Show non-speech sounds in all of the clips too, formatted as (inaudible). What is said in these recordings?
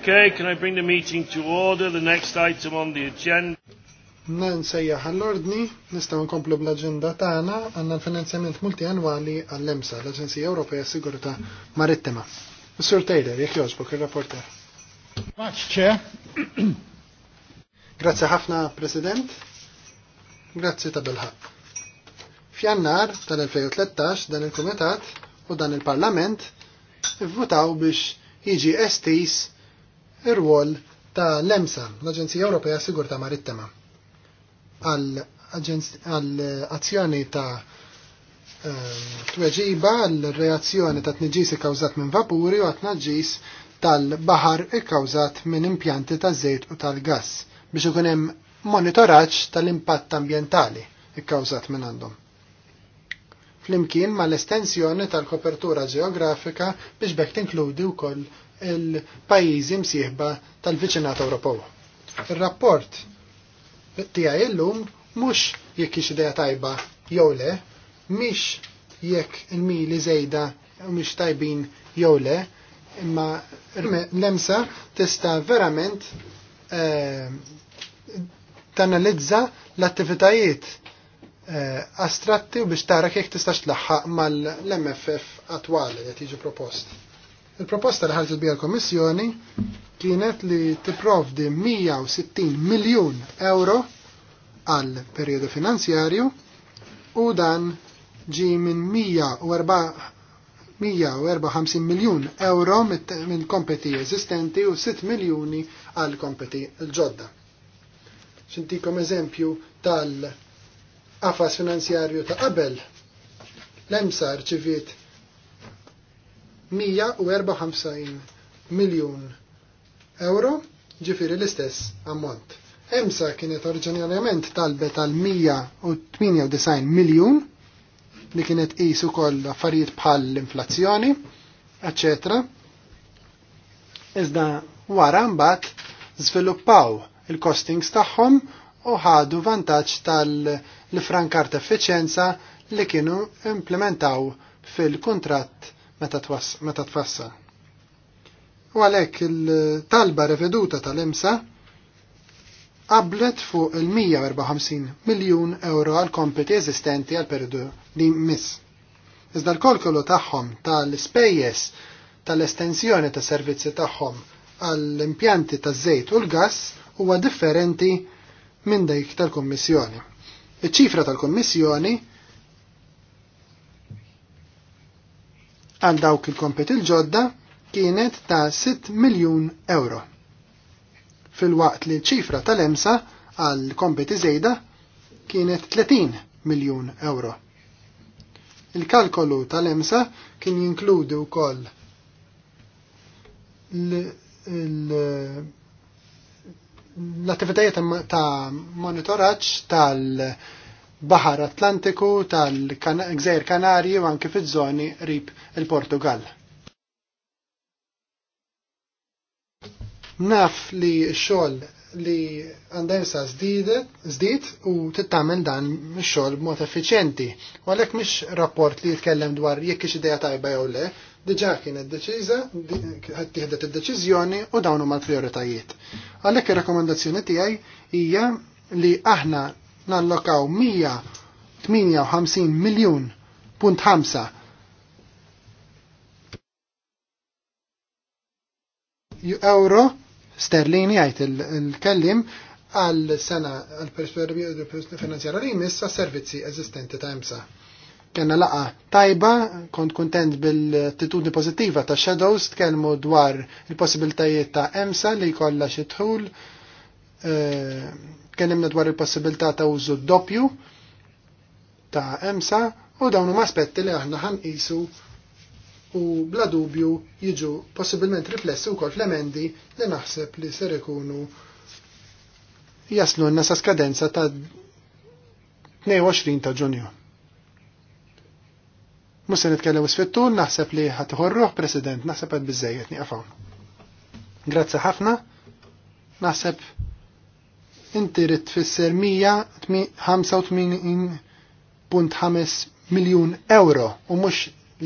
Okay, can I bring the meeting to order? The next item on the agenda. Nan sejja għall-ordni, nistaw nkomplu bl-agenda tagħna għandna l-finanzjament multianwali għall-EMSA, l-Aġenzija Ewropea Sigurta Marittima. Mr. Taylor, jekk jogħġbok ir-rapporter. Maċċe. (clears throat) Grazie Grazzi ħafna, President. Grazzi ta' bilħab. F'jannar tal-2013 dan il-Kumitat u dan il-Parlament ivvutaw biex jiġi estis ir-rwol ta' l-EMSA, l-Aġenzija Ewropea Sigurta Marittima, għal-azzjoni ta' ehm, tweġiba għal-reazzjoni ta' tniġis ikkawżat minn vapuri u għat-tnaġis tal-bahar ikkawżat minn impjanti ta' żejt u tal-gass biex ikun hemm monitoraġġ tal-impatt ambjentali ikkawżat minn għandhom flimkien ma l-estensjoni tal-kopertura ġeografika biex bekk tinkludi wkoll il-pajjiżi msieħba tal-viċinat Ewropew. Ir-rapport tiegħi llum mhux jekk hix idea tajba jew le, mhix jekk il-mili żejda mhix tajbin jew le, imma l-emsa tista' verament eh, tanalizza l-attivitajiet eh, astratti u biex tara kif tista' tlaħħaq mal-MFF attwali li tiġi proposti. Il-proposta li ħarġet bija l-Kommissjoni kienet li tipprovdi 160 miljun euro għal periodu finanzjarju u dan ġi minn 154 miljun euro minn kompeti eżistenti u 6 miljuni għal kompeti l-ġodda. Xintikom eżempju tal afas finanzjarju ta' qabel l-emsar ċivit 154 miljun euro ġifiri l-istess ammont. Emsa kienet oriġinarjament talbet għal 198 miljun li kienet qisu koll affarijiet bħal l-inflazzjoni, eccetera. Iżda wara mbagħad żviluppaw il-costings tagħhom u ħadu vantaġġ tal frankart ta' effiċjenza li kienu implementaw fil-kuntratt meta tfassa. U għalhekk il-talba reveduta tal-imsa qablet fuq il-154 miljun euro għal kompeti eżistenti għal periodu li miss. Iżda l kolkolo tagħhom tal-spejjes tal-estensjoni ta' servizzi tagħhom għall-impjanti ta' żejt u l-gass huwa differenti minn dik tal-Kummissjoni. Iċ-ċifra tal-Kummissjoni għal dawk il-kompet il-ġodda kienet ta' 6 miljun euro. Fil-waqt li ċifra tal-emsa għal kompeti zejda kienet 30 miljun euro. Il-kalkolu tal-emsa kien u kol l-attivitajiet ta' monitoraċ tal- Bahar Atlantiku tal gżajr Kanarji u anke fiż-żoni rib il-Portugal. Naf li xogħol li għandensa zdid u tittamen dan xogħol b'mod effiċjenti. U għalhekk mhix rapport li jitkellem dwar jekk ix idea tajba jew le, diġa' kienet deċiża, qed tieħdet id-deċiżjoni u dawn huma l Għalek Għalhekk ir-rakkomandazzjoni tiegħi hija li aħna nallokaw 158 miljun punt ħamsa. euro sterlini għajt il-kellim għal sena għal perspektivi finanzjara li jmissa servizzi eżistenti ta' imsa. Kenna laqa tajba, kont kontent bil-attitudni pozittiva ta' Shadows, tkellmu dwar il-possibilitajiet ta' emsa li kollha xi tħul Eh, kellimna dwar il-possibilità ta' użu doppju ta' emsa u dawn huma aspetti li aħna ħanqisu u bla dubju jiġu possibilment riflessi wkoll fl-emendi li naħseb li ser ikunu jaslunna sa' skadenza ta' 22 ta' ġunju. Mus se nitkellem isfittur, naħseb li ħatħorruħ, President, naħseb għad bizzejiet, niqafawn. Grazzi ħafna, naħseb inti rrit tfisser 185.5 miljun euro u mhux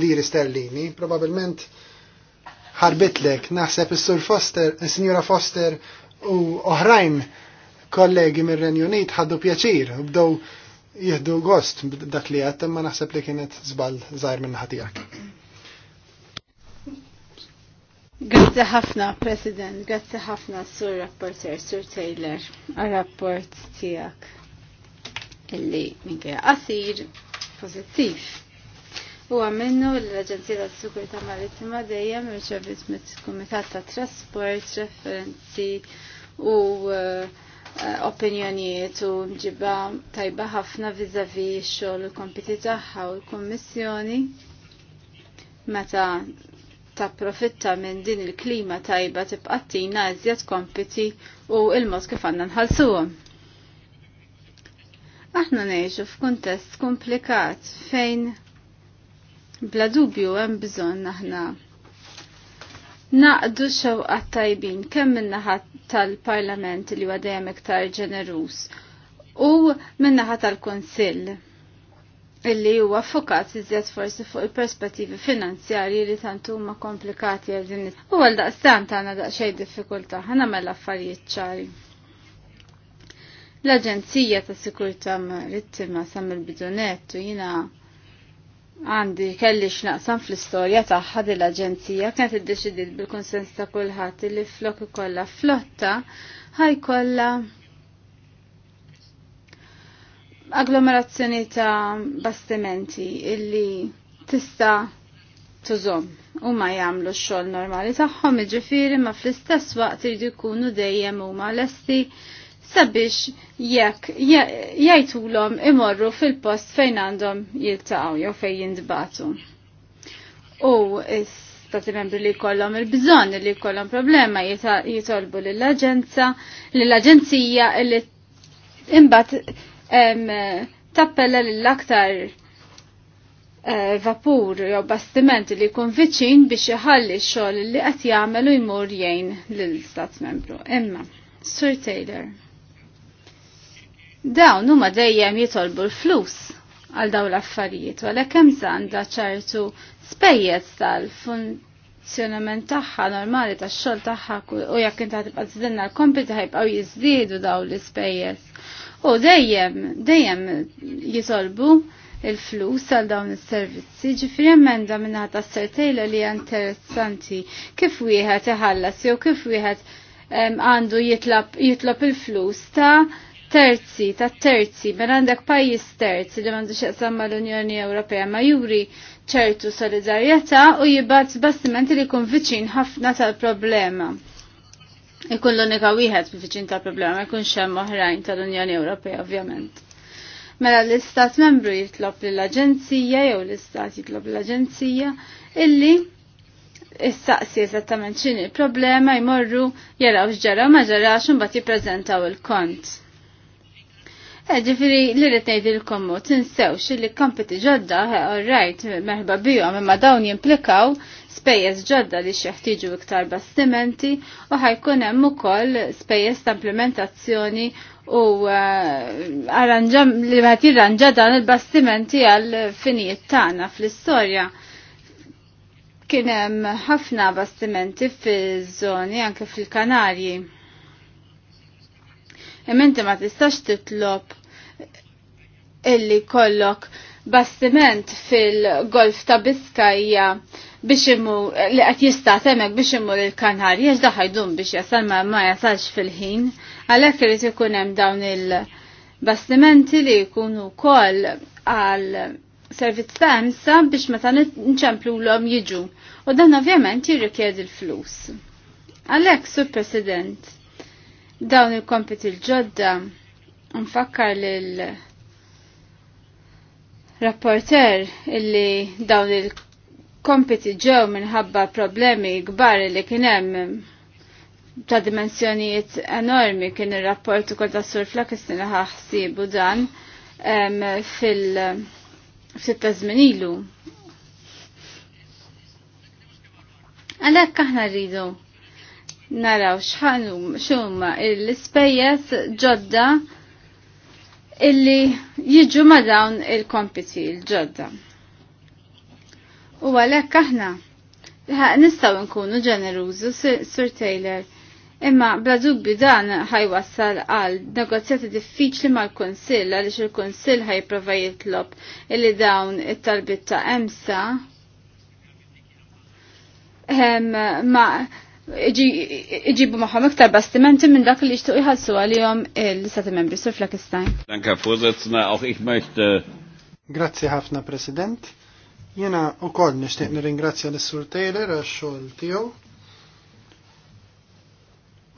liri sterlini, Probabilment ħarbitlek naħseb is-Sur Foster, is signora Foster u oħrajn kollegi mir renju Unit ħaddu pjaċir u bdew jieħdu gost dak li għattem ma naħseb li kienet żball zaħir minn ħatijak. Grazie ħafna, President. Grazie ħafna, Sur Rapporter, Sur Taylor, għal-rapport tijak illi minkej qasir pozittiv. U għamennu l-Aġenzija ta' Sikurta Marittima dejjem irċevit mit-Kumitat ta' Trasport referenzi u eh, opinjonijiet u mġibba tajba ħafna vizavi xogħol u kompiti tagħha u l-Kummissjoni meta tapprofitta minn din il-klima tajba tibqattina iżjed kompiti u il-mod kif għandna nħallsuhom. Aħna ngħixu f'kuntest komplikat fejn bla dubju hemm bżonn aħna naqdu xewqat tajbin kemm min-naħa tal-Parlament li huwa dejjem iktar ġeneruż u min-naħa tal-Kunsill illi huwa fokat iżjed forsi fuq il-perspettivi finanzjarji li tant huma komplikati għal din. U għal daqstant għandna daqsxejn diffikultà ħana mela affarijiet ċari. L-Aġenzija ta' Sikurtà Marittima sam il-bidunet u jiena għandi kelli x'naqsam fl-istorja tagħha din l-Aġenzija kienet iddeċidiet bil-konsens ta' kulħadd li flok ikollha flotta ħaj kollha agglomerazzjoni ta' bastimenti illi tista' tużom u ma jagħmlu x-xogħol normali tagħhom iġifieri ma fl-istess waqt iridu jkunu dejjem huma lesti sabiex jekk jgħidulhom imorru fil-post fejn għandhom jiltaqgħu jew fejn jindbatu. U stati membri li kollhom il-bżonn li kollhom problema jitolbu lill-aġenza, lill-aġenzija li imbagħad tappella lill-aktar eh, vapur jew bastiment li jkun viċin biex iħalli x-xogħol li qed jagħmel u jmur jgħin lill-Stat Membru. Imma, Sir Taylor, dawn huma dejjem jitolbu l-flus għal dawn l-affarijiet u għalhekk hemm għandha ċertu spejjeż tal-funzjonament tagħha normali tax-xogħol tagħha u jekk inti tibqa' tżidilna l-kompiti ħajbqgħu jiżdiedu dawn l-ispejjeż u dejjem, dejjem jitolbu il-flus għal dawn is-servizzi, ġifri emenda minna ta' sertejla li interessanti kif wieħed iħallas jew kif wieħed għandu jitlob il-flus ta' terzi, ta' terzi, ben għandek pajis terzi li għandu xieqsam ma l-Unjoni Ewropea ma juri ċertu solidarieta u jibat bastiment li kun viċin ħafna tal-problema. Ikun l-unika wieħed fiċin ta' problema ikun xem oħrajn tal-Unjoni Ewropea ovvjament. Mela l-Istat membru jitlob l-Aġenzija jew l-Istat jitlob l-Aġenzija illi issaqsi eżattament x'inhi il-problema jmorru jaraw x'ġara ma ġarax imbagħad jippreżentaw il-kont. Eh, ġifiri, li il dilkommu, tinsewx li kampiti ġodda, eh, rajt, meħba biju, bijom, imma dawn jimplikaw spejjeż ġodda li xieħtiġu iktar bastimenti u ħajkun hemm ukoll spejjeż ta' implementazzjoni u eh, li qed jirranġa dan il-bastimenti għal finijiet tagħna fl-istorja. Kien hemm ħafna bastimenti fi żoni anke fil-Kanarji. Imenti ma tistax titlob illi kollok bastiment fil-golf ta' Biskajja biex immu li qed jista' temek biex imur il kanarji għax daħajdum biex jasal ma, ma jasalx fil-ħin, għalhekk irid ikun hemm dawn il-bastimenti li jkunu wkoll għal servizz ta' emsa biex meta nċemplu l-om jiġu. U dan ovvjament jirrikjed il-flus. Għalek, Sur President, dawn il-kompiti l-ġodda nfakkar lil rapporter illi dawn il-kompiti ġew minħabba problemi kbar li kien hemm ta' dimensjonijiet enormi kien ir-rapport ukoll ta' Sur Flakistin ħaħsibu dan fil- f'sitta ilu. Għalhekk aħna rridu naraw xħanum xumma l-spejjes ġodda illi jiġu ma dawn il-kompiti l-ġodda. U għalek aħna nistaw nkunu ġenerużu Sir Taylor imma bla dubbi dan ħajwassal għal negozjati diffiċli mal-Konsill għaliex il-Konsill ħajprova jitlob illi dawn it-talbit ta' emsa ehm, ma' iġibu maħħom iktar bastimenti minn dak li iħassu għal-jom l-istati membri sur Flakistan. Danka, Vorsitzna, auch ich möchte. Grazzi ħafna, President. Jena u koll nishtiq nirringrazzja l-Sur Taylor għax-xogħol tiegħu.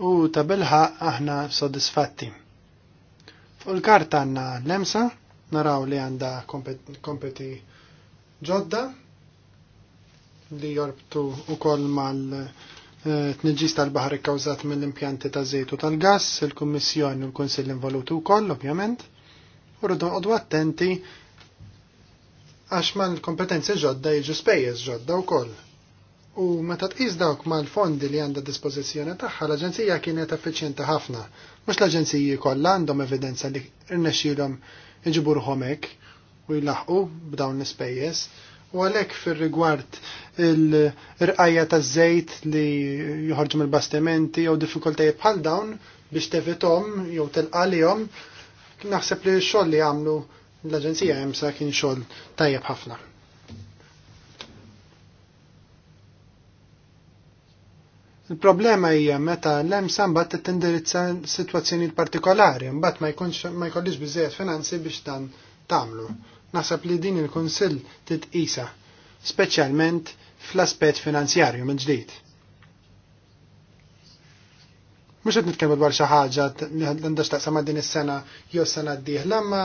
U tabelħa aħna soddisfatti. Fuq il-karta l-emsa, naraw li għandha kompeti ġodda li jorbtu u koll mal- tniġġis tal-baħar ikkawżat mill-impjanti ta' żejtu tal-gass, il-Kummissjoni u l-Kunsill involuti wkoll, ovvjament. U rridu għodu attenti għax ma l-kompetenzi ġodda jiġu spejjeż ġodda wkoll. U meta tqis dawk mal-fondi li għandha dispożizzjoni tagħha l-Aġenzija kienet effiċjenti ħafna. Mhux l-Aġenziji kollha għandhom evidenza li rnexxielhom iġibu ruħhom hekk u jlaħqu b'dawn l-ispejjeż U għalhekk fir-rigward il-rqajja taż-żejt li joħorġu mill-bastimenti jew diffikultajiet bħal dawn biex tevitom jew telqalihom, naħseb li x-xogħol li għamlu l-Aġenzija sa kien xogħol tajjeb ħafna. Il-problema hija meta l-emsa mbagħad tindirizza sitwazzjonijiet partikolari, mbagħad ma jkunx ma jkollix biżejjed finanzi biex dan tagħmlu. Naħseb li din il-Kunsill titqisa, speċjalment fl-aspett finanzjarju minn ġdid. Mux għed nitkellmu dwar xi ħaġa li għandax taqsam din is-sena jew sena d-dieħla ma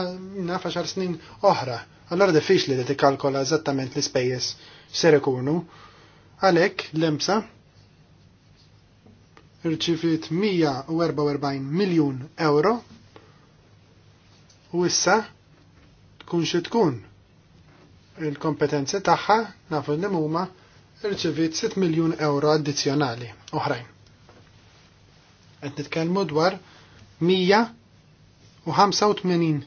nafa xar snin oħra. Allora diffiċli li tikkalkola eżattament l-ispejjeż x'ser ikunu. Għalhekk l-imsa irċifiet 144 miljun euro u issa tkun xi tkun. Il-kompetenzi tagħha nafu li huma irċevit 6 miljun euro addizzjonali oħrajn. Qed nitkellmu dwar 185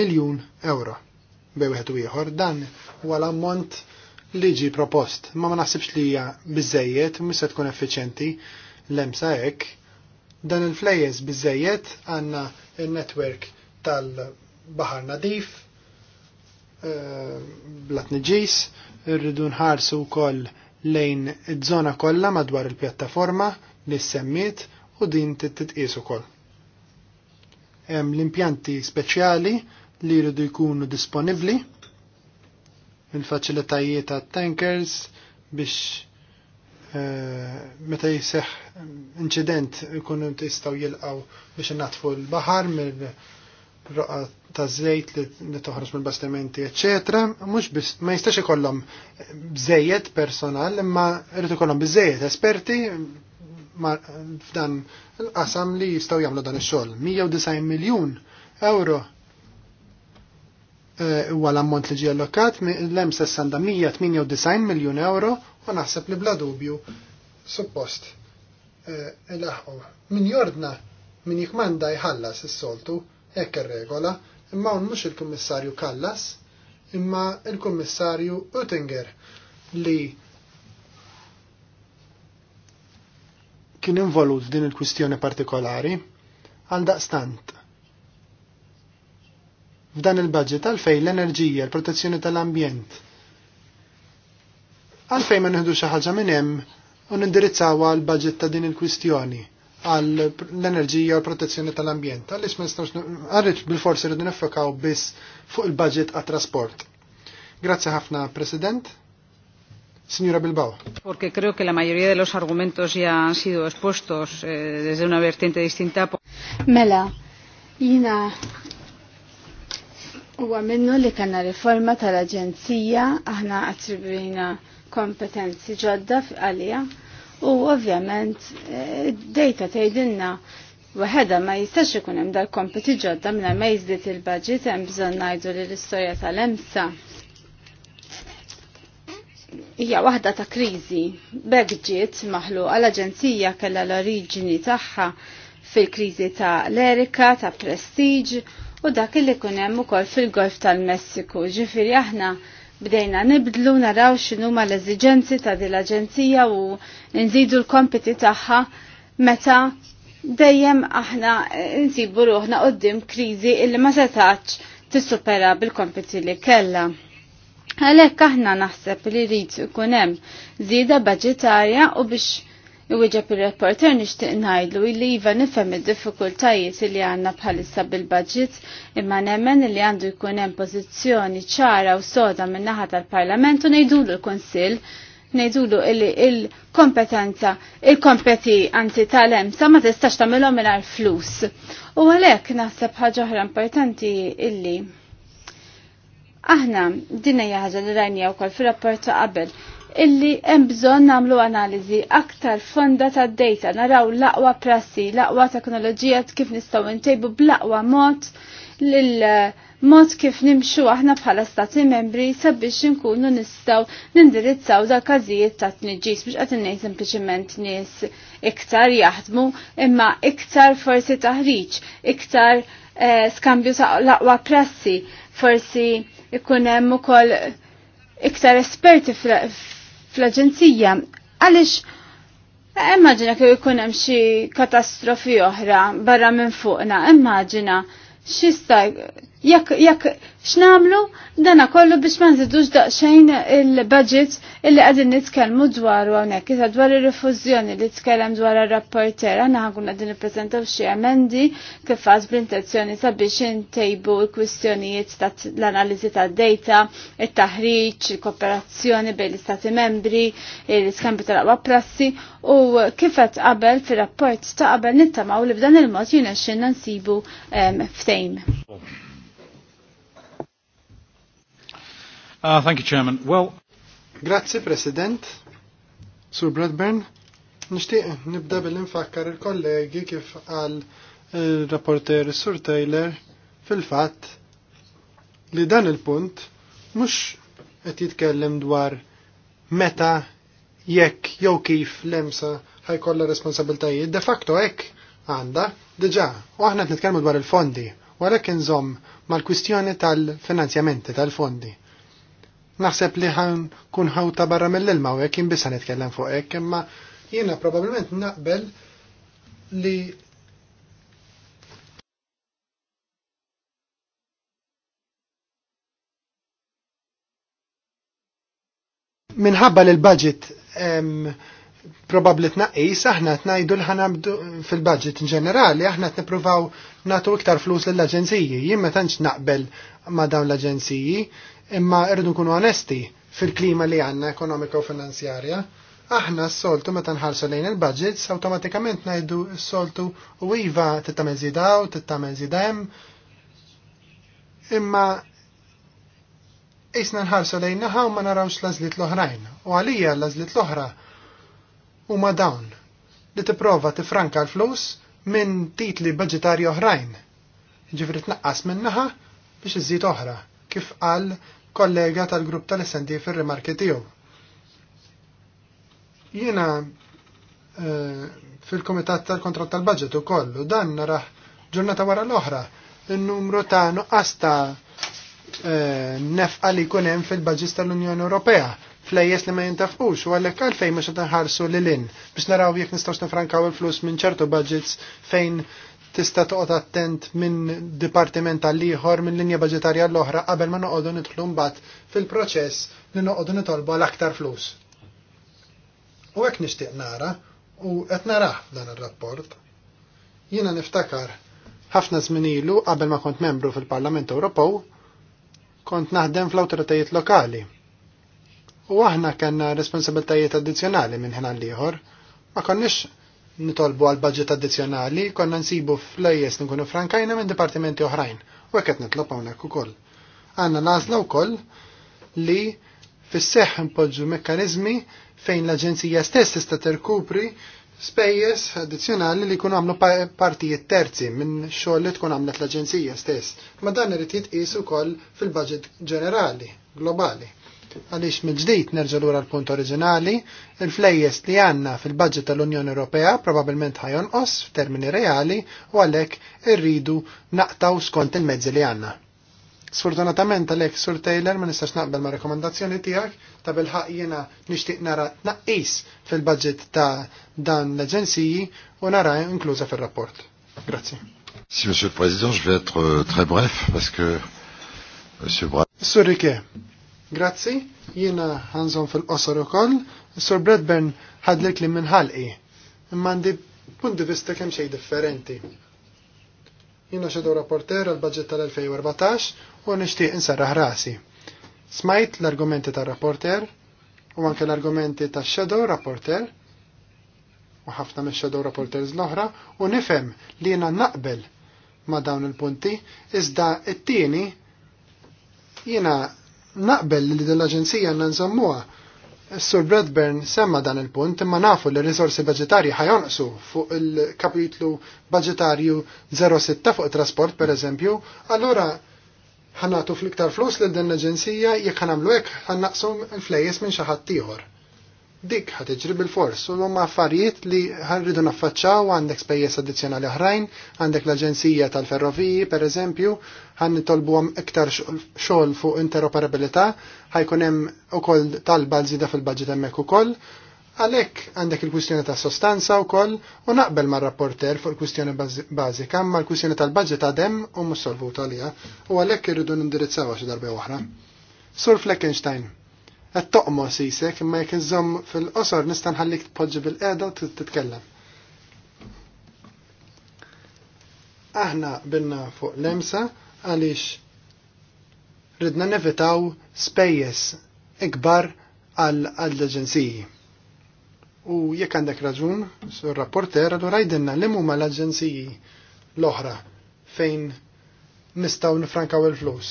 miljun euro. Bej wieħed u ieħor dan huwa l-ammont li ġi propost, ma ma naħsibx li hija biżejjed u se tkun effiċenti l-emsa hekk. Dan il-flejjes biżejjed għandna il-netwerk tal- baħar nadif, eh, blat nġis, rridu nħarsu wkoll lejn id żona kollha madwar il-pjattaforma li semmiet u din titqies ukoll. Hemm l-impjanti speċjali li jridu jkunu disponibbli il-faċilitajiet għat-tankers biex eh, meta jiseħ incident ikunu tistgħu jilqgħu biex natfu l-baħar mill roqa ta' zejt li toħroġ mill-bastimenti, eccetera, mhux biss ma jistax ikollhom bżejjed personal, imma rrid ikollhom biżejjed esperti f'dan l qasam li jistgħu jagħmlu dan ix-xogħol. 190 miljun euro eh, huwa l-ammont li ġie allokat, l-hemm sessanda 198 miljun euro u naħseb li bla dubju suppost eh, il-aħqu. Min jordna min jikmanda jħallas is-soltu hekk ir-regola, imma un mhux il-Kummissarju Kallas, imma il-Kummissarju Oettinger li kien involut din il-kwistjoni partikolari għal daqstant. F'dan il-budget fej l-enerġija, l-protezzjoni tal-ambjent. Għalfej ma nħedu xi ħaġa minn hemm u nindirizzawha għal budget ta' din il-kwistjoni għall-enerġija u protezzjoni tal-ambjent. Għaliex ma nistgħux għarriċ bil-forsi rridu niffokaw bis fuq il-budget għat-trasport. Grazie ħafna, President. Signora Bilbao. Porque creo que la mayoría de los argumentos ya han sido expuestos eh, desde una vertiente distinta. Mela, jina u għamennu li kanna reforma tal agenzija aħna attribuina kompetenzi ġodda għalija u ovvjament e, data tgħidilna Waħeda ma jistax ikun hemm dal-kompeti ġodda minn ma jiżdied il-budget hemm bżonn ngħidu li l-istorja tal-emsa hija waħda ta' kriżi. Bekġiet maħluqa l-aġenzija kellha l-oriġini tagħha fil-kriżi ta' l-Erika, ta' Prestige u dak li kun hemm ukoll fil-Golf tal-Messiku. Ġifieri aħna bdejna nibdlu naraw xinu ma l-eżiġenzi ta' din l-aġenzija u nżidu l-kompiti tagħha meta dejjem aħna eh, nsibu ruħna qoddim kriżi illi ma setax tissupera bil-kompiti li kellha. Għalhekk aħna naħseb li rrid ikun hemm żieda budġetarja u biex Iwieġeb ir-rapporter nixtieq ngħidlu li iva nifhem id-diffikultajiet li għandna bħalissa bil-budget imma nemmen li għandu jkun hemm pożizzjoni ċara u soda min naħa tal-Parlament u ngħidulu l-Kunsill nejdulu il-kompetenza, il-kompeti anzi tal sa ma tistax tagħmilhom minar flus. U għalek naħseb ħagħuħra importanti illi. Aħna, dinna jaħġa li rajnija u kol fil-rapport qabel illi hemm bżonn nagħmlu analiżi aktar fonda tad-data naraw l-aqwa prassi, l-aqwa teknoloġija kif nistgħu ntejbu bl-aqwa mod lil eh, mod kif nimxu aħna bħala stati membri sabiex nkunu nistgħu nindirizzaw da każijiet ta' tniġġis biex qed ngħid sempliċement nies iktar jaħdmu imma iktar forsi taħriġ, iktar eh, skambju ta' laqwa prassi, forsi ikun hemm ukoll iktar esperti fl-aġenzija. Għaliex eh, Immaġina kif ikun hemm xi katastrofi oħra barra minn fuqna, immaġina xista Jekk jekk x'namlu dana kollu biex ma nżidux daqsxejn il-budget illi qegħdin nitkellmu dwaru hawnhekk iżda dwar ir-rifużjoni li tkellem dwar ar-rapporter aħna ħankun qegħdin nippreżentaw xi emendi kif għaż bl-intenzjoni sabiex intejbu l-kwistjonijiet ta' l-analiżi tad-data, it-taħriġ, il-kooperazzjoni bejn l-istati membri, l-iskambju tal-aqwa prassi u kif qed qabel fir-rapport ta' qabel nittamaw li b'dan il-mod xinna nsibu ftejm. Uh, thank you, Chairman. Well... Grazie, President. Sur Bradburn, nishtiq nibda bil-infakkar il-kollegi kif għal il-rapporter Sur Taylor fil-fat li dan il-punt mux qed jitkellem dwar meta jekk jew kif l-emsa ħajkollha responsabiltajiet de facto hekk għandha diġà u aħna qed nitkellmu dwar il-fondi u għalhekk inżomm mal-kwistjoni tal-finanzjamenti tal-fondi. Naħseb li ħan kun ħawta barra mill-ilma u jek bisa nitkellem fuq hekk, imma jiena probabbilment naqbel li minħabba li l-budget probabli tnaqqis, aħna tnajdu l-ħanabdu fil-budget in ġenerali, aħna t-nipruvaw natu iktar flus l-agenziji. Jien tanċ naqbel ma dawn l-agenziji, imma irridu nkunu onesti fil-klima li għanna ekonomika u finanzjarja. Aħna s-soltu meta nħarsu lejn il-budgets, automatikament najdu s-soltu u iva tittamel zidaw, tittamel zidem, imma jisna nħarsu lejn naħa u ma narawx lażlit l-oħrajn. U għalija lażlit l-oħra u ma dawn li tipprova tifranka l-flus minn titli budgetari oħrajn. Ġifri tnaqqas minn naħa biex iżid oħra, kif qal kollega tal-grupp tal-SND fil-rimarki tiegħu. Jiena eh, fil-Komitat tal-Kontroll tal-Budget ukoll u dan naraħ ġurnata wara l-oħra il numru ta' nuqqas ta' eh, nefqa li kunem hemm fil-budget tal-Unjoni Ewropea flejjes li ma jintafqux u għallek għalfejn ma xatanħarsu l-lin biex naraw jek nistax nifrankaw il-flus minn ċertu budgets fejn tista' toqgħod attent minn dipartiment tal ieħor minn linja budgetarja l-oħra qabel ma noqogħdu nidħlu mbagħad fil-proċess li noqogħdu nitolbu għal aktar flus. U hekk nixtieq nara u qed narah dan ir-rapport. Jiena niftakar ħafna żmien ilu qabel ma kont membru fil-Parlament Ewropew kont naħdem fl-awtoritajiet lokali. U aħna kellna responsabiltajiet addizzjonali minn ħin għal ieħor ma konniex nitolbu għal budget addizjonali, konna nsibu flejjes nkunu frankajna minn dipartimenti oħrajn, u għeket nitlob hawnhekk ukoll. Għandna nażla wkoll li fis-seħħ impoġġu mekkaniżmi fejn l-Aġenzija stess tista' terkupri spejjeż addizzjonali li kunu għamlu partijiet terzi minn xogħol li tkun għamlet l-Aġenzija stess. Ma dan irid jitqis ukoll fil-budget ġenerali, globali għaliex mill-ġdid nerġa' lura l-punt oriġinali, il-flejjes li għandna fil-budget tal-Unjoni Ewropea probabbilment ħajonqos f'termini reali u għalhekk irridu naqtaw skont il-mezzi li għandna. Sfortunatament għalhekk Sur Taylor ma nistax naqbel ma' rekomandazzjoni tiegħek ta' bil ħak jiena nixtieq nara tnaqqis fil-budget ta' dan l-aġenziji u nara inkluża fir-rapport. Grazzi. Si, Monsieur le Président, je vais être euh, très bref parce que Monsieur Bra... Sur Riquet, Grazzi, jiena għanżon fil-qosor ukoll, Sur Bradburn ħadlek li minħalqi, imma għandi punti vista kemm xejn differenti. Jiena xedu rapporter għal budget tal-2014 u nixtieq insarraħ rasi. Smajt l-argumenti tar-rapporter u anke l-argumenti tax-shadow rapporter u ħafna me shadow rapporters l-oħra u nifhem li jiena naqbel ma' dawn il-punti, iżda it-tieni jiena naqbel li din l-aġenzija nanżammuha. Sur Bradburn semma dan il-punt imma nafu li risorsi budgetarji ħajonqsu fuq il-kapitlu budgetarju 06 fuq trasport per eżempju, allora ħanatu fl-iktar flus li din l-aġenzija jekk ħanamlu hekk ħannaqsu l-flejjes minn xi ħadd ieħor dik ħatiġri bil-fors u huma affarijiet li ħarridu naffaċċaw għandek spejjeż addizzjonali oħrajn, għandek l-Aġenzija tal-Ferroviji pereżempju, ħan għom iktar xogħol fuq interoperabilità, ħajkun hemm ukoll talba żieda fil-budget hemmhekk ukoll. Għalhekk għandek il-kwistjoni ta' sostanza wkoll u naqbel mar-rapporter fuq il-kwistjoni bażika, ma l-kwistjoni tal-budget għadem u mhux solvuta għalija u għalhekk irridu nindirizzawha xi darba oħra. Sur Fleckenstein. Qed toqmos isek imma jekk inżomm fil-qosor ħallik nħallik tpoġġi bil-qiegħda u titkellem. Aħna binna fuq l-emsa għaliex ridna nevitaw spejjeż ikbar għall-aġenziji. U jekk għandek raġun, sur rapporter, allura rajdinna li huma l-aġenziji l-oħra fejn nistgħu nifrankaw il-flus,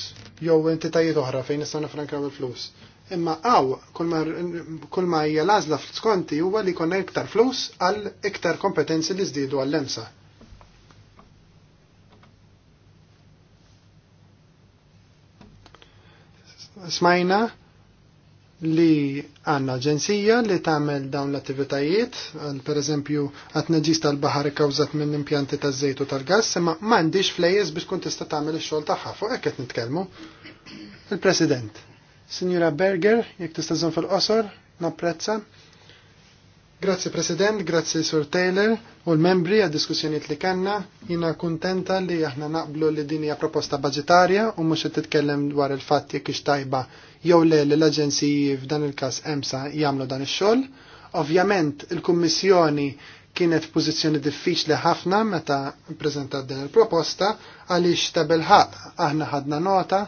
jew entitajiet oħra fejn nistgħu nifrankaw il-flus Imma għaw, kull ma hija lażla fl-skonti huwa li konna iktar flus għal iktar kompetenzi li żdiedu għall-lemsa. Smajna li għanna ġensija li tagħmel dawn l-attivitajiet, per eżempju għat neġis tal-bahar kawzat minn impjanti taż-żejtu tal-gass, imma m'għandix flejes biex kun tista' tagħmel ix-xogħol tagħha fuq hekk qed nitkellmu. Il-President. Signora Berger, tista' tistazzon fil-qosor, napprezza. Grazzi President, grazzi Sur Taylor u l-membri għad diskussjoniet li kanna. Jina kontenta li aħna naqblu li din hija proposta budgetarja u mhux qed titkellem dwar il-fatt jekk tajba jew le li l-aġenziji f'dan il-każ EMSA jagħmlu dan ix-xogħol. Ovvjament il-Kummissjoni kienet f'pożizzjoni diffiċli ħafna meta ppreżentat din il-proposta għaliex ta' aħna ħadna nota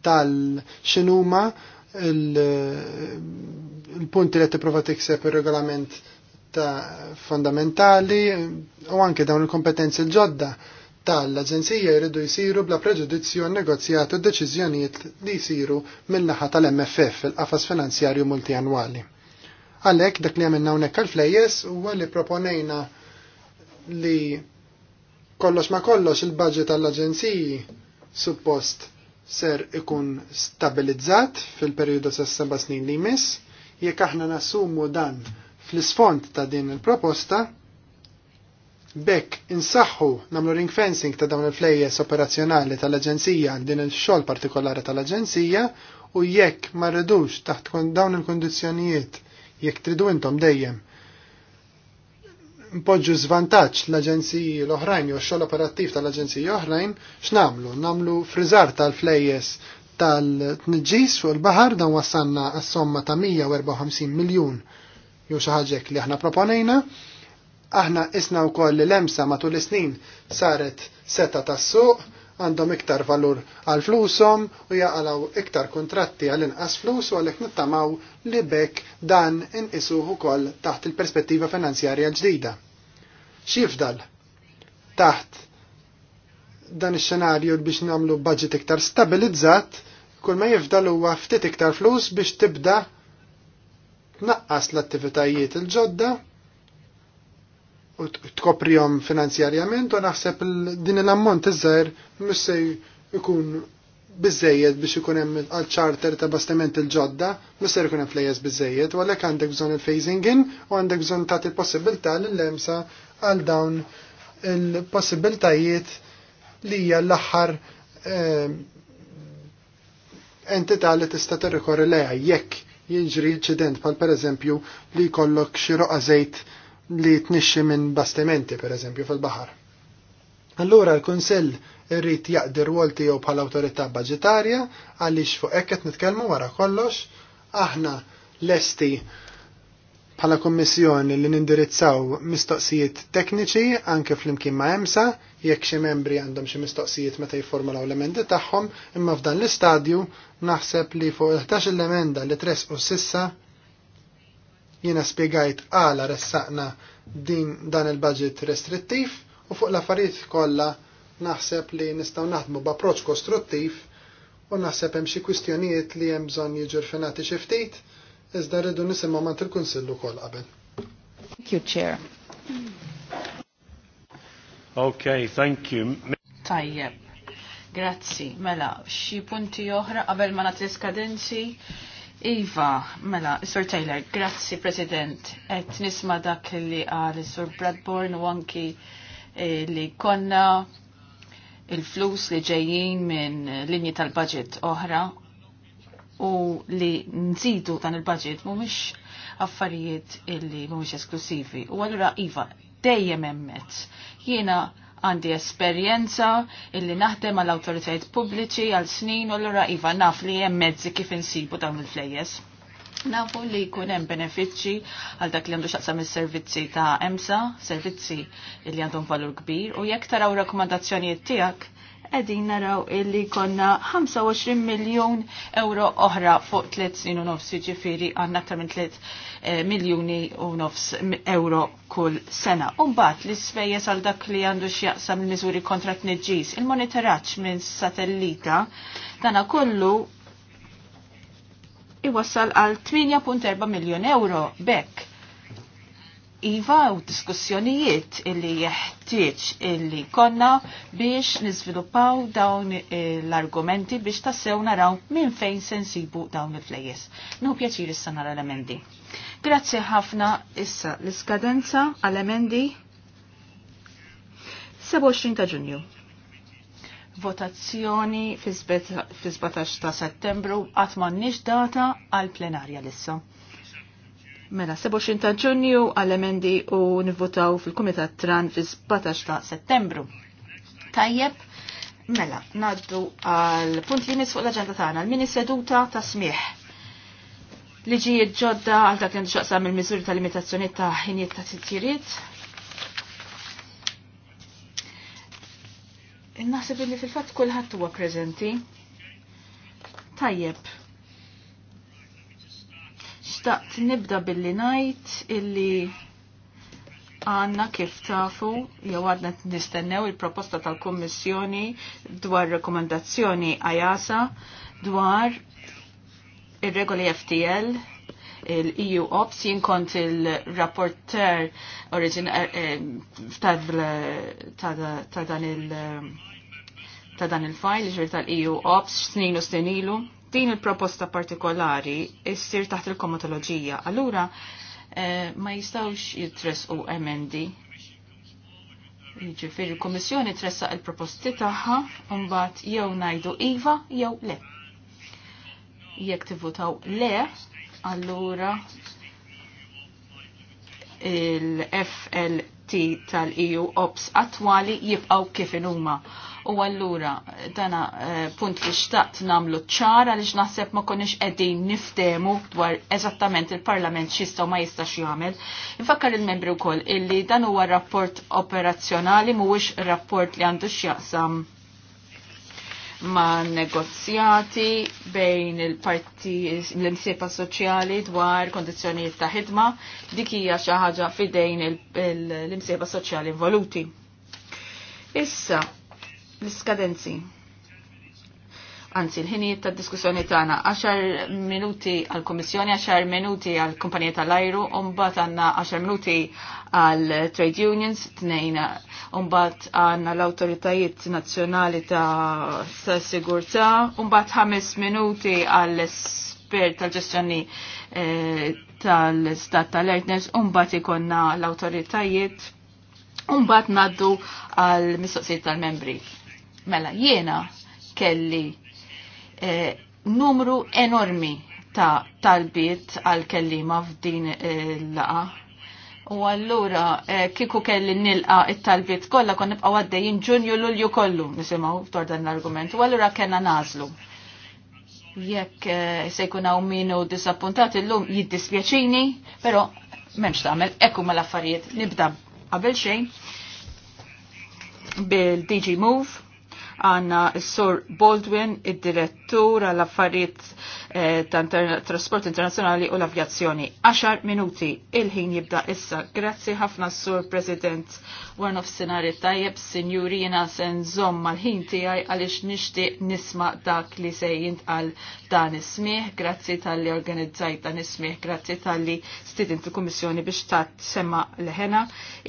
tal-xinuma il-punti li t-prova tikseb il-regolament ta' fondamentali u anke dawn il-kompetenzi l-ġodda tal-Aġenzija jridu jisiru bla preġudizzju negozjat u deċiżjonijiet li jisiru mill-naħa tal-MFF, il-qafas finanzjarju multianwali. Għalek, dak li għamilna unek għal-flejjes u għalli proponejna li kollox ma kollox il-budget tal-Aġenziji suppost ser ikun stabilizzat fil-periodu sa' seba' snin li jmiss, jekk aħna nassumu dan fl-isfond ta' din il-proposta, bekk insaħħu namlu ring fencing ta' dawn il-flejjes operazzjonali tal-Aġenzija din il-xogħol partikolari tal-Aġenzija u jekk ma rridux taħt dawn il kondizjonijiet jekk tridu intom dejjem npoġġu zvantaċ l-aġenziji l-oħrajn jew x-xogħol operattiv tal-aġenziji oħrajn, x'namlu? Namlu friżar tal-flejjes tal-tniġġis fuq il-baħar dan wassanna s-somma ta' 154 miljun jew xi li aħna proponejna. Aħna isna wkoll l-emsa matul is-snin saret seta tas-suq għandhom iktar valur għal flusom u jaqalaw iktar kontratti għal inqas flus u għalek nittamaw li bekk dan inqisuh ukoll taħt il-perspettiva finanzjarja ġdida. X'jifdal? Taħt dan ix-xenarju biex nagħmlu budget iktar stabilizzat, kull ma jifdal huwa ftit iktar flus biex tibda tnaqqas l-attivitajiet il-ġodda u tkoprijom finanzjarjament u naħseb din l-ammont iżgħar mhux ikun jkun biex ikun hemm għal-charter ta' bastiment il-ġodda, mhux se jkun hemm flejjes biżejjed, u għalhekk għandek bżonn il-phasing in u għandek bżonn tagħti l-possibilità l lemsa għal dawn il-possibiltajiet li hija l-aħħar ehm, entità li tista' tirrikorri lejha jekk jinġri inċident bħal pereżempju li jkollok xi roqa' li tnixxi minn bastimenti pereżempju fil-baħar. Allura l-Kunsell irrid jaqdi rwol tiegħu bħal awtorità budġetarja għaliex fuq hekk qed nitkellmu wara kollox aħna lesti bħala Kummissjoni li nindirizzaw mistoqsijiet tekniċi anke flimkien ma' EMSA jekk xi membri għandhom xi mistoqsijiet meta jiformulaw l-emendi tagħhom, imma f'dan l-istadju naħseb li fuq il 11 l-emenda li tresqu sissa Jiena spiegajt għala ressaqna din dan il-budget restrittiv u fuq l-affarijiet kollha naħseb li nistgħu naħdmu b'approċċ kostruttiv u naħseb hemm xi kwistjonijiet li hemm bżonn jiġu rfinati xi ftit iżda rridu nisimgħu mant il-Kunsill ukoll qabel. Thank you, Chair. Okay, thank you. Tajjeb. Grazzi, mela, xi punti oħra qabel ma nagħti skadenzi Iva, mela, Sir Taylor, grazzi President, et nisma dak li għal Sir Bradbourne u anki eh, li konna il-flus li ġejjin minn linji tal-budget oħra u li nżidu dan il-budget mumiex affarijiet illi mumiex esklusivi. U għallura Iva, dejjem emmet. Jiena għandi esperjenza illi naħdem għal autoritajt pubbliċi għal snin u l-ra iva naf li hemm mezzi kif insibu dawn il-flejjes. Nafu li jkun hemm benefiċċji għal dak li għandu xaqsam is-servizzi ta' EMSA, servizzi li għandhom valur kbir, u jekk taraw rakkomandazzjonijiet tiegħek għedin naraw illi konna 25 miljon euro oħra fuq 3 snin u nofs, ġifiri għanna ta' minn 3 eh, miljoni u nofs euro kull sena. Umbat li svejjes għal dak li għandu xjaqsam l-mizuri kontra t-neġis, il-monitoraċ minn satellita, dana kollu iwassal għal 8.4 miljon euro bekk Iva u diskussjonijiet illi jeħtieġ illi konna biex niżviluppaw dawn eh, l-argumenti biex tassew naraw minn fejn se nsibu dawn il-flejjes. Nu pjaċir issa nara l-emendi. Grazzi ħafna issa l-iskadenza għal-emendi 27 ta' ġunju. Votazzjoni fi 17 ta' settembru għatman nix data għal-plenarja l-issa. Mela, 27 ta' ġunju għal-emendi u nivvotaw fil-Kumitat Tran fil-17 ta' settembru. Tajjeb, mela, naddu għal-punt li nisfuq l-agenda tagħna, l-mini seduta ta' smieħ Liġi ġodda għal dak li xaqsam il-miżuri ta' limitazzjoni ta' ħinijiet ta' titjiriet. Naħseb li fil-fatt kulħadd huwa preżenti. Tajjeb. Xtaqt nibda billi najt illi għanna kif tafu jew għadna nistennew il-proposta tal-Kommissjoni dwar rekomendazzjoni għajasa dwar il-regoli FTL il-EU Ops jinkont il-rapporter eh, eh, ta' dan il- ta' dan il-fajl ġir tal-EU Ops snin u snin ilu din il-proposta partikolari issir taħt il-komatoloġija. Allura eh, ma jistawx jitres u emendi. Ġifir il-Komissjoni tressa il-proposti taħħa unbat jew najdu iva jew le. Jekk tivvutaw le, allura il-FLE l tal-EU ops attwali jibqaw kif huma. U allura dana eh, punt li xtaqt namlu ċara għalix naħseb ma konniex qegħdin niftemu dwar eżattament il-Parlament x'jistgħu ma jistax jagħmel. Infakkar il-membri wkoll illi dan huwa rapport operazzjonali mhuwiex rapport li għandu x'jaqsam ma' negozjati bejn il-parti l-imsiepa soċjali dwar kondizjonijiet ta' ħidma dik hija xi ħaġa fidejn l-imsiepa soċjali involuti. Issa, l-iskadenzi anzi l-ħinijiet ta' diskussjoni tagħna 10 minuti għal kummissjoni 10 minuti għal kumpanija tal-ajru, mbagħad għandna 10 minuti għal trade unions, tnejn mbagħad għandna l-awtoritajiet nazzjonali ta' sigurtà, mbagħad 5 minuti għal espert tal-ġestjoni eh, tal-stat tal-alertness, mbagħad ikonna l-awtoritajiet, mbagħad naddu għal mistoqsijiet tal-membri. Mela, jiena kelli Eh, numru enormi ta' talbiet għal kellima f'din il-laqa. Eh, u allura eh, kiku kelli nilqa il talbiet kollha kon nibqa' għaddejjin ġunju lulju kollu nisimgħu f'dor dan l-argument. U allura kellna nażlu. Jekk se jkun hawn disappuntati u disappuntat illum jiddispjaċini, però m'hemmx tagħmel ekku mal-affarijiet nibda qabel xejn bil-DG Move għanna s-sur Baldwin, id-direttur għal affarijiet Eh, ta' trasport internazzjonali u l-avjazzjoni. 10 minuti il-ħin jibda issa. Grazzi ħafna sur President one of Senari Tajjeb, Sinjuri jena sen zom mal-ħin tijaj għalix nishti nisma dak li se jintqal dan ismiħ. Grazzi tal-li organizzajt dan ismiħ, grazzi tal-li stidint il-Kommissjoni biex ta' semma leħena.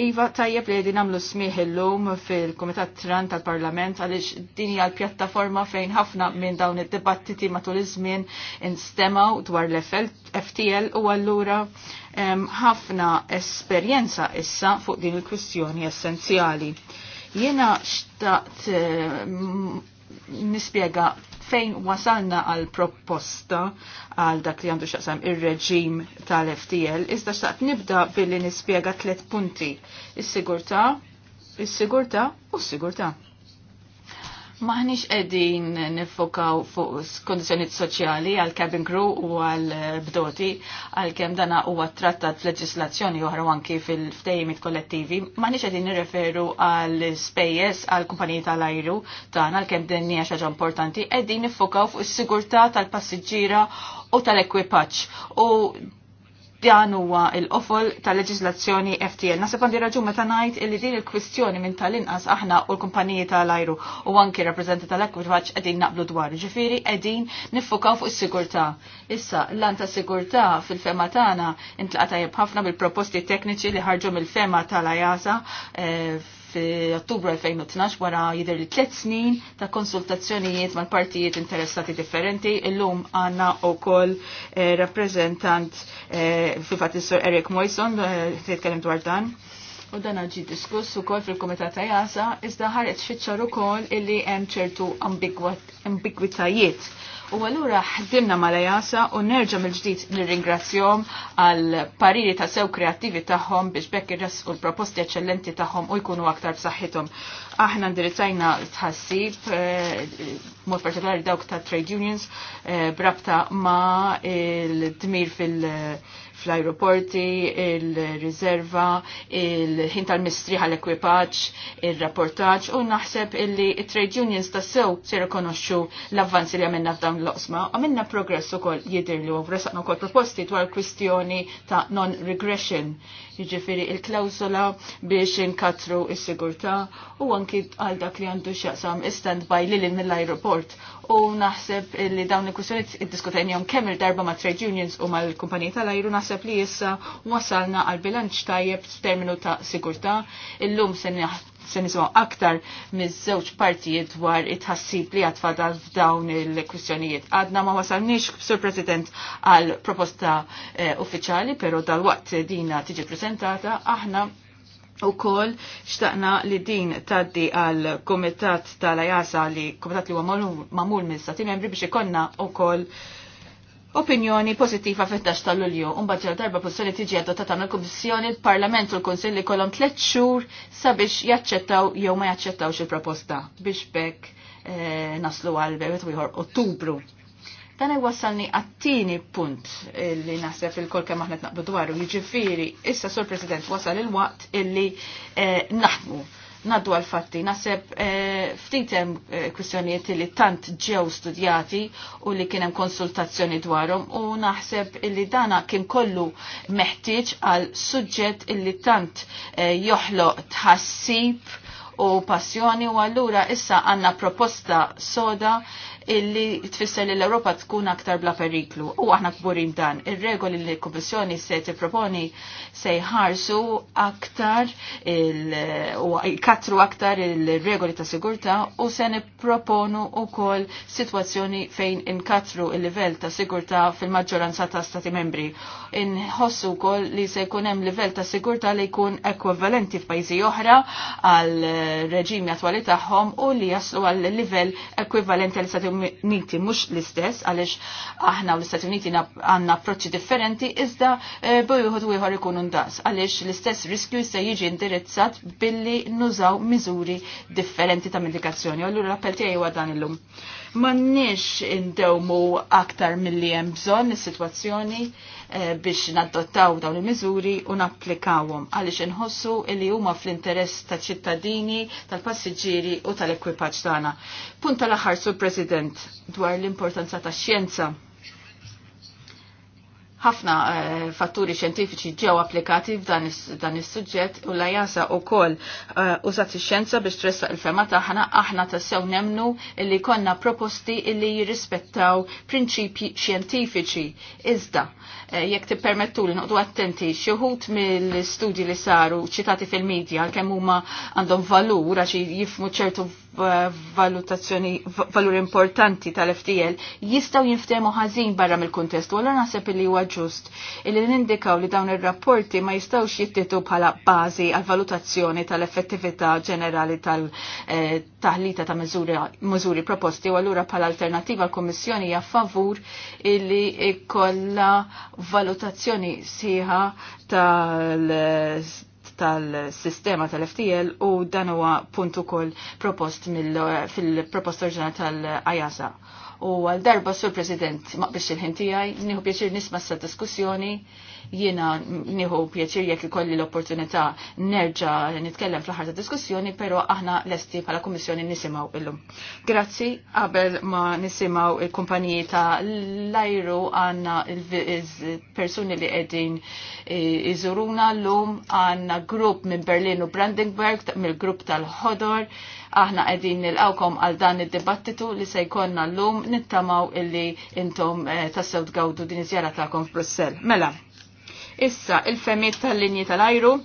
Iva tajjeb li jedin għamlu smiħ il-lum fil-Komitat Tran tal-Parlament għalix dini għal-pjattaforma fejn ħafna minn dawn id-dibattiti matul iż-żmien instemaw dwar l-FTL u allura ħafna esperjenza issa fuq din il-kwistjoni essenzjali. Jena xtaqt nispiega fejn wasalna għal proposta għal dak li għandu xaqsam ir-reġim tal-FTL, iżda xtaqt nibda billi nispiega tlet punti. Is-sigurta, is-sigurta u s-sigurta. Maħniċ edin nifokaw fuq kondizjoniet soċjali għal cabin crew u għal eh, bdoti għal kem dana u għattrattat fl-leġislazzjoni uħra anki fil-ftejimit kollettivi. Maħniċ edin nirreferu għal spejjes għal kumpanijiet tal ajru tan għal kem denni għaxħaġa importanti edin nifokaw fuq is-sigurtà tal-passiġġiera u tal-ekwipaċ. U dan huwa l-qofol ta' leġislazzjoni FTL. Nasib għandi raġun meta ngħid illi din il-kwistjoni minn tal-inqas aħna u l-kumpaniji tal-ajru u anki rappreżenti tal-ekwivaġġ qegħdin naqblu dwar. Ġifieri qegħdin niffokaw fuq is-sigurtà. Issa l lan ta' sigurtà fil-fema tagħna intlaqata ħafna bil-proposti tekniċi li ħarġu mill-fema tal-ajasa eh, f'Ottubru 2012 wara jidher li tliet snin ta' konsultazzjonijiet mal-partijiet interessati differenti. Illum għandna wkoll eh, rappreżentant eh, fil-fatt is-Sor Eric Moison titkellem eh, dwar dan. U dan ġi diskuss ukoll fil-Kumitat ta' Jasa iżda ħareġ fiċċar ukoll illi hemm ċertu ambigwitajiet U għallura ħdimna mala lajasa u nerġa' mill-ġdid nir-ringrazzjom għal pariri ta' sew kreattivi tagħhom biex bekk irres u l-proposti eċċellenti tagħhom u jkunu aktar b'saħħithom. Aħna ndirizzajna tħassib eh, mod partikolari dawk ta' trade unions eh, brabta ma' il-dmir fil- fl-aeroporti, il-rizerva, il-ħin tal-mistriħa l-ekwipaġġ, il rapportaċ u naħseb illi trade unions ta' sew se rekonoxxu l-avvanzi li għamilna f'dawn l osma Għamilna progress ukoll jidirlu u resaqna wkoll proposti dwar kwistjoni ta' non-regression, jiġifieri il-klawsola biex inkatru is-sigurtà u anki għal dak li għandu x'jaqsam stand-by lil mill-aeroport u naħseb li dawn il-kussjoni id-diskutajnijom kemm il-darba ma' trade unions u mal kumpaniji tal-ajru naħseb li jissa wasalna għal bilanċ tajjeb f'terminu ta' sigurta. Illum se nisimaw aktar miż-żewġ partijiet dwar it-ħassib li għatfadal f'dawn il-kwistjonijiet. Għadna ma wasalniex, Sur President, għal proposta eh, uffiċjali, pero dal-waqt dina tiġi prezentata, aħna U kol xtaqna li din taddi għal komitat tal-ajasa li komitat li huwa mamul minn stati membri biex ikonna u kol opinjoni pozittiva fettax tax tal-Lulju. Umbagħad ġew darba pozzjoni tiġi adottata mill l il-Parlament u l-Kunsill li kolhom tliet xhur sabiex jaċċettaw jew ma jaċċettawx il-proposta biex bekk eh, naslu għal bewet ieħor Ottubru. Dan wassalni għattini punt li naħseb il-kol kemm aħna naqblu dwaru, jiġifieri issa sur President wasal il-waqt illi eh, naħdmu. Naddu għal-fatti, naħseb eh, ftitem eh, kwistjonijiet li tant ġew studjati u li kienem konsultazzjoni dwarhom u naħseb illi dana kien kollu meħtieġ għal suġġett illi tant joħloq tħassib u passjoni u allura issa għanna proposta soda illi tfisser li l-Europa tkun aktar bla periklu. U aħna kburin dan. Ir-regoli li l-Kommissjoni se tipproponi se jħarsu aktar u katru aktar il-regoli ta' sigurta u se nipproponu kol situazzjoni fejn inkatru il-livell ta' sigurta fil-maġġoranza ta' stati membri. Inħossu kol li se jkun hemm livell ta' sigurta li jkun ekwivalenti f'pajjiżi oħra għal reġimi attwali tagħhom u li jaslu għal livell ekwivalenti għal stati Uniti mhux l-istess għaliex aħna u l-Istati Uniti għandna approċċi differenti iżda eh, bojuħod ieħor ikun undaqs għaliex l-istess riskju jista' jiġi indirizzat billi nużaw miżuri differenti ta' medikazzjoni. Allura l-appell tiegħi huwa dan illum. Mannix indewmu aktar mill-li hemm bżonn is-sitwazzjoni eh, biex naddottaw dawn il-miżuri u napplikawhom għaliex inħossu li huma fl-interess tal ċittadini, tal-passiġġieri u tal-ekwipaġġ tagħna. Punt tal-aħħar sur President dwar l-importanza tax-xjenza ħafna eh, fatturi xjentifiċi ġew applikati f'dan is-suġġett u l-ajanza wkoll eh, użat ix-xjenza biex tressa il-fema tagħna aħna tassew nemnu li konna proposti illi jirrispettaw prinċipji xjentifiċi. Iżda, Eh, jekk permettu li noqdu attenti xi wħud mill-studji li saru ċitati fil-medja għalkemm huma għandhom valur għax jifmu ċertu valutazzjoni valur importanti tal-FTL jistgħu jinftehmu ħażin barra mill-kuntest u allura naħseb li huwa ġust illi nindikaw li dawn ir-rapporti ma jistgħux jittitu bħala bażi għal valutazzjoni tal-effettività ġenerali tal- eh, taħlita ta' mużuri proposti u allura pal alternativa l-Kommissjoni hija favur illi ikolla valutazzjoni siħa tal sistema tal ftl u dan huwa punt ukoll propost fil-proposta oriġinali tal-IASA. U għal darba sur President maqbix il-ħin tiegħi, nieħu pjaċir nisma' sa diskussjoni Jiena nieħu pjaċir jekk ikolli l-opportunità nerġa' nitkellem fl-aħħar ta' diskussjoni, però aħna lesti bħala Kummissjoni nisimgħu illum. Grazzi qabel ma nisimgħu il-kumpaniji ta' Lajru, għanna għandna il-persuni li qegħdin iżuruna llum għandna grupp minn Berlin u Brandenburg mill-grupp tal-ħodor aħna għedin nil-għawkom għal dan id-dibattitu li se jkonna l-lum nittamaw illi intom eh, tassew tgawdu din iżjara ta'kom f'Brussel. Mela, Issa, il-femiet tal-linji tal-ajru,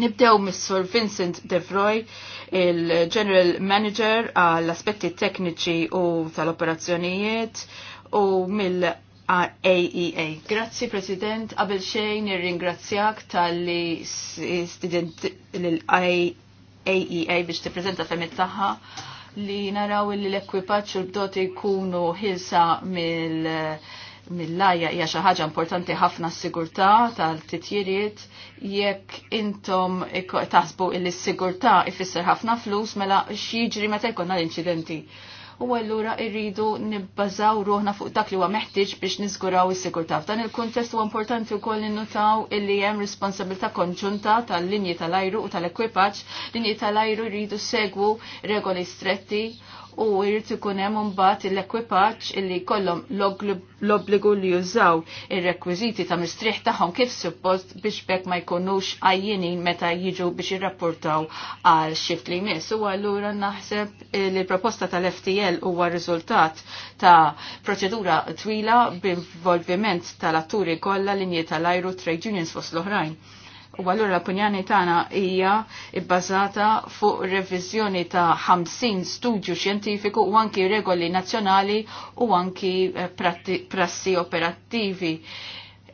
nibdew mis-Sur Vincent Devroy, il-General Manager għall-aspetti tekniċi u tal-operazzjonijiet u mill AEA. Grazzi President, qabel xejn nirringrazzjak tal-li l-AEA e biex tippreżenta femmet tagħha li naraw li l-ekwipaċ u l-bdoti jkunu ħilsa mill- mill-lajja hija xi ħaġa importanti ħafna s-sigurtà tal-titjiriet jekk intom taħsbu li s-sigurtà ifisser ħafna flus mela x'jiġri meta jkollna l-inċidenti. U allura irridu nibbażaw ruħna fuq dak li huwa meħtieġ biex niżguraw is-sigurtà. F'dan il-kuntest huwa importanti wkoll ninnutaw illi hemm responsabilità konġunta tal-linji tal-ajru u tal-ekwipaġġ, linji tal-ajru jridu segwu regoli stretti u jrid ikun hemm imbagħad l-ekwipaġġ illi jkollhom l-obbligu li jużaw ir-rekwiżiti ta' mistrieħ tagħhom kif suppost biex bekk ma jkunux għajjinin meta jiġu biex jirrapportaw għal xift li jmiss. U allura naħseb li l-proposta tal-FTL huwa riżultat ta' proċedura twila b'involviment tal-atturi kollha linji tal-ajru trade unions fost l-oħrajn U għallura l-opinjoni tagħna hija bbażata fuq reviżjoni ta' 50 studju xjentifiku u anki regoli nazzjonali u anki eh, prassi operattivi.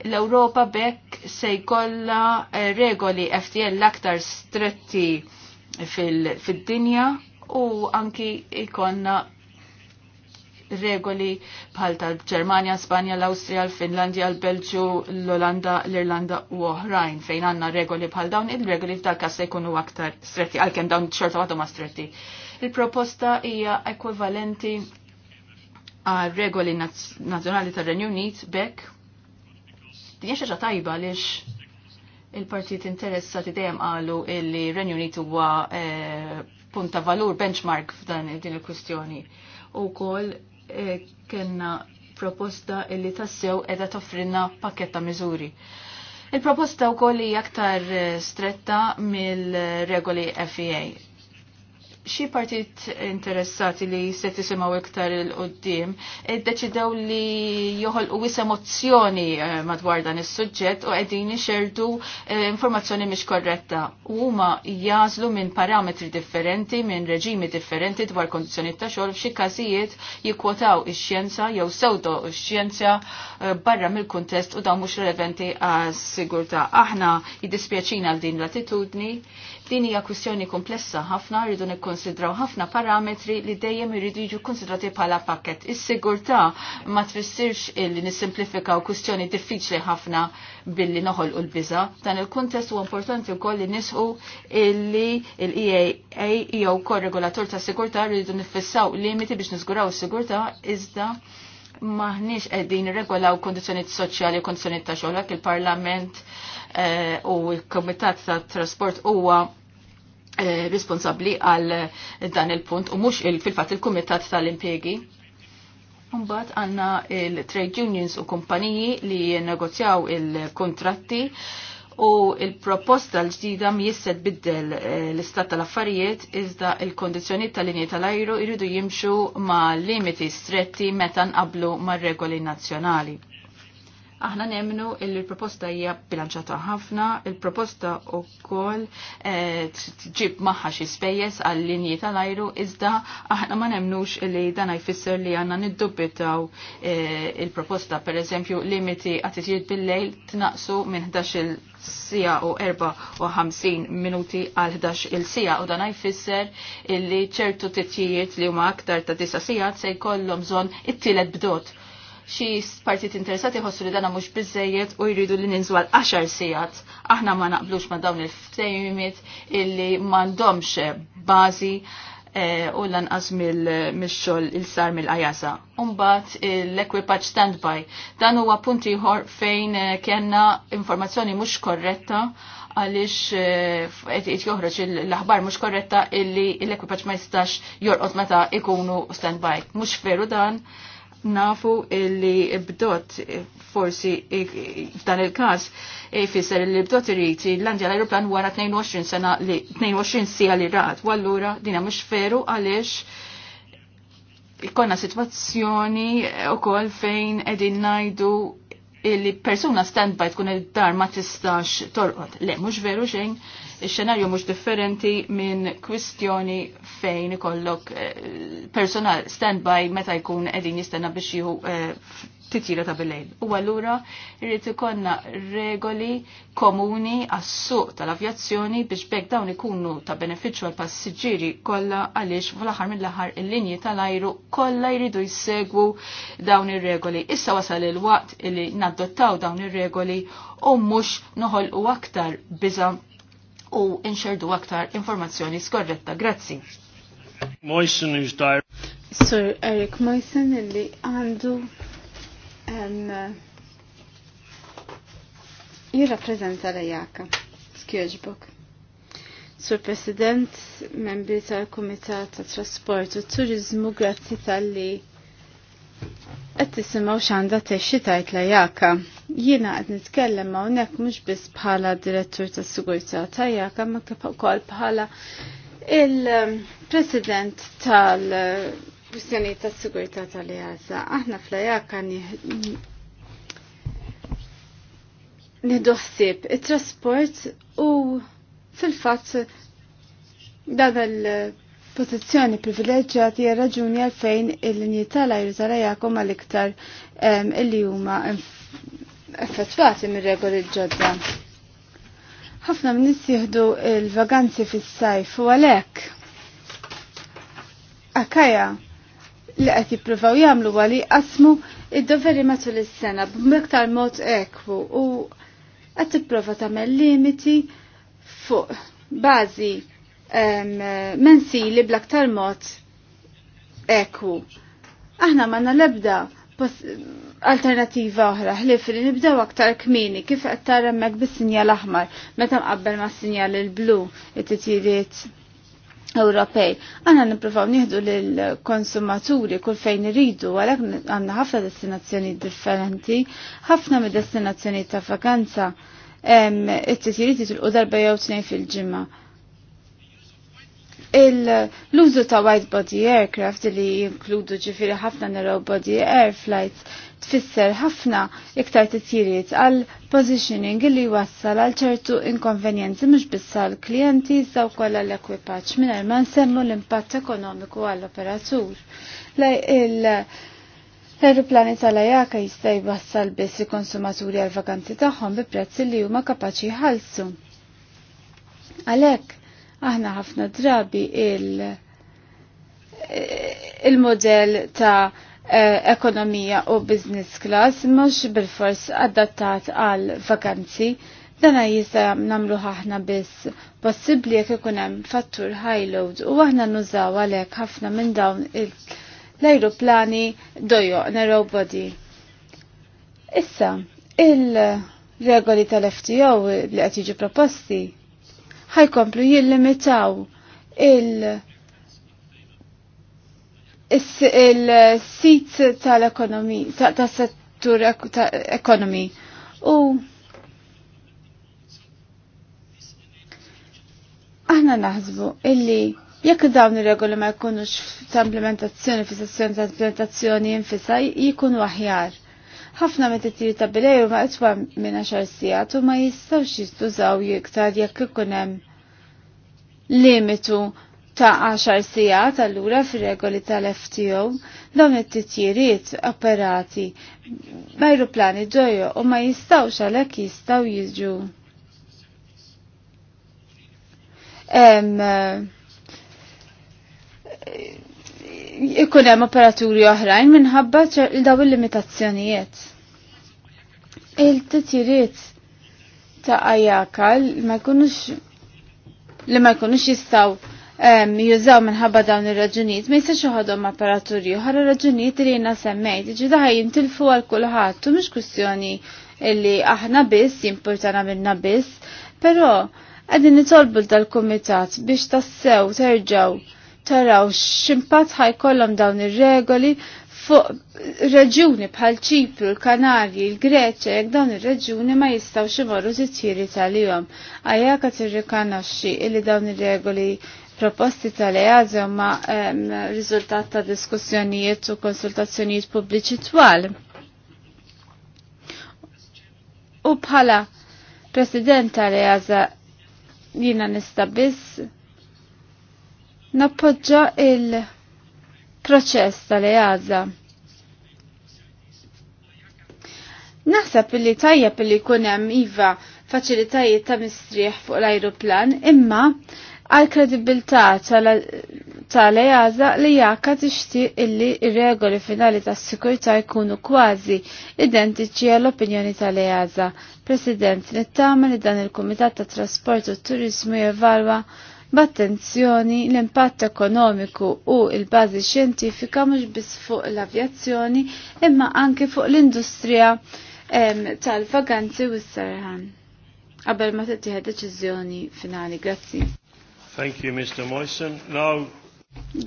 L-Ewropa bekk se jkollha eh, regoli FTL aktar stretti fil-dinja u anki ikonna regoli bħal tal-Ġermanja, Spanja, l-Awstrija, l-Finlandja, l-Belġu, l-Olanda, l-Irlanda u oħrajn fejn għandna regoli bħal dawn, il-regoli tal kas se jkunu aktar stretti għalkemm dawn xorta għadhom stretti. Il-proposta hija ekwivalenti għal regoli nazzjonali tar-Renju Unit bekk. Din xaġa tajba għaliex il-partit interessati dejjem qalu li Renju Unit huwa eh, punta valur benchmark f'dan din il-kwistjoni. U kol E, kena proposta illi tassew edha toffrinna pakket ta' miżuri. Il-proposta u koll hija aktar e, stretta mill-regoli FEA xi partit interessati li se tisimgħu iktar il qudiem iddeċidew eh, li joħolqu wisa mozzjoni eh, madwar dan is-suġġett u qegħdin ixerdu eh, informazzjoni mhix korretta. Huma jażlu minn parametri differenti, minn reġimi differenti dwar kondizzjonijiet ta' xogħol xie każijiet jikkwotaw ix-xjenza jew sewdo x-xjenza Eh, barra mill-kuntest u dawn mhux relevanti għas sigurtà. Aħna jiddispjaċina għal din l-attitudni. Din hija kwistjoni komplessa ħafna rridu nikkonsidraw ħafna parametri li dejjem irridu jiġu konsidrati bħala pakket. Is-sigurtà ma tfissirx illi nissimplifikaw kwistjoni diffiċli ħafna billi noħol u l-biża. Dan il-kuntest huwa importanti wkoll li nisħu illi l-EAA jew kor regolatur ta' sigurtà rridu nifissaw limiti biex niżguraw is-sigurtà iżda maħniex qegħdin regolaw kondizzjonijiet soċjali u kondizzjonijiet ta' xogħol il-Parlament eh, u l-Kumitat tat Trasport huwa e, responsabbli għal dan il-punt u mhux il fil-fatt il-Kumitat tal-Impjegi. Mbagħad għandna il-trade unions u kumpaniji li negozjaw il-kontratti il kontratti u il-proposta l-ġdida mjisset biddel eh, l-istat tal-affarijiet iżda il-kondizjoni tal-linji tal-ajru jridu jimxu ma' limiti stretti meta qablu ma' regoli nazzjonali. Aħna nemnu il-proposta hija bilanċata ħafna, il-proposta wkoll eh, tġib magħha xi spejjeż għall-linji tal-ajru iżda aħna ma nemnux li dan jfisser li għandna niddubitaw eh, il-proposta pereżempju limiti għatiġiet bil-lejl tnaqsu minn 11 sija u 54 minuti għal 11 il-sija u dan jfisser illi ċertu titjijiet li huma aktar ta' 9 sijat se jkollhom bżonn it-tielet bdot xi partit interessati ħossu li dana mhux biżejjed u jridu li ninżwal 10 sigħat. Aħna ma naqblux ma dawn il ftejmit illi m'għandhomx bażi eh, u lanqas mill-xogħol il sar mill-qajasa. Umbagħad l-equipaġġ standby. Dan huwa punt ieħor fejn eh, kellna informazzjoni mhux korretta għalix eh, qed joħroġ l-aħbar mhux korretta illi l-ekwipaġġ ma jistax jorqod meta ikunu standby. Mhux veru dan nafu illi bdot forsi f'dan il-kas fisser illi bdot irriti l-landja l-aeroplan wara 22 sena li 22 sija li rat. U allura dina mhux feru għaliex ikonna situazzjoni u kol fejn edin najdu illi persuna standby tkun id-dar ma tistax torqod. Le, mhux veru xejn il-xenarju mux differenti minn kwistjoni fejn ikollok eh, personal stand-by meta jkun edin jistenna biex jihu eh, titjira ta' bil-lejl. U għallura irrit ikonna regoli komuni għas-suq tal-avjazzjoni biex bekk dawn ikunu ta' beneficju għal passiġġieri kollha għaliex fl-aħħar mill-aħħar il-linji tal-ajru kollha jridu jissegwu dawn ir-regoli. Issa wasal il-waqt li naddottaw dawn ir-regoli u mhux noħolqu aktar biża' u inxerdu aktar informazzjoni skorretta. Grazzi. Moisson is dire. Sir Eric Moisen illi għandu um, jirrapprezenta la jaka. skjoġbuk. Sur President, membri tal-Kumitat ta' Trasport u Turizmu, grazzi tal-li qed tisimgħu x'għandha tixxi tajt Lajaka. Jiena qed nitkellem hawnhekk mhux biss bħala direttur tas-sigurtà Jaka ma kif ukoll bħala il-President tal- Kwistjoni ta' sigurtà tal-Jaza, aħna fl-Jaka nidoħsib it-trasport u fil-fat dan il- Pozizjoni privileġġjati hija raġuni għalfejn il-linji tal-ajru tal-ajakom għal-iktar illi huma effettwati mir-regoli ġodda. Ħafna minn jieħdu il-vaganzi fis-sajf u għalhekk. Akaja li qed jippruvaw jagħmlu għali qasmu id-doveri matul is-sena b'miktar mod ekwu u qed tipprova tagħmel limiti fuq bażi mensili bl-aktar mod eku. Aħna manna lebda alternativa oħra ħlif li nibdew aktar kmini kif qed tara bis-sinjal aħmar meta mqabbel mas-sinjal il-blu it-titjiriet Ewropej. Għanna niprofaw nieħdu l-konsumaturi kull fejn iridu, għalhekk għandna ħafna destinazzjoni differenti, ħafna mid destinazzjoni ta' vakanza, it-titjiriet jitilqu darba jew tnejn fil ġimma l-użu ta' wide body aircraft li jinkludu ġifiri ħafna narrow body airflights tfisser ħafna iktar titjiriet għal positioning li wassal għal ċertu inkonvenjenzi mhux biss għal klijenti iżda wkoll l ekwipaġġ mingħajr ma nsemmu l-impatt ekonomiku għall-operatur. L-aeroplani tal-ajaka jista' jwassal biss il-konsumaturi għal vakanzi tagħhom bi prezzi li huma kapaċi ħalsu. Għalhekk, Aħna ħafna drabi il- il-modell ta' eh, ekonomija u business class mhux bil-fors adattat għal vakanzi. dan jista namlu ħahna biss possibbli jekk ikun hemm fattur high load u aħna nużaw għalhekk ħafna minn dawn l-ajruplani dojo narrow body. Issa, il-regoli tal-FTO li qed proposti ħajkomplu jillimitaw il- il-sit tal-ekonomi, tal-settur ekonomi. U aħna naħsbu illi jekk dawn ir-regoli ma jkunux ta' implementazzjoni fi ta' implementazzjoni jinfisa, jikunu aħjar ħafna meta tir ta' bilej ma għetwa minn xar sigħat u ma jistgħux jistużaw jiktar jekk ikun hemm limitu ta' 10 sijat allura fir-regoli tal-FTO dawn it-titjiriet operati b'ajruplani ġojo u ma jistgħux għalhekk jistgħu jiġu. Em, ikun hemm operaturi oħrajn minħabba daw il-limitazzjonijiet. Il-titjiriet ta' ajaka li ma jkunux jistaw jużaw minħabba dawn ir-raġunijiet ma jistax joħodhom operaturi oħra raġunijiet li jiena semmejt, ġi daħaj jintilfu għal kulħadd u mhux kwistjoni illi aħna biss jimpurtana minna biss, però qegħdin nitolbu dal-kumitat biex tassew terġgħu taraw ximpat ħajkollhom dawn ir-regoli fuq reġuni bħal ċipru, l-Kanarji, l-Greċja, jekk dawn ir-reġuni ma jistaw ximorru titjiri tal-jom. Għajja qed irrikonoxxi illi dawn ir-regoli proposti tal-EASO e ma riżultat ta' diskussjonijiet u konsultazzjonijiet pubbliċi twal. U bħala President tal-EASA e, jina nista' biss nappoġġa il-proċess tal-EASA. Naħseb li tajjeb li kunem iva faċilitajiet ta' mistrieħ fuq l-ajruplan imma għal kredibilità tal-EASA li jaka tixtieq illi ir-regoli finali tas-sikurtà jkunu kważi identiċi għall-opinjoni tal-EASA. President, nittama li dan il-Kumitat ta' Trasport u Turizmu jevalwa b'attenzjoni l-impatt ekonomiku u l bażi xjentifika mhux biss fuq l-avjazzjoni imma anke fuq l-industrija tal-vaganzi u s-sarħan. Qabel ma tittieħed deċiżjoni finali. Grazzi. Thank you, Mr. Moisen. Now...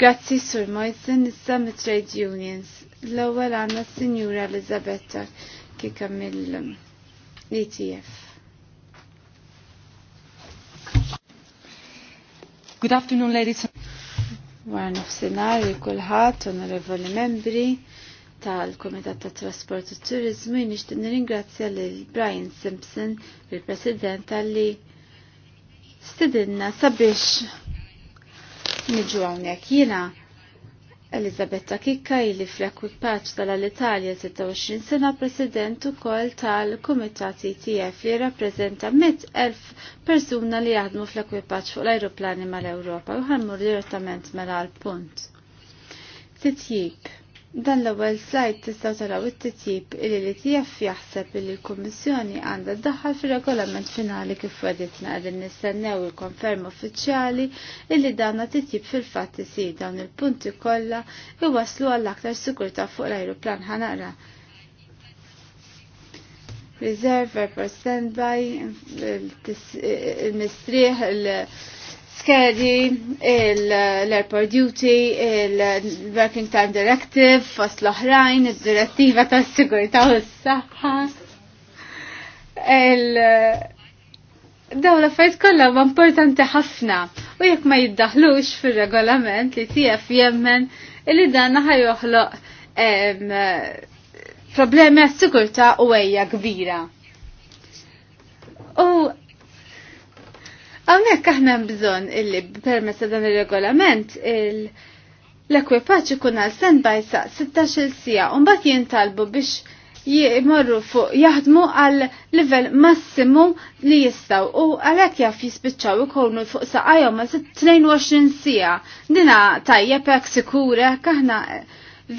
Grazzi, Sur Moisen, issa mit-Trade Unions. L-ewwel għandna s-Sinjura Elizabetta kika mill-ETF. Good afternoon, ladies. Wara nofsenar, li kulħadd onorevoli membri tal-Komitat ta' Trasport u Turizmu nixtieq nirringrazzja lil Brian Simpson, il-President tal-li stidinna sabiex niġu hawnhekk jiena Elizabetta Kikka li fl-ekwipaċ tal-Italja 26 sena president ukoll tal-Kumitat ITF e li rappreżenta 100,000 persuna li jaħdmu fl-ekwipaċ fuq l-ajruplani mal-Ewropa u ħammur direttament mela għal punt. Titjib. Dan l-ewwel slajd tistgħu taraw it-titjib illi li tiegħek jaħseb li l-Kummissjoni għandha ddaħħal fir-regolament finali kif weditna li nistennew il-konferm uffiċjali illi danna titjib fil-fatt isir dawn il-punti kollha iwaslu għall aktar sikurtà fuq l-ajruplan ħanaqra. Reserve, per standby, il-mistrieħ, il-, -il skedi, l-airport duty, il-working time directive, fost l-oħrajn, il-direttiva ta' sigurta u s-saxħa. Daw l-affajt kollha ma' importanti ħafna u jekk ma jiddaħlux fil-regolament li tijaf jemmen illi dan ħaj joħloq problemi għas-sigurta u għejja kbira. U Għawnek aħna bżon illi permessa dan il-regolament il regolament l ekwipaċi ikun għal standby sa' 16 sija un bat jintalbu biex jimorru fuq jaħdmu għal livell massimu li jistaw u għalek jaff jispiċċaw ikonu fuq saqajom ma 22 sija. Dina tajjeb hekk sikura kaħna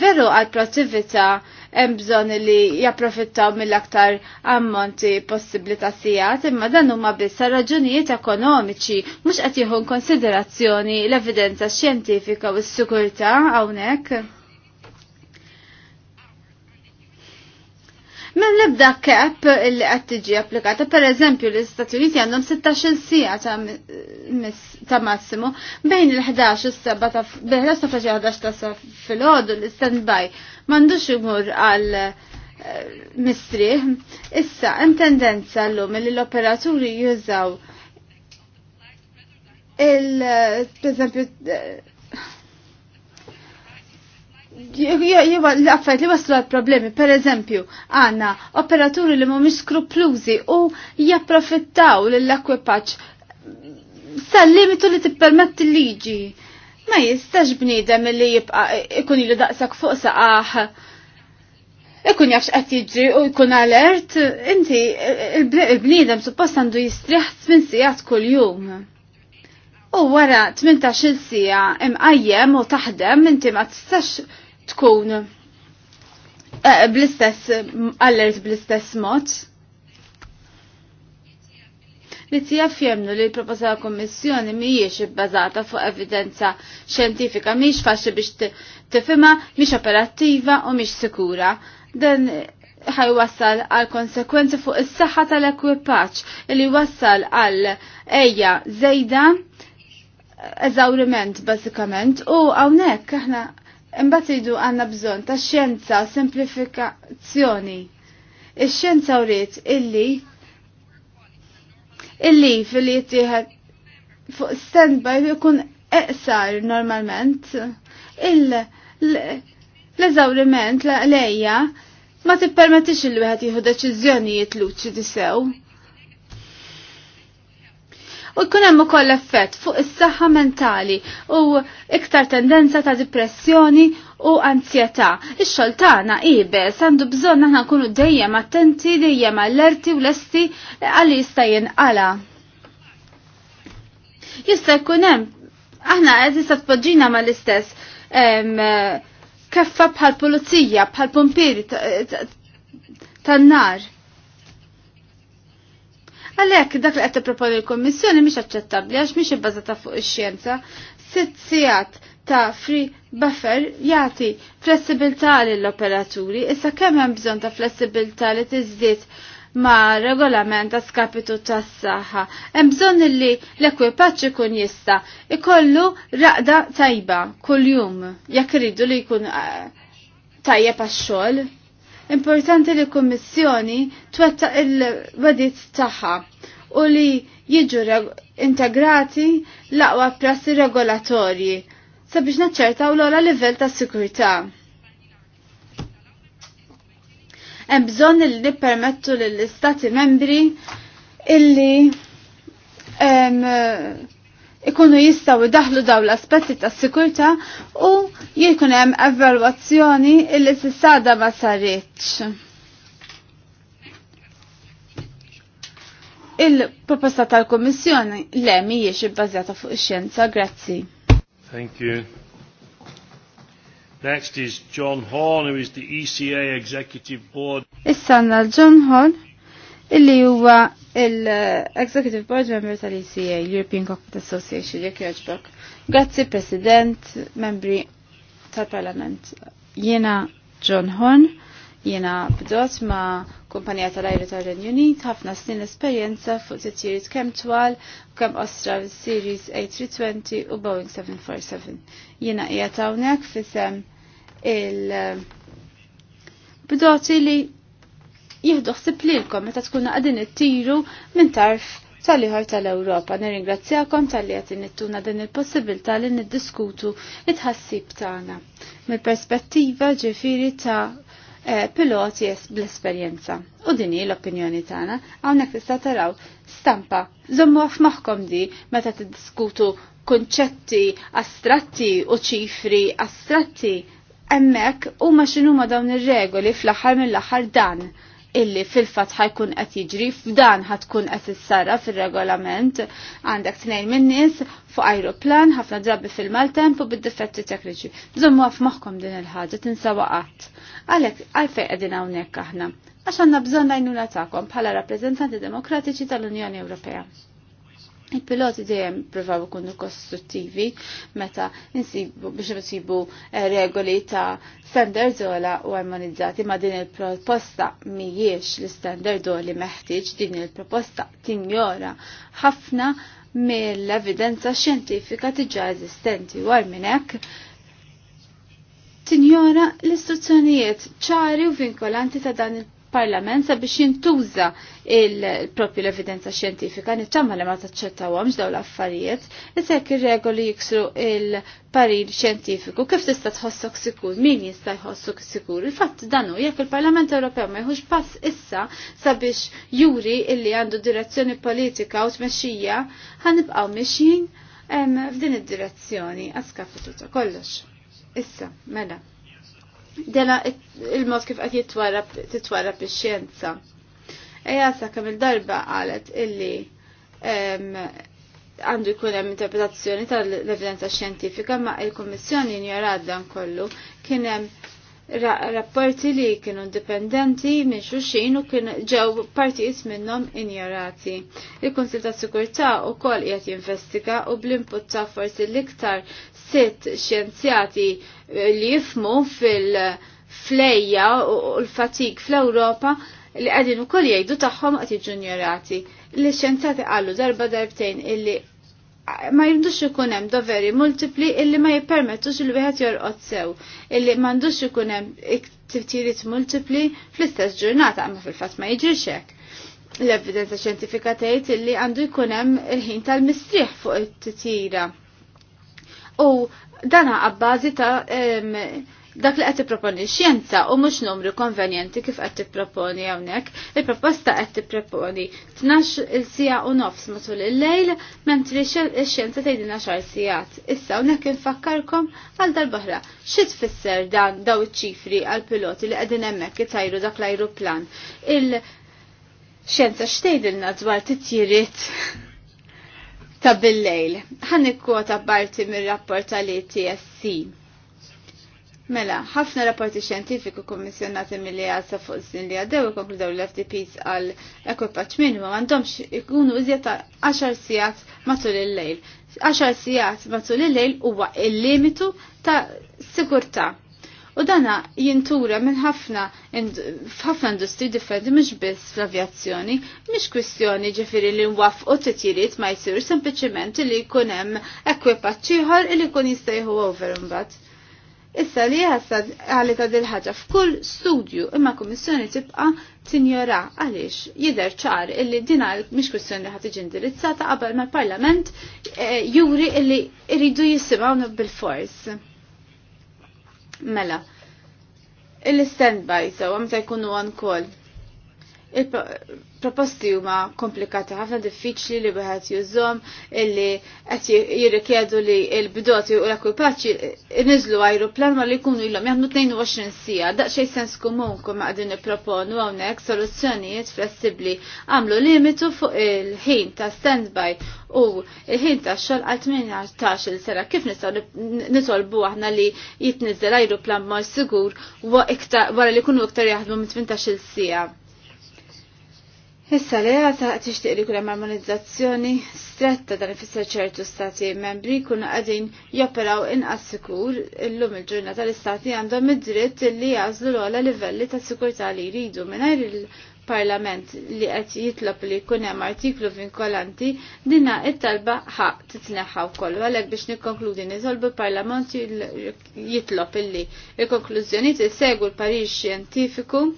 veru għal protivita hemm bżonn li japprofittaw mill-aktar ammonti possibbli ta' sigħat, imma dan huma biss raġunijiet ekonomiċi mhux qed jieħu konsiderazzjoni l-evidenza xjentifika u s-sigurtà hawnhekk. Mem nibda kep li qed tiġi applikata, per eżempju l-Istati Uniti għandhom 16 sija ta' massimo bejn il-11 is-seba ta' bejn ta' faġi 11 ta' fil-ħodu l-standby m'għandux imur għal eh, mistrieħ. Issa hemm tendenza llum li l-operaturi jużaw il eh, per eżempju eh, jiva l-affajt li waslu għal problemi, per eżempju, għanna operaturi li mumiex skruplużi u japprofittaw l akwepaċ sal-limitu li t-permetti liġi. Ma jistax bnidem li jibqa ikun ilu daqsak fuq saqaħ. Ikun jafx qed jiġri u jkun alert, inti il-bniedem suppost għandu jistrieħ 8 sigħat kuljum. U wara 18 sija imqajjem u taħdem inti ma tistax tkun eh, bl-istess allert bl-istess mod. Li tija fjemnu li l-proposta ta' kommissjoni mhijiex ibbażata fuq evidenza xjentifika mhix faċli biex tifhimha, mhix operattiva u mhix sikura. Dan ħajwassal għal konsekwenzi fuq is-saħħa tal-ekwipaċ li wassal għal ejja żejda eżawriment bażikament u hawnhekk aħna Imbagħad idu għandna bżonn ta' xjenza simplifikazzjoni. Ix-xjenza wrid illi illi fil jittieħed fuq standby jkun eqsar normalment l-eżawriment lejja ma tippermettix il wieħed jieħu deċiżjonijiet luċidi sew u jkun hemm ukoll effett fuq is-saħħa mentali u iktar tendenza ta' depressjoni u anzjetà. Ix-xogħol tagħna ibes għandu bżonn aħna nkunu dejjem attenti, dejjem allerti u lesti għalli jista' jinqala. Jista' jkun hemm aħna qed issa tpoġġina mal-istess keffa bħal pulizija, bħal pompieri tan-nar. Ta Għalhekk dak li qed tipproponi l-Kummissjoni mhix aċċettabbli għax mhix ibbażata fuq ix-xjenza. sit ta' free buffer jagħti flessibilità lill-operaturi, issa kemm hemm bżonn ta' flessibilità li tiżdied ma' regolament ta' skapitu ta' s-saħħa. Hemm bżonn li l-ekwipaġġ ikun jista' ikollu raqda tajba kuljum jekk iridu li jkun eh, tajjeb għax-xogħol. Importanti li kummissjoni twetta il-wedit tagħha u li jiġu integrati l-aqwa prassi regolatorji sabiex u l għola livell ta' sikurtà. Hemm bżonn li nippermettu lill-Istati membri illi ikunu jistaw daħlu daw l-aspetti ta' sikurta u jikun hemm evalwazzjoni illi s-sada ma sarriċ. Il-proposta tal-Komissjoni le mhijiex ibbażjata fuq ix-xjenza, grazzi. Thank you. Next is John Horn, who is the ECA Executive Board. Issa John Horn, illi huwa il-Executive Board Member tal-ECA, European Cockpit Association, jek joġbok. Grazzi, President, membri tal-Parlament. Jena John Horn, jena bdot ma kumpanija tal-ajru tal-Renju Unit, ħafna snin esperjenza fuq titjiriet kem twal, kem ostra series A320 u Boeing 747. Jena ija tawnek fisem il- Bdoti li jihdu ħsib lilkom meta tkunu it ittiru minn tarf tal-liħor tal-Ewropa. Nirringrazzjakom tal-li qed nittuna din il-possibilità li niddiskutu it-ħassib tagħna mill-perspettiva ġifieri ta' eh, piloti bl-esperjenza. U din hi l-opinjoni tagħna hawnhekk tista' taraw stampa. Żommu f'moħħkom di meta tiddiskutu kunċetti astratti u ċifri astratti hemmhekk huma x'inhuma dawn ir-regoli fl-aħħar mill-aħħar dan illi fil-fat ħajkun qed jiġri f'dan ħatkun qed issara fir-regolament għandek tnejn min-nies fuq ajruplan ħafna drabi fil-maltemp u bid-difetti tekniċi. Bżommu għaf moħħkom din il-ħaġa tinsawa qatt. Għalhekk għalfejn qegħdin hawnhekk aħna għax għandna bżonn għajnuna tagħkom bħala rappreżentanti demokratiċi tal-Unjoni Ewropea. Il-piloti dejjem provaw ikunu kostruttivi meta insibu biex insibu eh, regoli ta' standard ola u armonizzati ma' din il-proposta mhijiex l-standard li meħtieġ din il-proposta tinjora ħafna mill-evidenza xjentifika diġà eżistenti u minn hekk tinjora l-istruzzjonijiet ċari u vinkolanti ta' dan il parlament sabiex jintuża il-propju l-evidenza xjentifika nittama li ma taċċettawhomx dawn l-affarijiet, isek ir-regoli jiksru il-parir xjentifiku kif tista' tħossok sikur, min jista' jħossok sikur. Il-fatt danu jekk il-Parlament Ewropew ma jħux pass issa sabiex juri illi għandu direzzjoni politika u tmexxija ħanibqgħu mixjin f'din id-direzzjoni għaskafitu ta' kollox. Issa, mela dela il-mod kif qed jitwarab titwarab ix-xjenza. Eja sa il-darba qalet illi għandu jkun hemm interpretazzjoni tal-evidenza xjentifika ma il-Kummissjoni njorad dan kollu kien hemm rapporti li kienu dipendenti minn xuxin u kien ġew partijiet minnhom injorati. Il-Kunsil ta' Sikurtà wkoll qiegħed jinvestiga u bl-input ta' forsi l-iktar sitt xjenzjati eh, li jifmu fil-flejja u l fatig fl-Ewropa li għadin u koll jgħidu taħħom għati ġunjorati. Li xjenzjati għallu darba darbtejn illi ma jindux ikun hemm doveri multipli illi ma jippermettux il wieħed jorqod sew, illi m'għandux ikun hemm tiftirit multipli fl-istess ġurnata, għamma fil-fatt ma jġirxek hekk. L-evidenza xjentifika tgħid illi għandu jkun hemm il-ħin tal-mistrieħ fuq it-titira. U dana għabbażi ta' dak li qed proponi xjenza u mhux numru konvenjenti kif qed tipproponi hawnhekk. Il-proposta qed tipproponi 12 il-sija u nofs matul il-lejl mentri xienza xjenza tgħidilna xar sigħat. Issa hawnhekk infakkarkom għal dal-boħra. Xi fisser dan daw iċ-ċifri għal piloti li qegħdin hemmhekk itajru dak l-ajruplan. Il-xjenza x'tejdilna dwar t-tjirit ta' bil-lejl. Ħan ikkota parti mir-rapport tal-ETSC. Mela, ħafna rapporti xjentifiku kommissjonati mill għalsa fuq sin li għaddew ikonkludew l-FTPs għal ekwipaċ minimum għandhomx ikunu iżjed ta' 10 sigħat matul il-lejl. 10 sigħat matul il-lejl huwa il-limitu ta' sigurtà U dana jintura minn ħafna f'ħafna industri differenti mhux biss fl-avjazzjoni, mhix kwistjoni ġifieri li u titjiriet ma jsir sempliċement li jkun hemm ekwipaġġ ieħor li jkun jista' jieħu over imbagħad. Issa li ħassad għalli ta' dil-ħagġa f'kull studju imma kummissjoni tibqa tinjora għaliex jider ċar illi dina mish kwistjoni li ħatiġi indirizzata qabel ma' parlament eh, juri illi iridu jisimaw bil-fors. Mela, il-standby, so, għamta jkunu għan kol il-proposti huma komplikati ħafna diffiċli li wieħed jużhom illi qed jirrikjedu li l-bidoti u l ekwipaċi niżlu ajruplan ma li jkunu ilhom jaħdmu 22 siegħa daqsxejn sens komun kum qegħdin nipproponu hawnhekk soluzzjonijiet flessibbli għamlu limitu fuq il-ħin ta' standby u il-ħin ta' xogħol għal 18 il sera kif nistgħu nitolbu aħna li jitniżel ajruplan b'mod sigur wara li jkunu iktar jaħdmu minn 18 il siegħa Issa li għata tixtiq li kuna armonizzazzjoni stretta dan ifisser ċertu stati membri kuna għadin joperaw inqas sikur illum il-ġurnata l-istati għandhom id-dritt li jażlu l għala livelli ta' sikurtà li jridu mingħajr il-Parlament li qed jitlop li jkun hemm artiklu vinkolanti dinna it-talba ħaq titneħħa wkoll għalek biex nikkonkludi nisolbu il-Parlament jitlop li il-konklużjoni tissegu l-Parix xjentifiku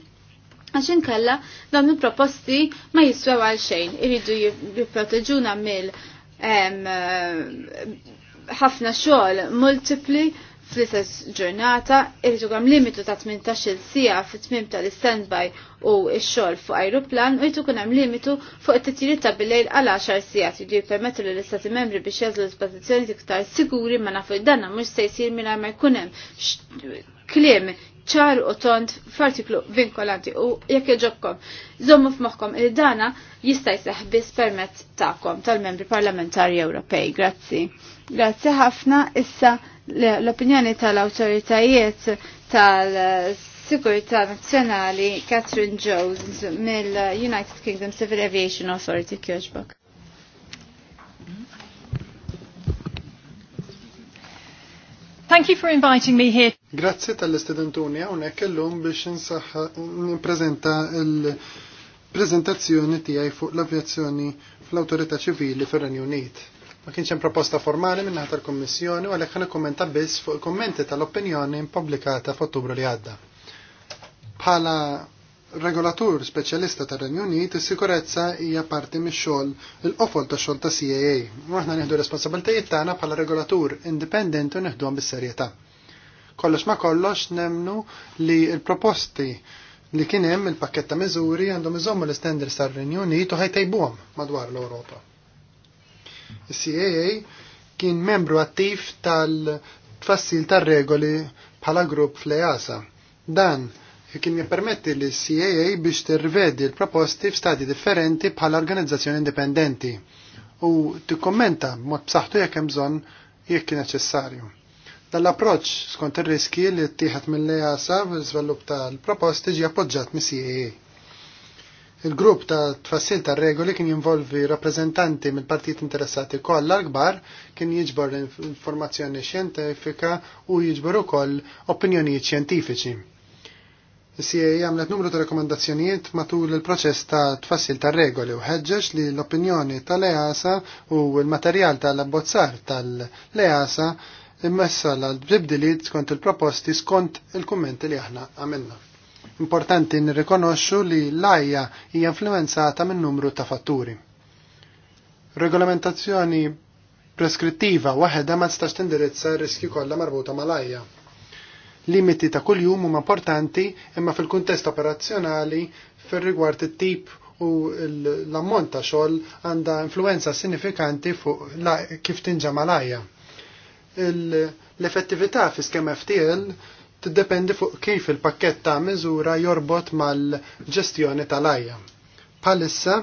għaxin kalla dawn il-proposti ma jiswew għal xejn, iridu jiproteġuna mill ħafna xogħol multipli fl-istess ġurnata, irridu għam limitu ta' 18 sija fit tmim tal-standby u x-xogħol fuq aeroplan u jridu kun hemm limitu fuq it-titjiri ta' bilejl għal 10 sija jridu jippermettu l istati membri biex jeżlu l-ispożizzjoni iktar siguri ma nafu id-danna mhux se jsir mingħajr ma jkun hemm klim ċar u tont f'artiklu vinkolanti u jekk iġobkom. Zommu f'moħħkom li dana jista' jseħ biss permezz tagħkom tal-membri parlamentari Ewropej. Grazzi. Grazzi ħafna issa l-opinjoni tal-awtoritajiet tal sigurità Nazzjonali Catherine Jones mill-United Kingdom Civil Aviation Authority Kirchbach. Thank you for inviting me here. Grazzi tal-istudentuni hawnhekk illum biex nsaħħa nippreżenta l-preżentazzjoni tiegħi fuq l-avjazzjoni fl-Awtorità Ċivili fir-Renju Unit. Ma kienx hemm proposta formali minn naħa tal-Kummissjoni u għalhekk nikkummenta biss fuq il-kummenti tal-opinjoni pubblikata f'Ottubru li għadda. Bħala regolatur speċjalista tar renju Unit is-sikurezza hija parti mix-xogħol il-qofol ta' xogħol ta' CAA. U aħna nieħdu responsabiltajiet tagħna bħala regolatur indipendenti u nieħduhom bis-serjetà. Kollox ma kollox nemnu li l-proposti li kien hemm il-pakkett ta' miżuri għandhom iżommu l istenders tar-Renju Unit u ħajtejbuhom madwar l-Ewropa. Is-CAA kien membru attiv tal-tfassil tar-regoli bħala grupp fl-EASA. Dan kien jippermetti li CAA biex tirvedi l-proposti f'stati differenti bħala organizzazzjoni indipendenti u tikkommenta mod b'saħħtu jekk hemm bżonn jekk kien neċessarju. l approċċ skont ir-riski li ttieħed mill-EASA fl-iżvilupp tal-proposti ġie appoġġjat mis-CAA. Il-grupp ta' tfassil ta' regoli kien jinvolvi rappresentanti mill partit interessati kollha l-kbar, kien jiġbor l-informazzjoni xjentifika u jiġbor ukoll opinjonijiet xjentifiċi. CIA għamlet numru ta' rekomendazzjonijiet matul il-proċess ta' tfassil ta' regoli u ħeġġeġ li l-opinjoni tal-EASA u l-materjal tal-abbozzar tal-EASA immessa l-bdibdiliet skont il-proposti skont il-kummenti li aħna għamilna. Importanti nirrikonoxxu li l-ajja hija influenzata minn numru ta' fatturi. Regolamentazzjoni preskrittiva waħda ma tistax tindirizza r-riski kollha marbuta mal-ajja Limiti ta' kuljum huma importanti imma fil-kuntest operazzjonali fir-rigward it-tip u l-ammont ta' xogħol għandha influenza sinifikanti fuq kif tinġa' l L-effettività fi skema FTL tiddependi fuq kif il-pakket ta' miżura jorbot mal-ġestjoni tal-ajja. Palissa,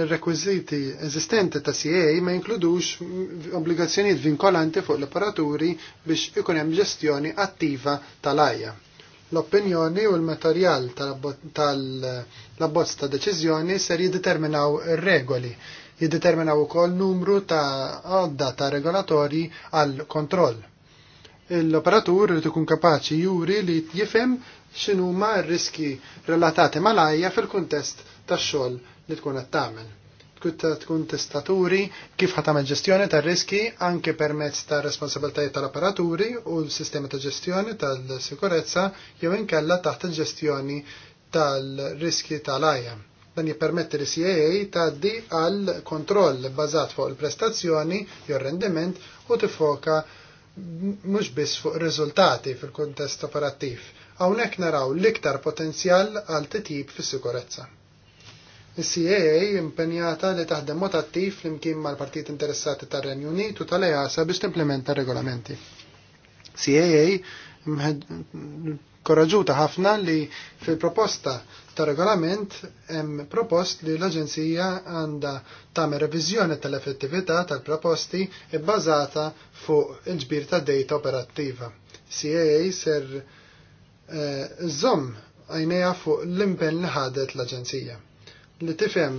il-rekwiziti eżistenti ta' CA ma jinkludux obbligazzjonijiet vinkolanti fuq l-operaturi biex ikun hemm ġestjoni attiva tal-ajja. L-opinjoni u l-materjal tal-abbozz ta' deċiżjoni ser jiddeterminaw ir-regoli, jiddeterminaw ukoll numru ta' għodda ta' regolatori għal kontroll. L-operatur li tkun kapaċi juri li jifhem x'inhuma r-riski relatati mal-ajja fil-kuntest tax-xogħol li tkun qed tagħmel. Tkun testaturi kif ħat tagħmel ġestjoni tar-riski anke permezz ta' responsabiltajiet tal apparaturi u l sistema ta' ġestjoni tal-sikurezza jew inkella taħt il-ġestjoni tal-riski tal-ajja. Dan jippermetti li CAA tgħaddi għal kontroll bażat fuq il-prestazzjoni jew rendiment u tifoka mhux biss fuq riżultati fil-kuntest operattiv. Hawnhekk naraw l-iktar potenzjal għal titjib fis-sikurezza. Is-CAA impenjata li taħdem mod attiv flimkien mal-partit interessati tar-Renju Unit u tal-EASA biex timplementa regolamenti. CAA korraġuta ħafna li fil-proposta ta' regolament hemm propost li l-Aġenzija għandha tagħmel reviżjoni tal-effettività tal-proposti e bbażata fuq il-ġbir ta' data operattiva. CAA ser eh, żomm għajnejha fuq l-impenn li ħadet l-Aġenzija li tifhem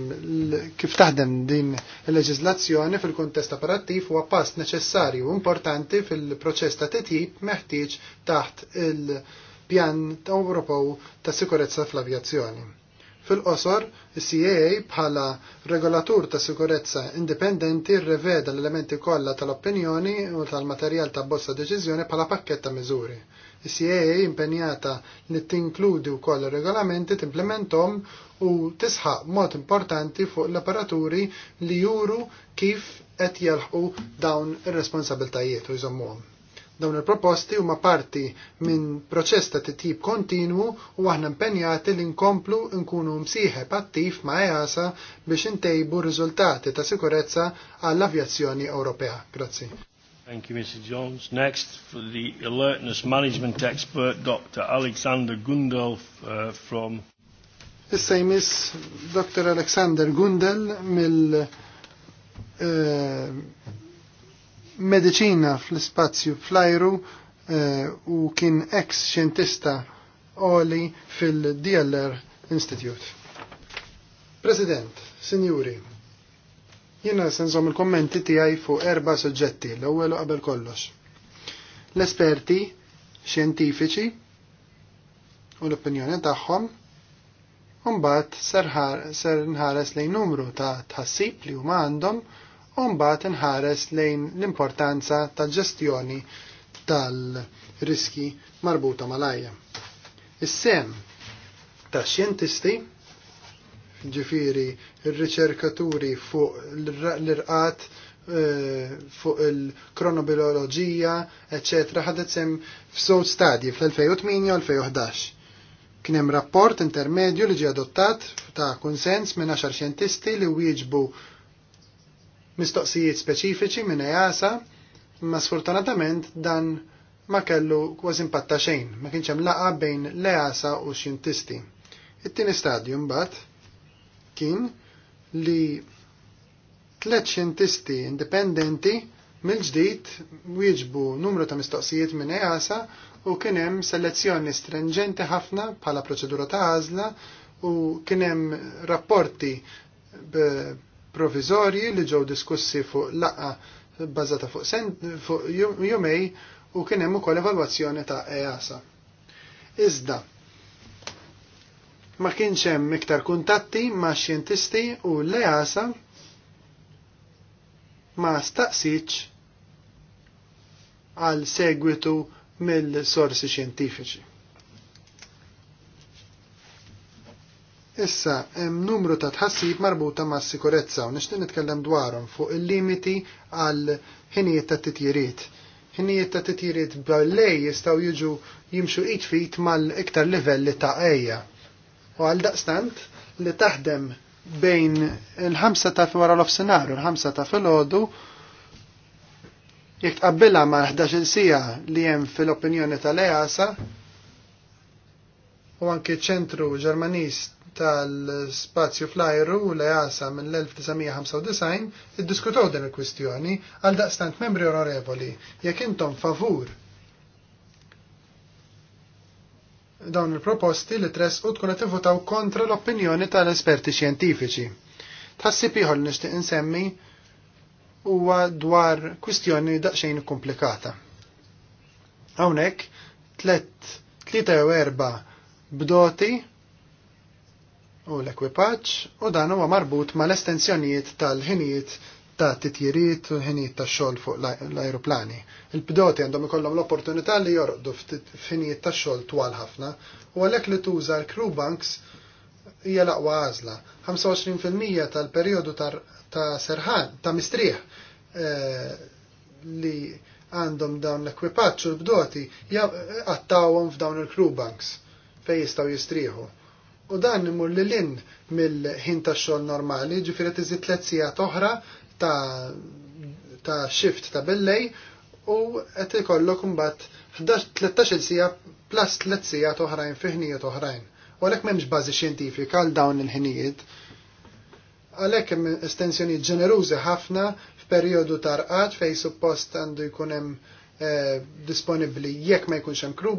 kif taħdem din il-leġiżlazzjoni fil-kuntest operattiv huwa pass neċessarju u importanti fil-proċess ta' titjib meħtieġ taħt il-pjan ta' Ewropew ta' sikurezza fl-avjazzjoni. Fil-qosor, CAA bħala regolatur ta' sikurezza indipendenti rreveda l-elementi kollha tal-opinjoni u tal-materjal ta' bossa deċiżjoni bħala pakket ta' miżuri. CAA impenjata li tinkludi wkoll regolamenti timplementom u tisħaq mod importanti fuq l-operaturi li juru kif qed jelħqu dawn ir-responsabiltajiet u jżommuhom. Dawn il-proposti huma parti minn proċess ta' titjib kontinwu u aħna impenjati li nkomplu nkunu msieħeb attiv ma' EASA biex intejbu riżultati ta' sikurezza għall-avjazzjoni Ewropea. Grazzi. Thank you, Mr. Jones. Next, for the alertness management expert, Dr. Alexander Gundel uh, from... same is Dr. Alexander Gundel mill uh, medicina fl-spazju uh, u uh, kien ex scientista oli fil-DLR Institute. President, signori, Jiena senżom il-kommenti tiegħi fuq erba' suġġetti l-ewwel qabel kollox. L-esperti xjentifiċi u l-opinjoni tagħhom u mbagħad ser nħares lejn numru ta' tħassib li huma għandhom u mbagħad inħares lejn l-importanza ta' ġestjoni tal-riski marbuta mal-ajja. Is-sem ta' xjentisti ġifiri il-riċerkaturi fuq l-irqat, eh, fuq il-kronobiologija, etc. ħadet sem f'sow stadji fl-2008 u 2011. Kien hemm rapport intermedju li ġie adottat ta' konsens minn xar xjentisti li wieġbu mistoqsijiet speċifiċi minn jasa, e ma sfortunatament dan ma kellu kważi impatta xejn, ma kienx hemm laqa bejn l-EASA u xjentisti. It-tieni stadju mbagħad kien li tliet xintisti indipendenti mill-ġdid wieġbu numru ta' mistoqsijiet minn EASA u kien hemm selezzjoni stringenti ħafna bħala proċedura ta' għażla u kien hemm rapporti provizorji li ġew diskussi fuq laqgħa bbażata fuq, fuq jumej u kien hemm ukoll evalwazzjoni ta' EASA. Iżda, ma kienx hemm iktar kuntatti ma' xjentisti u l-EASA ma staqsitx għal segwitu mill-sorsi xjentifiċi. Issa, hemm numru ta' tħassib marbuta ma' sikurezza u nixtieq nitkellem dwarhom fuq il-limiti għal ħinijiet ta' titjiriet. Ħinijiet ta' titjiriet b'lej jistgħu jiġu jimxu it fit mal-iktar livelli ta' ejja U għal daqstant li taħdem bejn il-ħamsa ta' wara l-ofsenaru, il-ħamsa ta' fil-ħodu, jek tqabbilha ma' 11 sija li hemm fil-opinjoni tal-EASA u anke ċentru Ġermaniż tal-spazju fl u l mill-1995 iddiskutaw din il-kwistjoni għal daqstant membri onorevoli jekk intom favur dawn il-proposti li tres u tkun qed kontra l-opinjoni tal-esperti xjentifiċi. Tħassib ieħor nixtieq insemmi huwa dwar kwistjoni daqsxejn komplikata. Hawnhekk tlet tlieta jew erba' bdoti u l-ekwipaġġ u dan huwa marbut mal-estensjonijiet tal-ħinijiet ta' titjiriet u ħinijiet ta' xogħol fuq l-ajruplani. Il-pidoti għandhom ikollhom l-opportunità li jorqdu f'ħinijiet ta' xogħol twal ħafna u għalhekk li tuża l-crew banks hija l-aqwa għażla. 25% tal-perjodu ta' serħan, ta' mistrieħ eh, li għandhom dawn l ekwipaġġ u l-bdoti għattawhom f'dawn il-crew banks fejn jistgħu jistrieħu. U dan imur li l-in mill-ħin ta' xogħol normali, ġifieri tiżid tliet sigħat oħra ta', ta shift ta' billej u qed ikollok imbagħad 13-il sija plus 3 sija oħrajn fi ħnijiet oħrajn. U għalhekk m'hemmx bażi xjentifika għal dawn il-ħinijiet. Għalhekk hemm estensjoni ġenerużi ħafna f'perjodu ta' rqat fejn suppost għandu jkun hemm eh, disponibbli jekk ma jkunx hemm crew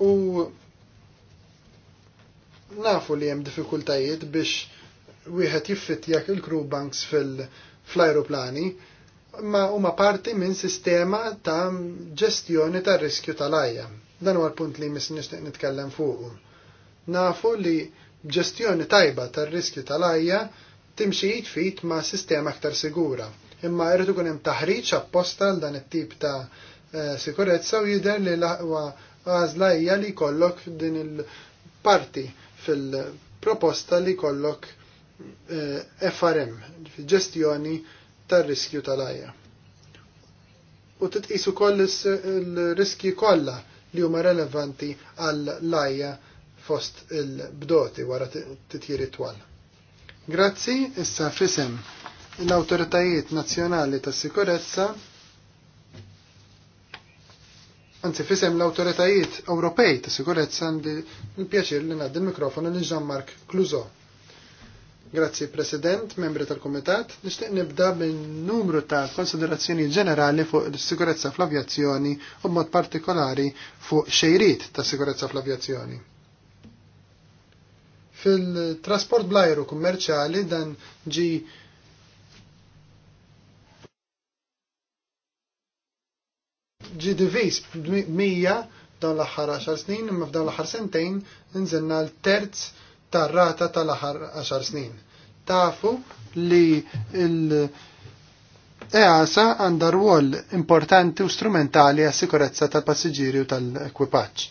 u nafu li hemm diffikultajiet biex wieħed jiffittjak il-crew banks fil-aeroplani, ma huma parti minn sistema ta' ġestjoni tar riskju tal-ajja. Dan huwa l-punt li mis nixtieq nitkellem fuqu. Nafu li ġestjoni tajba tar riskju tal-ajja timxi jitfit ma' sistema aktar sigura. Imma irrid ikun hemm taħriġ apposta għal dan it-tip ta' eh, sikurezza u jidher li l-aqwa għażla hija li jkollok din il-parti fil-proposta li kollok Eh, FRM, ġestjoni tar-riskju tal-ajja. U titqis ukoll l riskji kollha li huma relevanti għal lajja fost il-bdoti wara titjiri twal. Grazzi, issa fisem l-autoritajiet nazzjonali tas sikurezza Anzi, fisem l-autoritajiet Ewropej ta' sikurezza għandi l-pjaċir li ngħaddi l-mikrofonu l-ġan Mark Kluzo. Grazzi President, membri tal-Komitat. Nixtieq nibda bin numru ta' konsiderazzjoni ġenerali fuq is-sigurezza fl-avjazzjoni u mod partikolari fuq xejrit ta' sigurezza fl-avjazzjoni. Fil-trasport blajru kummerċali dan ġi ġi divis mija dawn l-aħħar 10 snin, imma f'dawn l-aħħar sentejn nżenna l-terz tar-rata tal-aħħar 10 snin. Tafu li l EASA għandha rwol importanti u strumentali għas sikurezza tal-passiġġieri u tal-ekwipaġġ.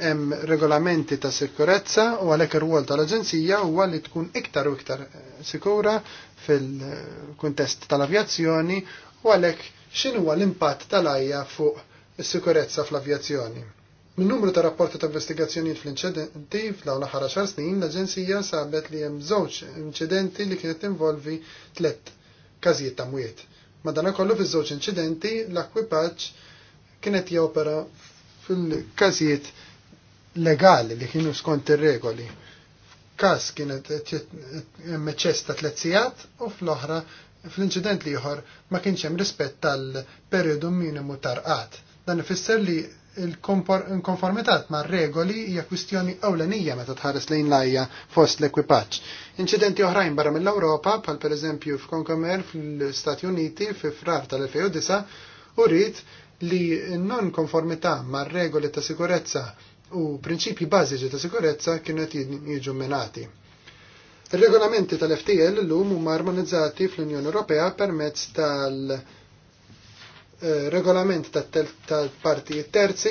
Hemm regolamenti ta' sikurezza u għalhekk ir-rwol tal-Aġenzija huwa li tkun iktar u iktar eh, sikura fil-kuntest tal-avjazzjoni u għalhekk x'inhuwa l-impatt tal-ajja fuq is-sikurezza fl-avjazzjoni Min-numru ta' rapporti ta' investigazzjonijiet fl-inċidenti fl-għawla ħara xar snin, l-Aġenzija sabet li hemm żewġ inċidenti li kienet involvi tlet każijiet ta' mwiet. Madanakollu fiż-żewġ inċidenti l-akwipaġġ kienet jopera fil-każijiet legali li kienu skont ir-regoli. Każ kienet meċċess ta' tliet sigħat u fl-oħra fl-inċident li ieħor ma kienx hemm rispett tal-perjodu minimu tarqat. Dan ifisser li il-konformitat ma' regoli hija kwistjoni ewlenija meta tħares lejn lajja fost l-ekwipaġġ. Inċidenti oħrajn barra mill-Ewropa, bħal pereżempju f'Konkomer fl-Stati Uniti fi frar tal-2009, urid li non konformità ma' regoli ta' sikurezza u prinċipji bażiċi ta' sikurezza kienet jiġu menati. Ir-regolamenti tal-FTL l-lum huma armonizzati fl-Unjoni Ewropea permezz tal- Eh, regolament tal-partijiet terzi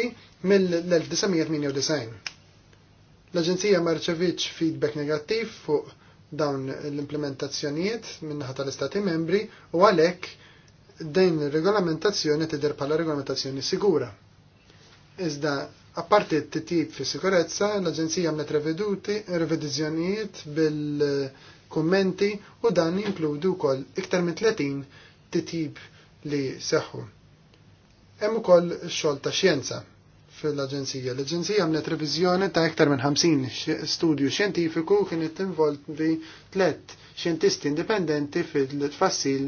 mill-1998. L-Aġenzija ma rċevitx feedback negattiv fuq dawn l-implementazzjonijiet minnaħa tal-Istati membri u għalhekk din regolamentazzjoni tidher bħala regolamentazzjoni sigura. Iżda apparti t-tip fi sikurezza, l-Aġenzija għamlet revedizjonijiet bil-kommenti u dan jinkludu kol iktar minn 30 t-tip li seħħu. Hemm ukoll xogħol ta' xjenza fil-Aġenzija. L-Aġenzija għamlet reviżjoni ta' iktar minn 50 studju xjentifiku kienet involvi tliet xjentisti indipendenti fil-tfassil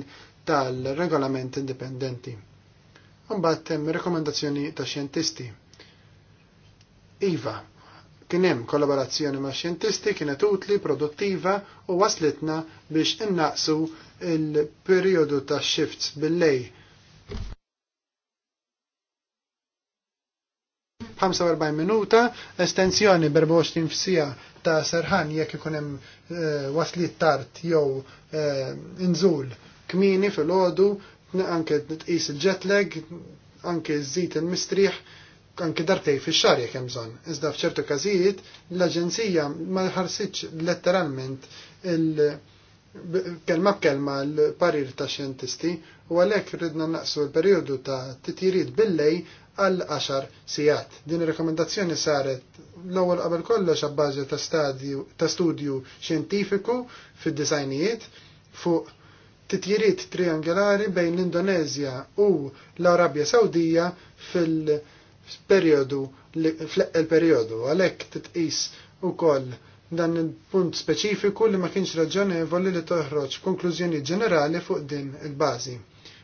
tal-regolament indipendenti. Mbagħad hemm rekomendazzjoni ta' xjentisti. Iva, kien hemm kollaborazzjoni ma' xjentisti kienet utli, produttiva u waslitna biex innaqsu il-perjodu ta' shifts bil-lej 45 minuta, estensjoni b f'sija ta' serħan jekk ikun hemm eh, waslit tard jew eh, inżul kmini fil-ħodu, anke tqis il-jet lag, anke żid il-mistrieħ, anke dartej fix-xar jekk jemżon. Iżda f'ċertu każijiet l-aġenzija ma ħarsitx letteralment il- kelma b'kelma l-parir ta' xjentisti u għalhekk ridna naqsu l-perjodu ta' titjiriet billej għal 10 sigħat. Din il rekomendazzjoni saret l-ewwel qabel kollox abbażi ta' stadju ta' studju xjentifiku fid designijiet fuq titjiriet triangolari bejn l-Indonezja u l-Arabja Sawdija fil-periodu fl-periodu għalhekk titqis ukoll dan il-punt speċifiku li ma kienx raġonevoli li toħroġ konklużjoni ġenerali fuq din il-bażi.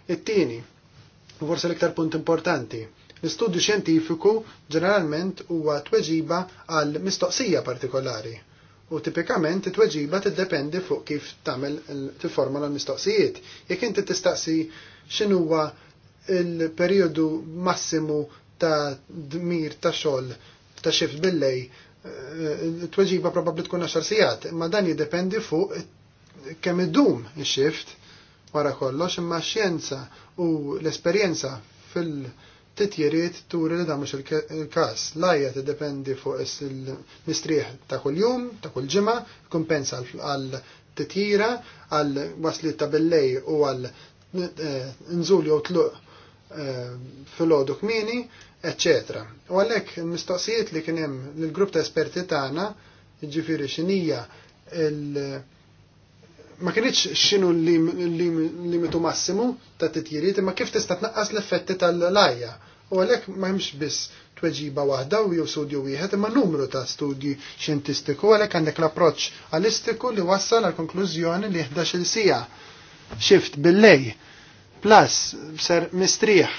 It-tieni, forse l-iktar punt importanti, L-istudju xjentifiku ġeneralment huwa tweġiba għal mistoqsija partikolari u tipikament it-tweġiba tiddependi fuq kif tagħmel tifforma l-mistoqsijiet. Jekk inti tistaqsi x'inhuwa il-perjodu massimu ta' dmir ta' xogħol ta' xift billej, eh, tweġiba probabbli tkun 10 sigħat, imma dan jiddependi fuq kemm idum ix-xift wara kollox imma x-xjenza u l-esperjenza fil- titjeriet turi li damux il-kas. Lajja tiddependi fuq il-mistrieħ ta' kull-jum, ta' kull-ġimma, kompensa għal titjira, għal wasli ta' bellej u għal eh, nżulju jew tluq eh, fil-ħodu kmini, etc. U għalek mistoqsijiet li kienem l-grupp ta' esperti tagħna, ġifiri xinija il- ma kienx xinu l-limitu massimu ta' titjiri, imma kif tista' tnaqqas l-effetti tal-lajja. U għalhekk ma hemmx biss tweġiba waħda u jew studju wieħed imma numru ta' studji xjentistiku għalhekk għandek l-approċċ għalistiku li wassal għal konklużjoni li xil sija xift billej plus ser mistrieħ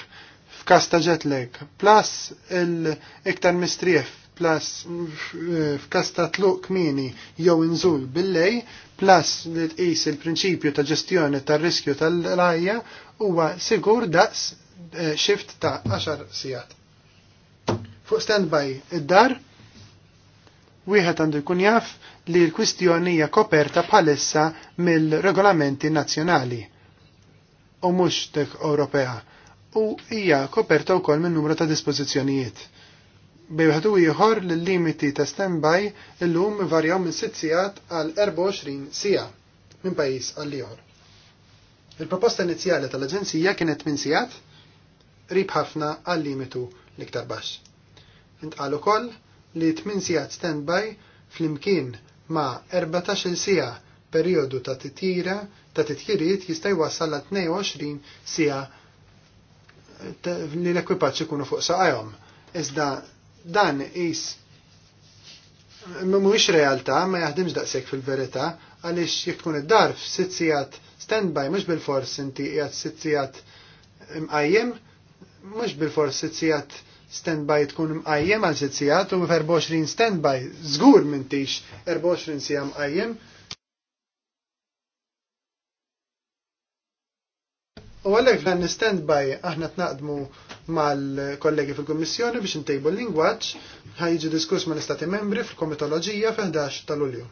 f'kas ta' jetlag plus il-iktar mistrieħ plus eh, f'kasta ta' tluq kmini jew inżul billej, plus li tqis il-prinċipju ta' ġestjoni tar riskju tal-rajja huwa sigur daqs eh, shift ta' 10 sigħat. Fuq standby id-dar, wieħed għandu jkun jaf li l-kwistjoni hija koperta bħalissa mill-regolamenti nazzjonali u mhux tek Ewropea u hija koperta wkoll minn numru ta' dispożizzjonijiet Bejħadu ieħor l-limiti ta' standby illum varjaw minn 6 sigħat għal 24 sija minn pajjiż għal ieħor. Il-proposta inizjali tal-Aġenzija kienet minn sijat rib ħafna għal limitu l-iktar baxx. Intqal ukoll li 8 sigħat standby flimkien ma' 14 sija periodu ta' titira ta' titjiriet jista' wassal għal 22 sija eh, li l-ekwipaġġ ikunu fuq saqajhom. Iżda Dan is mhuwiex realtà, ma jaħdimx daqshekk fil-verità, għaliex jekk tkun id-dar sitzijat standby mhux bil-fors inti qiegħed sitt imqajjem, mhux bil-fors sitt standby tkun mqajjem għal sitt u 24 standby żgur m'intix 24 sija mqajjem U għallek fl stand by aħna tnaqdmu mal-kollegi fil-Kommissjoni biex ntejbu l-lingwaġġ ħajġi diskuss mal istati membri fil komitologija fil-11 tal-Ulju.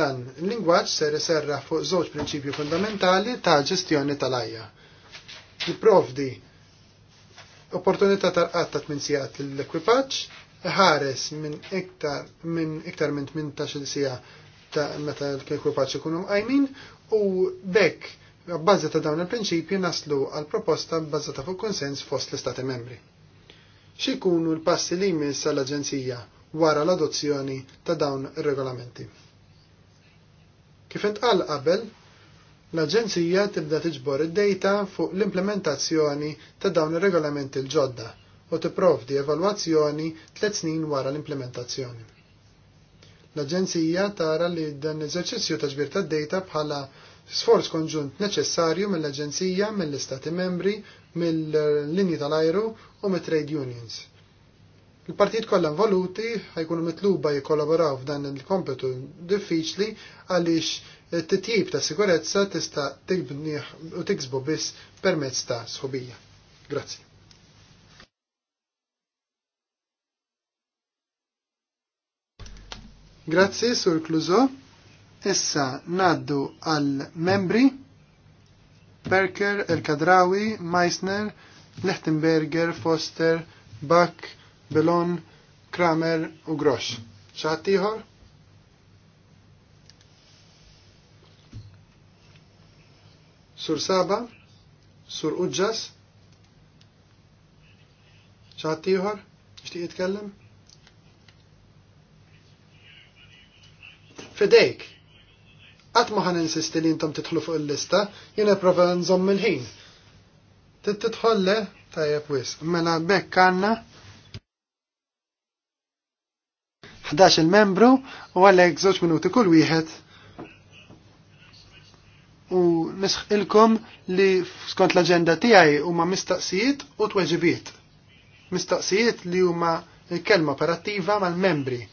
Dan, l-lingwaġġ ser serra fuq żewġ prinċipju fundamentali ta' ġestjoni tal-ajja. Jipprovdi opportunità tarqat ta' tminsijat l-ekwipaġġ, ħares minn iktar minn iktar minn 18 sija ta' meta l-ekwipaġġ ikunu għajmin, u bekk B'bażi ta' dawn il-prinċipji naslu għal proposta bbażata fuq konsens fost l-Istati membri. X'ikunu l-passi li jmiss għall-Aġenzija wara l-adozzjoni ta' dawn ir-regolamenti? Kif intqal qabel, l-Aġenzija tibda tiġbor id dejta fuq l-implementazzjoni ta' dawn ir-regolamenti l-ġodda u tipprovdi evalwazzjoni tliet snin wara l-implementazzjoni. L-Aġenzija tara li dan l-eżerċizzju ta' ġbir tad dejta bħala sforz konġunt neċessarju mill-Aġenzija, mill-Istati membri, mill-linji tal-ajru u mit-trade unions. Il-partijiet kollha involuti ħajkunu mitluba jikkolaboraw f'dan il-kompetu diffiċli għaliex it-titjib ta' sigurezza tista' tibniħ u tiksbu biss permezz ta' sħubija. Grazzi. Grazzi, Sur Cluzo. Issa naddu għal membri Berker, El-Kadrawi, Meissner, Lechtenberger, Foster, Bach, Belon, Kramer u Grosh. ċaħtiħor? Sur Saba, Sur Uġġas, ċaħtiħor? Ixtiq jitkellem? Fedejk. Qatt ma ħan insisti li intom titħlu fuq il-lista, jina prova nżomm il-ħin. Titħol le, tajjeb wis. Mela bekk għandna 11 membru u għalhekk żewġ minuti kull wieħed u nisħilkom li skont l-agenda tiegħi huma mistaqsijiet u tweġibiet. Mistaqsijiet li huma l-kelma operattiva mal-membri u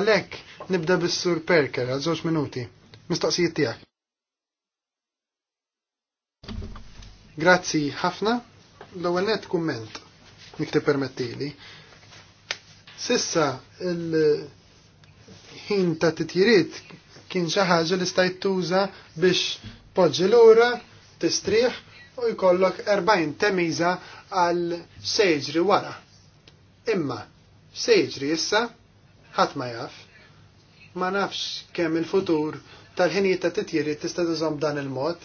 għalhekk nibda bis-sur Perker għal żewġ minuti mistaqsijiet tiegħek. Grazzi ħafna. L-ewwel net kumment nikti permettili. Sissa il-ħin ta' titjiriet kien xi ħaġa li stajt tuża biex poġġi lura, tistrieħ u jkollok 40 temiża għal sejġri wara. Imma sejġri issa ħadd ma jaf. Ma nafx kemm il-futur tal-ħinijiet ta' titjiri tista' tużom dan il-mod,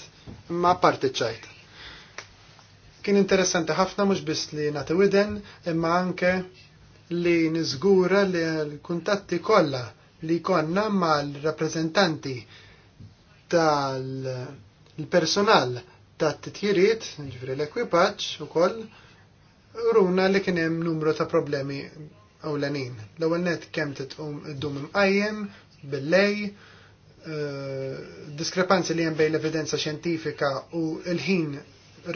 imma parti ċajt. Kien interessanti ħafna mhux biss li nagħti widen, imma anke li niżgura li l-kuntatti kollha li konna mal-rappreżentanti tal-personal ta' titjiriet, ġifri l-ekwipaġġ ukoll, runa li kien hemm numru ta' problemi ewlenin. L-ewwel net kemm titqum iddum imqajjem, bil-lej, Eh, diskrepanzi li hemm bejn l-evidenza xjentifika u l-ħin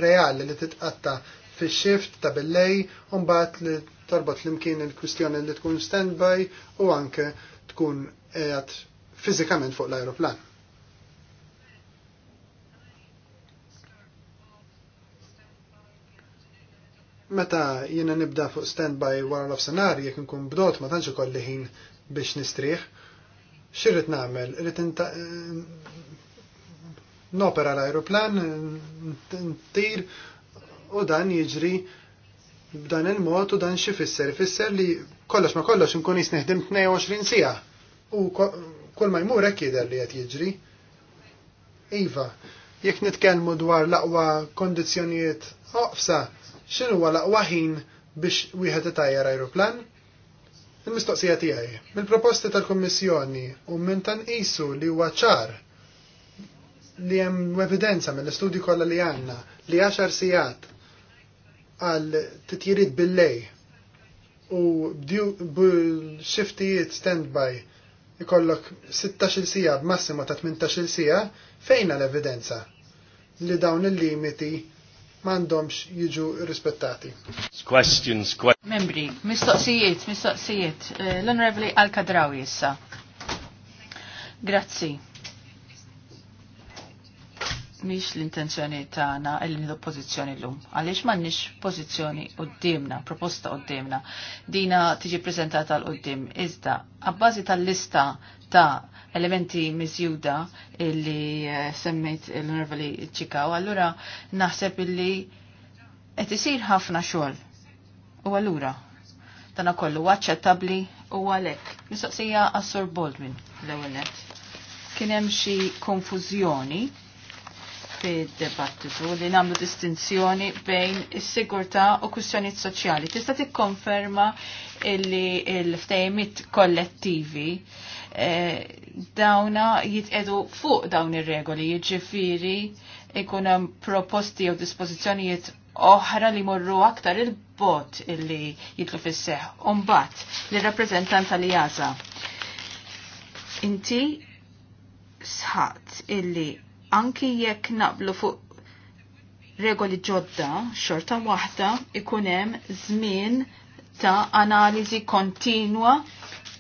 reali li titqatta fix-xift ta' billej u mbagħad li torbot l-imkien il-kwistjoni li tkun standby u anke tkun qiegħed fiżikament fuq l-ajruplan. Meta jiena nibda fuq standby wara l-offsenari jekk nkun bdot ma tantx ikolli ħin biex nistriħ, Xirrit namel, rrit nopera l-aeroplan, ntir u dan jiġri b'dan il-mod u dan xi fisser li kollox ma kollox inkun jis neħdim 22 sija u kull ma jmur hekk jidher li qed jiġri. Iva, jekk nitkellmu dwar l-aqwa kondizzjonijiet oqsa, x'inhu huwa l-aqwa ħin biex wieħed itajjar aeroplan? Il-mistoqsija tiegħi. Mill-proposti tal-Kummissjoni u minn tanqisu li huwa ċar li hemm evidenza mill-istudji kollha li għandna li għaxar sigħat għal titjirid lej u xiftijiet standby ikollok 16 sija b'massimo ta' 18 sija fejna l-evidenza li dawn il-limiti mandomx jiġu rispettati. Questions, questions. Membri, mistoqsijiet, mistoqsijiet. Eh, L-Onorevoli Al-Kadrawi issa. Grazzi. Mix l-intenzjoni tagħna il nidu pożizzjoni llum. Għaliex m'għandniex pożizzjoni qudiemna, proposta qudiemna. Dina tiġi preżentata l qudiem iżda abbażi tal-lista ta' elementi miżjuda illi eh, semmejt l-onorevoli ċikaw, allura naħseb illi qed isir ħafna xogħol. U allura dana kollu aċċettabbli u għalhekk. Mistoqsija għas-Sur Baldwin l-ewwel nett. Kien hemm xi konfużjoni fid debattitu li namlu distinzjoni bejn is-sigurtà u kwistjonijiet soċjali. Tista' tikkonferma illi l-ftehimiet kollettivi E, dawna jitqedu fuq dawn ir-regoli, jiġifieri jkun hemm proposti jew dispożizzjonijiet oħra li morru aktar il-bot illi jitlu fis-seħ. Umbat, lir rappresentant li jaża. Inti sħat illi anki jekk naqblu fuq regoli ġodda, xorta waħda, ikun hemm żmien ta' analiżi kontinwa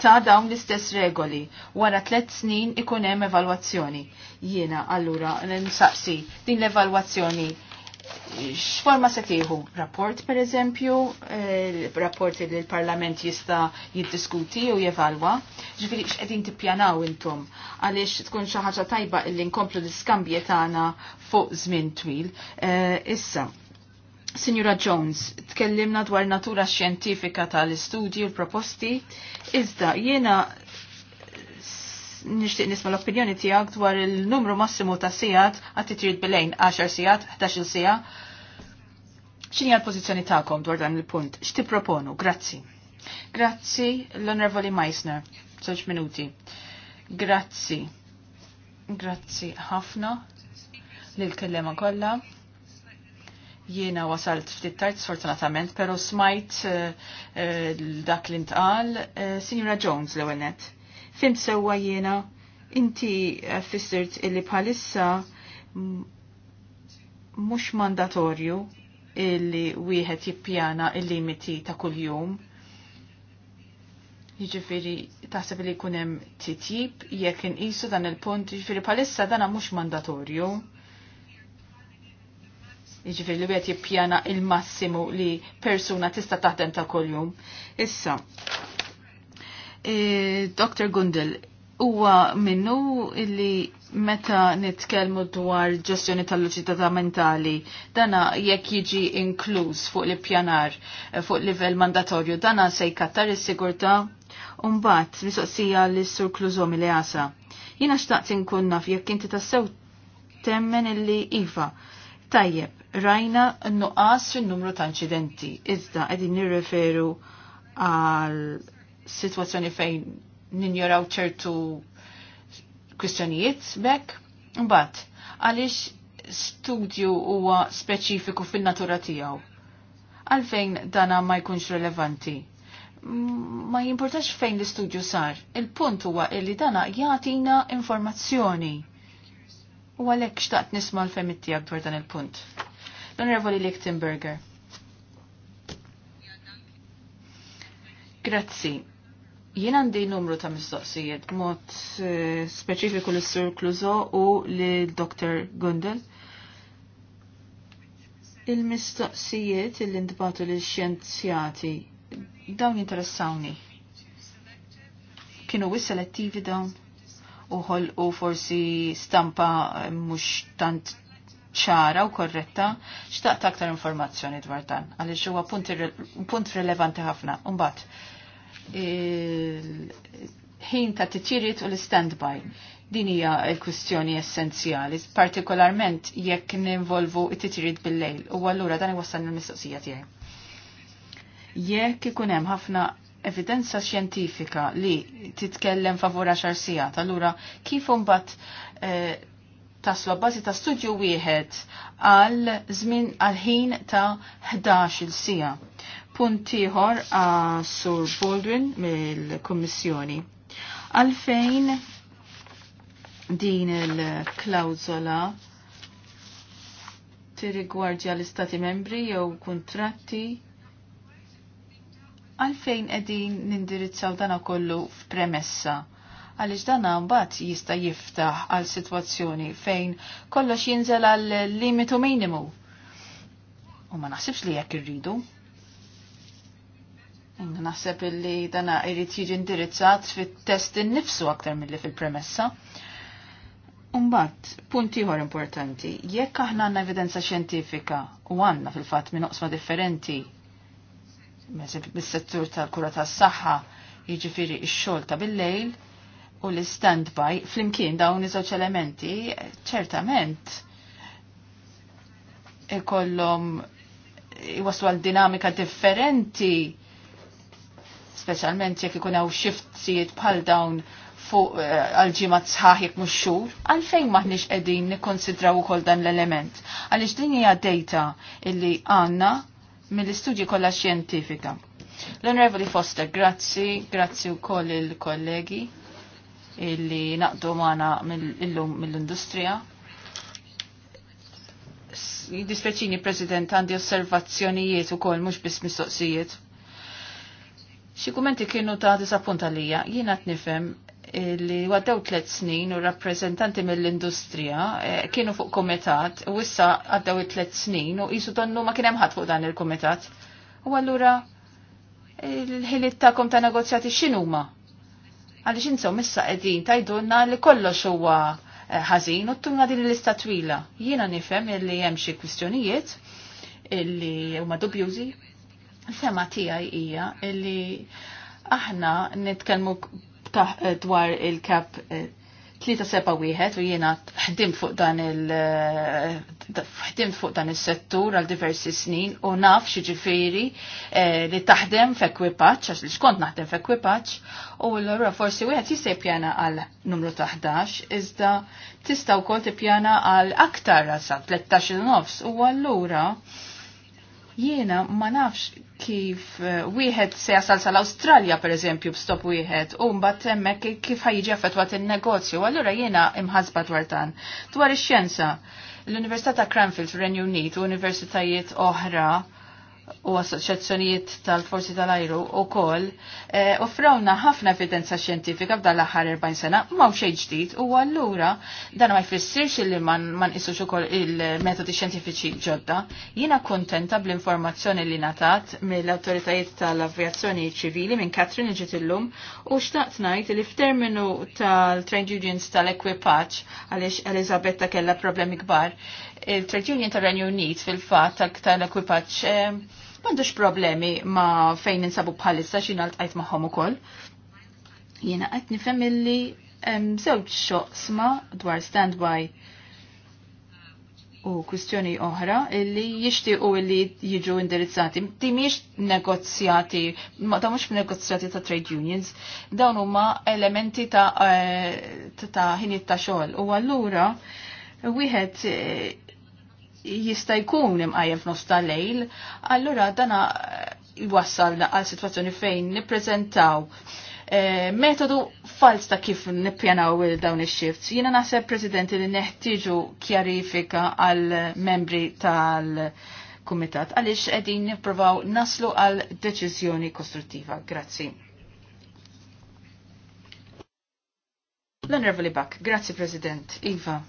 ta' dawn l-istess regoli. Wara tlet snin ikun hemm evalwazzjoni. Jiena allura nsaqsi din l-evalwazzjoni x'forma se tieħu? Rapport pereżempju, eh, rapport li l-Parlament jista' jiddiskuti u jevalwa. Ġifieri x'qegħdin tippjanaw intom għaliex tkun xi ħaġa tajba li nkomplu l-iskambje tagħna fuq żmien twil. Eh, issa, Signora Jones, tkellimna dwar natura xjentifika tal-istudji u l-proposti, iżda jiena nishtiq nisma l-opinjoni tiegħek dwar il-numru massimu ta' sigħat għat titrid bilejn 10 sigħat, 11 sigħa. X'inhi l-pożizzjoni tagħkom dwar dan il-punt? X'tipproponu? Grazzi. Grazzi l-Onorevoli Meissner, żewġ minuti. Grazzi. Grazzi ħafna lil kellema kollha. Jiena wasalt ftit tard sfortunatament, pero smajt eh, eh, dak li ntqal eh, Signora Jones l ewwel nett. Fim sewwa jiena inti fissirt illi bħalissa mhux mandatorju illi wieħed jippjana il-limiti ta' kuljum. Jiġifieri taħseb li jkun hemm titjib jekk inqisu dan il-punt, jiġifieri bħalissa dan mhux mandatorju Jiġifieri li wieħed jippjana il-massimu li persuna tista' taħdem ta' kuljum. Issa, e, Dr. Gundel, huwa minnu illi meta nitkellmu dwar ġestjoni tal-luċità mentali, dana jekk jiġi inkluż fuq l-ippjanar fuq livell mandatorju, dana se jkattar is-sigurtà Umbat, mistoqsija li sur klużomi li għasa. Jina xtaqt inkun naf jekk inti tassew temmen illi iva. Tajjeb, rajna n nuqqas fin-numru ta' incidenti. Iżda qegħdin nirreferu għal sitwazzjoni fejn ninjoraw ċertu kwistjonijiet bekk. Mbagħad għaliex studju huwa speċifiku fin-natura tiegħu. Għalfejn dana ma jkunx rilevanti ma jimportax fejn l-istudju sar. Il-punt huwa illi dana jagħtina informazzjoni. U għalhekk xtaqt nisma' l-femittijak dwar dan il-punt. L-Onorevoli Lichtenberger. Grazzi. Jien għandi numru ta' mistoqsijiet mod eh, speċifiku l-Sur Kluzo u l-Dr. Gundel. Il-mistoqsijiet il indbatu l xjenzjati dawn interessawni. Kienu wis selettivi dawn u forsi stampa eh, mux tant ċara u korretta, xtaqt aktar informazzjoni dwar dan, għaliex huwa punt rilevanti ħafna. Umbat, ħin ta' titjiriet u l-standby. Din hija l-kwistjoni essenzjali, partikolarment jekk ninvolvu it-titjiriet bil-lejl, u allura dan iwassal il-mistoqsija tiegħi. Jekk ikun hemm ħafna evidenza xjentifika li titkellem favura xarsija, allura kif mbagħad eh, taslo bażi ta' studju wieħed għal żmien għal ħin ta' 11-il sija. Punt ieħor Sur Baldwin mill-Kummissjoni. Għalfejn din il-klawżola tirigwardja l-istati membri jew kontratti għalfejn edin nindirizzaw dana kollu f'premessa għaliex dan mbagħad jista' jiftaħ għal sitwazzjoni fejn kollox jinżel għal limitu minimu. U ma naħsibx li jekk irridu. Naħseb li dana irrid jiġi indirizzat fit-test innifsu aktar mill-li fil-premessa. Umbat, punt ieħor importanti, jekk aħna għandna evidenza xjentifika u għandna fil-fatt minn oqsma differenti, bis settur tal-kura tas-saħħa, jiġifieri x-xogħol ta' bil-lejl, u l-standby flimkien dawn iż-żewġ elementi ċertament ikollhom iwaslu għal dinamika differenti speċjalment jekk ikun hawn xiftijiet bħal dawn fuq eh, għal ġimgħat sħaħ jekk mhux xhur, għalfejn m'aħniex qegħdin nikkonsidraw ukoll dan l-element. Għaliex din hija data illi għandna mill-istudji kollha xjentifika. L-Onorevoli Foster, grazzi, grazzi wkoll il-kollegi illi naqdu maħna mill-lum mill-industrija. Dispeċini, President, għandi osservazzjonijiet u kol, mux bis mistoqsijiet. Xi kumenti kienu ta' disappunta lija, jiena t-nifem li għaddew tlet snin u rappresentanti mill-industrija eh, kienu fuq komitat u issa għaddew tlet snin u jisu donnu ma kienem ħadd fuq dan il-komitat. U allura il-ħiliet ta'kom ta' negozjati x'inhuma? Għaliex insomma issa qegħdin tajdulna li kollox huwa eh, ħażin u tumna din l-lista twila. Jiena nifhem li hemm xi kwistjonijiet illi huma dubjużi. Sema tiegħi hija illi aħna nitkellmu eh, dwar il-kap eh, wieħed u jiena ħdim fuq dan il ħdim fuq dan is-settur għal diversi snin u naf ġifieri eh, li taħdem f'ekwipaġġ għax li xkont naħdem f'ekwipaġġ u l forsi wieħed jista' jippjana għal numru ta' 11 iżda tista' wkoll tippjana għal aktar sa 13 nofs u allura Jiena ma nafx kif eh, wieħed se jasal sal-Awstralja pereżempju b'stop wieħed u mbagħad hemmhekk kif ħajġi affettwat in-negozju, allura jiena imħasba dwar dan. Dwar ix-xjenza, l-Università ta' Cranfield fir-Renju Unit u universitajiet oħra u assoċjazzjonijiet tal-forzi tal-ajru u koll eh, offrawna ħafna evidenza xjentifika f'dan l-aħħar 40 sena m'hawn xejn ġdid u allura dan ma jfissirx li ma nqisux ukoll il-metodi xjentifiċi ġodda. Jiena kontenta bl-informazzjoni li natat mill-awtoritajiet tal-avjazzjoni ċivili minn Katrin ġiet illum u xtaqt ngħid li f'terminu tal trend unions tal-ekwipaġġ għaliex Elizabetta kellha problemi kbar il-Trade Union tar renju Unit fil-fat tal-ekwipaċ eh, m'għandux problemi ma' fejn insabu bħalissa xina l-tqajt magħhom ukoll. Jiena qed nifhem illi żewġ xoqsma dwar standby u kwistjoni oħra illi jixtiequ illi jiġu indirizzati. Ti miex negozjati, ma ta' mux negozjati ta' trade unions, dawn huma elementi ta' eh, ta' ta' xogħol. U allura wieħed eh, jista' jkun imqajjem f'nofs tal-lejl, allura dana jwassal għal sitwazzjoni fejn nippreżentaw eh, metodu fals ta' kif nippjanaw dawn ix-shifts. Jiena naħseb Presidenti li neħtieġu kjarifika għal membri tal-Kumitat għaliex edin nipprovaw naslu għal deċiżjoni kostruttiva. Grazzi. L-Onorevoli Bak, grazzi President. Iva.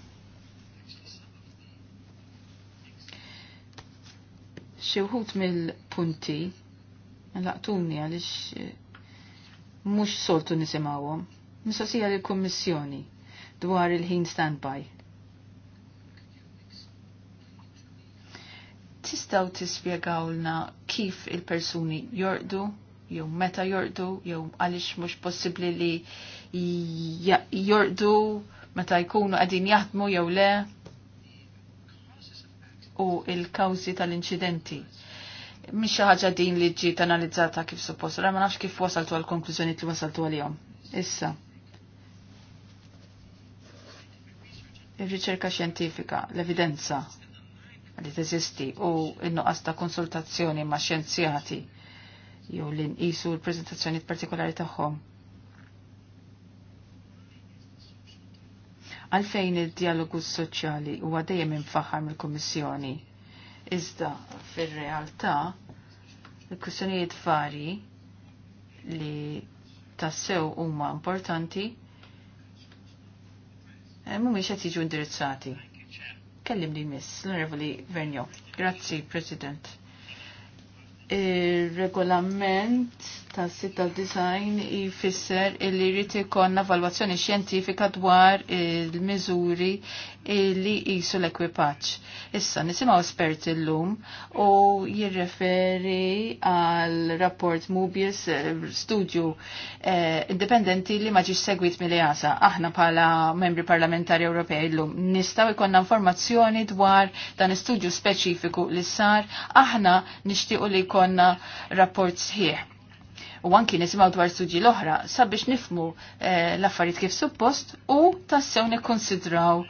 xi wħud mill-punti laqtuni għaliex eh, mhux soltu nisimgħuhom. Mistoqsija lill-Kummissjoni dwar il-ħin standby. tistaw tispjegawlna kif il-persuni jordu, jew meta jordu, jew għalix mux possibli li jordu meta jkunu għadin jaħdmu jew le u il-kawzi tal-inċidenti. Mish xi ħaġa din li ġiet analizzata kif suppost, ma nafx kif wasaltu għal konklużjonijiet li wasaltu għalihom. Issa. Ir-riċerka xjentifika, l-evidenza li teżisti u n-nuqqas ta' konsultazzjoni ma' xjenzjati jew li nqisu l-preżentazzjonijiet partikolari tagħhom għalfejn il-dialogu soċjali huwa dejjem infaħar mill-Kummissjoni. Iżda fir-realtà il kussjonijiet fari li tassew huma importanti eh, mhumiex qed jiġu indirizzati. Kellim li miss, l-Onorevoli Vernio. Grazzi, President. Il-regolament ta' sitta design jfisser illi jrid ikon valwazzjoni xjentifika dwar il-miżuri illi jisu l-ekwipaġġ. Issa nisimgħu esperti llum u jirreferi għal rapport Mubius eh, Studio Independenti eh, indipendenti li ma ġiex segwit mill jasa. Aħna bħala membri parlamentari Ewropej l-lum. nistgħu ikonna informazzjoni dwar dan studio speċifiku li sar aħna nixtiequ li jkollna rapport sħiħ u anki nisimgħu dwar suġi l-oħra sabiex nifmu eh, l-affarijiet kif suppost u tassew nikkonsidraw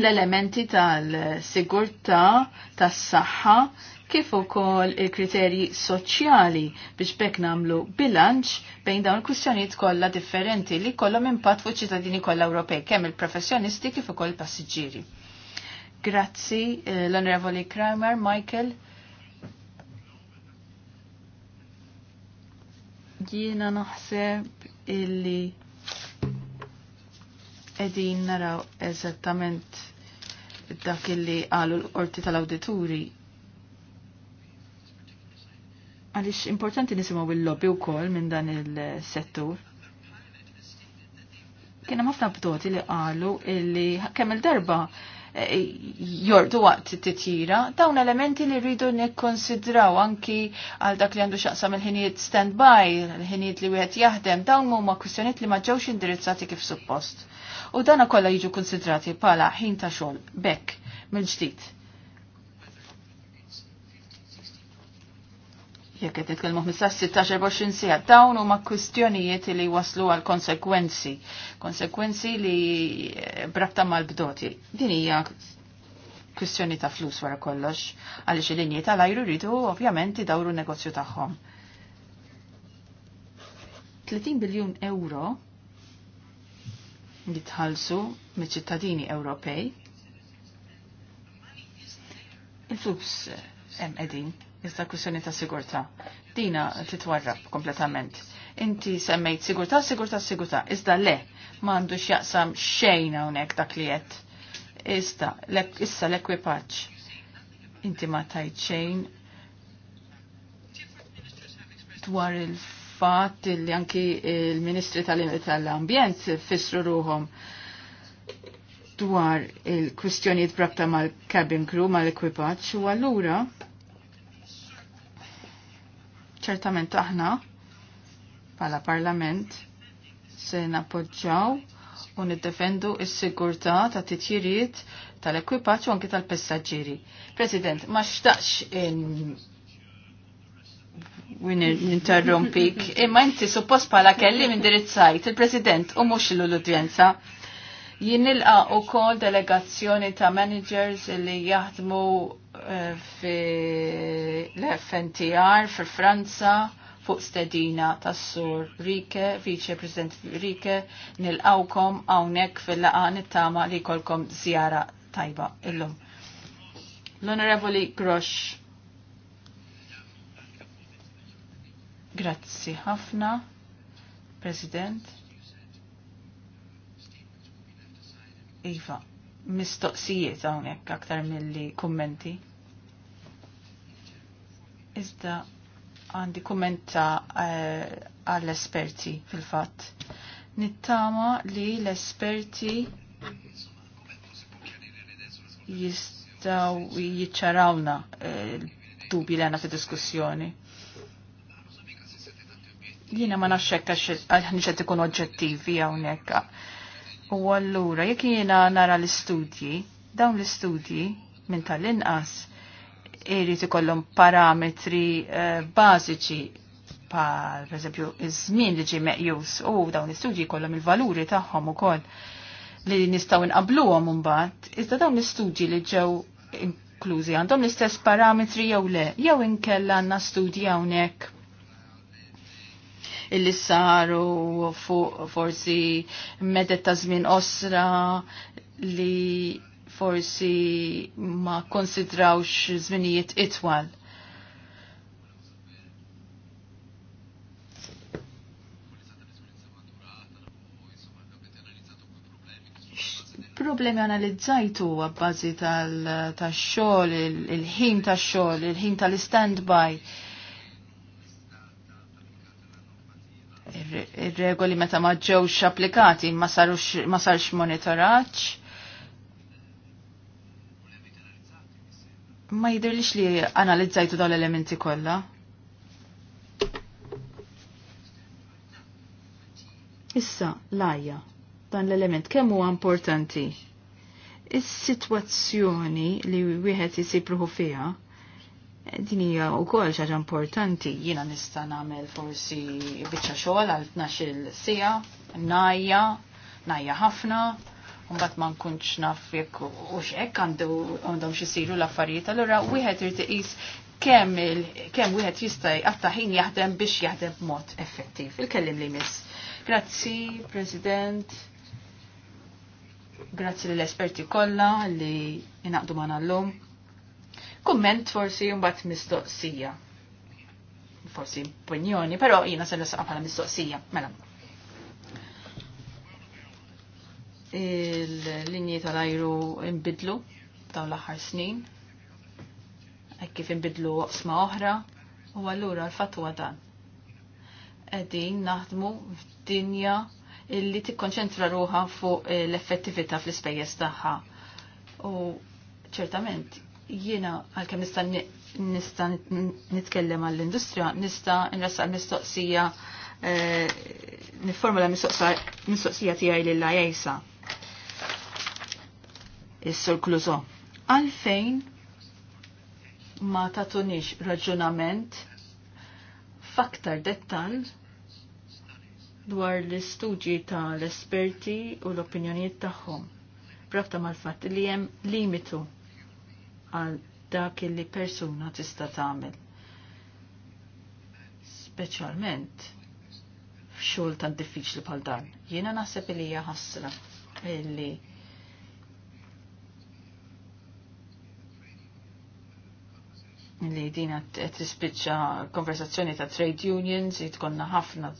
l-elementi tal-sigurtà tas-saħħa kif ukoll il-kriterji soċjali biex bekk nagħmlu bilanċ bejn dawn il-kwistjonijiet kollha differenti li kollhom impatt fuq ċittadini kollha Ewropej, kemm il-professjonisti kif ukoll il-passiġġieri. Grazzi eh, l-Onorevoli Kramer, Michael, Jiena naħseb illi edin naraw eżattament dak illi għalu l qorti tal-awdituri. Għalix importanti nisimaw il-lobby u kol minn dan il-settur. Kienem ħafna bdoti li għalu illi kemm il-darba jordu waqt titjira, dawn elementi li rridu nikkonsidraw anki għal dak li għandu xaqsa il-ħinijiet stand-by, l ħinijiet li wieħed jaħdem, dawn huma kwistjoniet li ma ġewx indirizzati kif suppost. U dana kollha jiġu konsidrati pala ħin ta' xogħol bekk mill-ġdid. jekk qed nitkellmu 15-16 sija, dawn huma kwistjonijiet li waslu għal konsekwenzi, konsekwenzi li eh, brabta mal-bdoti. Din hija kwistjoni ta' flus wara kollox, għaliex il-linji tal-ajru rridu ovvjament idawru negozju tagħhom. 30 biljun euro li tħallsu mill-ċittadini Ewropej. Il-flus eh, hemm qegħdin iżda kwistjoni ta' sigurtà. Dina titwarrab kompletament. Inti semmejt sigurtà, sigurtà, sigurtà, iżda le m'għandux x'jaqsam xejn hawnhekk dak li qed. Iżda issa l-ekwipaġġ. Inti ma tajt xejn dwar il-fatt li anki il-Ministri tal-Ambjent fissru ruhom dwar il-kwistjonijiet brabta mal-cabin crew, mal-ekwipaġġ, u allura ċertament aħna bħala parlament se napoġġaw u niddefendu s-sigurtà ta' titjiriet tal-ekwipaġġ u anki tal-pessaġġieri. President, ma xtaqx in interrompik, imma inti suppost bħala kelli indirizzajt il-President u mhux l-udjenza. Jien nilqa' ukoll delegazzjoni ta' managers li jaħdmu fi l-FNTR fil Franza fuq stedina tas-sur Rike, Vice President Rike, nil-awkom għawnek fil-laqa nittama li kolkom zjara tajba illum. L-Onorevoli Grosh. Grazzi ħafna, President. Iva, mistoqsijiet għawnek aktar mill-kommenti. Iżda għandi kumenta eh, għall-esperti fil-fatt. Nittama li l-esperti jistaw eh, l dubi li għanna fi diskussjoni. Jina ma naxxek għax xed ikun oġġettivi għawnek. U għallura, jek jina nara l-istudji, dawn l-istudji minn tal-inqas irrit ikollhom parametri uh, bażiċi pal pereżempju iż-żmien li ġie meqjus u dawn l-istudji jkollhom il-valuri tagħhom ukoll li nistgħu inqabluhom imbagħad, iżda dawn l-istudji li ġew inklużi għandhom l-istess parametri jew le, jew inkella għandna studji hawnhekk illi saru forsi medet ta' żmien osra li forsi ma konsidrawx żminijiet itwal. problemi analizzajtu għabbazi tal-xol, il-ħin tal-xol, il-ħin tal-standby. Il-regoli meta maġġewx applikati ma sarx monitoraċ Ma lix li analizzajtu dal elementi kollha. Issa, lajja, dan l-element kemm huwa importanti. Is-sitwazzjoni li wieħed isib fija, fiha din hija wkoll xaġa importanti. Jiena nista' nagħmel forsi biċċa xogħol għal tnax-il sija, najja, najja ħafna, Mbagħad ma nkunx naf jekk u x'hekk għandhom xisiru l-affarijiet, allura wieħed irid iqis kemm kemm wieħed jista' jqatta' ħin jaħdem biex jaħdem b'mod effettiv. Il-kellim li miss. Grazzi, President. Grazzi lill esperti kollha li inaqdu magħna llum. Kumment forsi mbagħad mistoqsija. Forsi opinjoni, però jiena se nisqa' bħala mistoqsija. Mela, il-linji tal-ajru imbidlu dawn l-aħħar snin, hekk kif imbidlu oqsma oħra, u allura l fatwa dan. Qegħdin naħdmu f'dinja illi tikkonċentra ruħa fuq l-effettività fl-ispejjeż tagħha. U ċertament jiena għalkemm nista' nista' nitkellem għall-industrija, nista' nrassaq mistoqsija eh, niformula mistoqsija tiegħi lil jgħajsa is-Sur Kluzo. Għalfejn ma tatunix raġunament faktar dettal dwar l-istudji ta' l-esperti u l-opinjonijiet tagħhom. Brabta mal-fatt li hemm limitu għal dak li persuna tista' tagħmel. Speċjalment f'xogħol ta' diffiċli bħal dan. Jiena naħseb li hija ħassra illi li din qed tispiċċa konversazzjoni ta' trade unions, li ħafna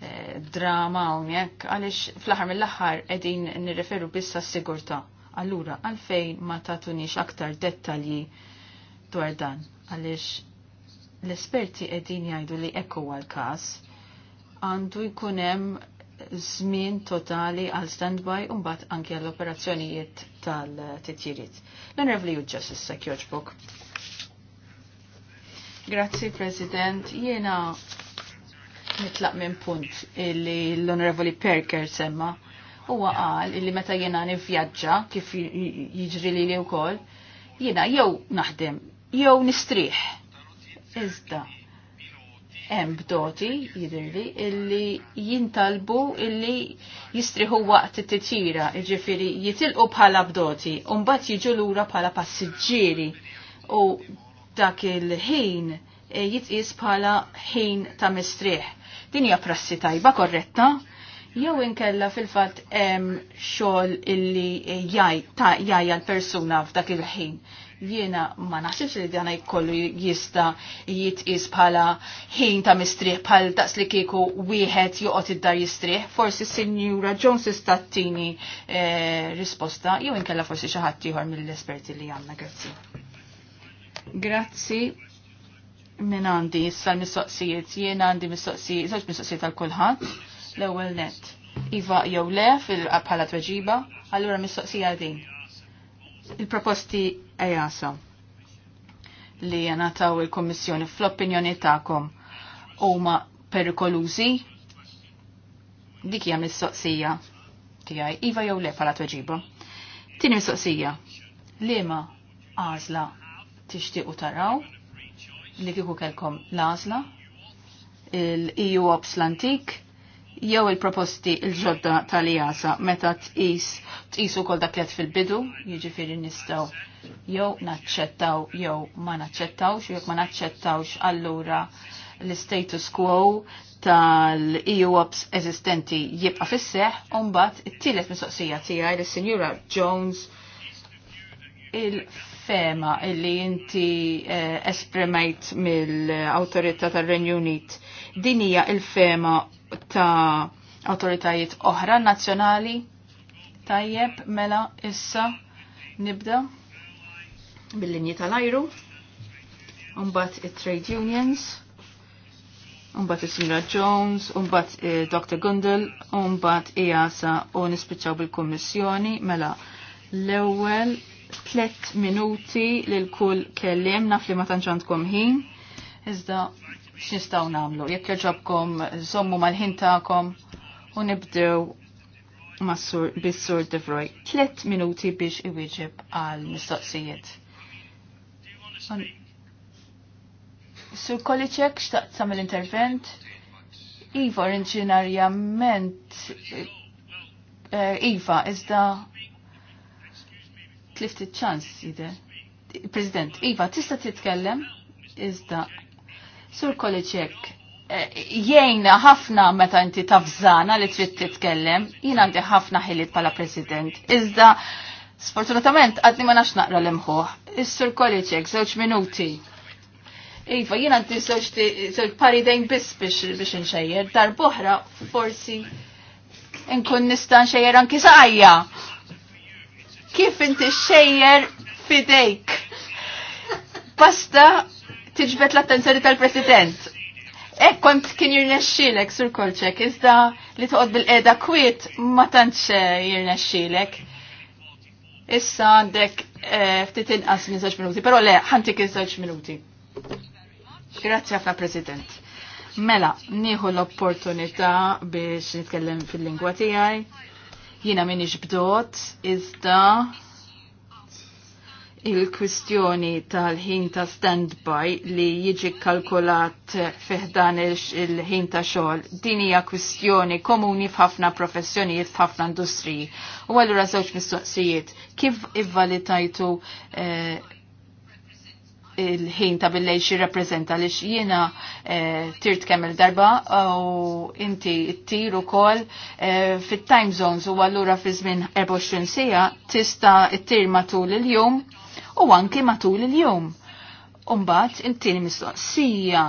eh, drama hawnhekk għaliex fl-aħħar mill-aħħar qegħdin nirreferu biss s sigurtà Allura għalfejn ma tatunix aktar dettalji dwar dan għaliex l-esperti qegħdin jgħidu li ekku għal-każ għandu jkun hemm żmien totali għal standby u mbagħad anke għall-operazzjonijiet tal-titjiriet. L-Honorable Justice Secure Book. Grazzi, President. Jiena mitlaq minn punt illi l-Onorevoli Perker semma. Huwa qal illi meta jiena nivvjaġġa kif jiġri li li wkoll, jiena jew naħdem, jew nistriħ Iżda, hemm bdoti jidirli illi jintalbu illi jistriħu waqt it-titjira, jiġifieri jitilqu bħala bdoti, u mbagħad jiġu lura bħala passiġġieri u dak il-ħin e, jitqis bħala ħin ta' mistrieħ. Din hija prassi tajba korretta, jew inkella fil-fatt hemm xogħol illi jaj ta' jajja l-persuna f'dak il-ħin. Jiena ma naħsibx li dana jkollu jista jitqis bħala ħin ta' mistrieħ bħal daqs li kieku wieħed joqgħod id-dar jistrieħ, forsi Sinjura Jones tista' tini e, risposta jew inkella forsi xi ħadd ieħor mill-esperti li għandna grazzi. Grazzi minn għandi issa l-mistoqsijiet. Jien għandi zaċ żewġ soqsijiet għal kulħadd l-ewwel net. Iva jew le fil-bħala tweġiba, allura mistoqsija din. Il-proposti għajasa li taw il komissjoni fl-opinjoni ta'kom huma perikolużi dik hija mistoqsija tiegħi iva jew le bħala tweġiba. Tieni mistoqsija. Liema għażla tixtiequ taraw li kieku kelkom l-għażla il-EU Ops l-antik jew il-proposti il-ġodda tal-IASA meta tqis tqisu kol dak fil-bidu, jiġifieri nistgħu jew naċċettaw jew ma naċċettawx, jew ma naċċettawx allura l-status quo tal-EU Ops eżistenti jibqa' fis-seħ u it-tielet mistoqsija tiegħi lis-Sinjura Jones il fema illi inti eh, esprimajt mill-autorità tal-Renju Unit. Din hija il-fema ta' autoritajiet oħra nazzjonali? Tajjeb, mela, issa nibda bil-linji tal-ajru, unbat il-trade unions, unbat il-Sinra Jones, unbat il-Dr. Eh, Gundel, unbat IASA e u nispiċaw bil-Kommissjoni, mela l-ewel tlet minuti lil kull kellim naf li ma tanċandkom ħin. Iżda x'nistgħu nagħmlu? Jekk jaġobkom żommu mal-ħin tagħkom u nibdew mas-sur bis-sur Devroy. Tlet minuti biex iwieġeb għal mistoqsijiet. Sur Kolicek xtaqt tagħmel intervent. Iva inġinarjament eh, Iva, iżda Tlifti ċans jide. President, Iva, tista titkellem? Iżda, sur kolleġek, eh, jgħina ħafna meta inti tafżana li trid titkellem, jien għandi ħafna ħiliet bħala president. Iżda, sfortunatament, għadni ma nafx naqra l-imħuħ. Is-sur kolleġek, żewġ minuti. Iva, jien għandi żewġ pari dejn biss biex nxejjer, darboħra forsi nkun nista' nxejjer anki saqajja kif inti xejjer fidejk. basta tiġbet l-attenzjoni tal-President. Ek kont kien jirnexxilek sur kolċek, iżda li toqgħod bil-qeda kwiet ma tantx e, jirnexxilek. Issa għandek e, ftit inqas minn żewġ minuti, però le ħantik iż-żewġ minuti. Grazzi ħafna President. Mela, nieħu l-opportunità biex nitkellem fil-lingwa tiegħi Jina minix bdot, iżda il-kwistjoni tal-ħin ta' standby li jiġi kalkulat fiħdan il-ħin ta' xogħol. Din hija kwistjoni komuni f'ħafna professjonijiet f'ħafna industriji. U allura żewġ mistoqsijiet, kif ivvalitajtu eh, il-ħin ta' billej xie reprezenta li xiena eh, tirt kemm il-darba u inti u ukoll eh, fit-time zones u allura fi żmien 24 sija tista' ttir matul il-jum u anki matul il-jum. Umbat, intini mistoqsija,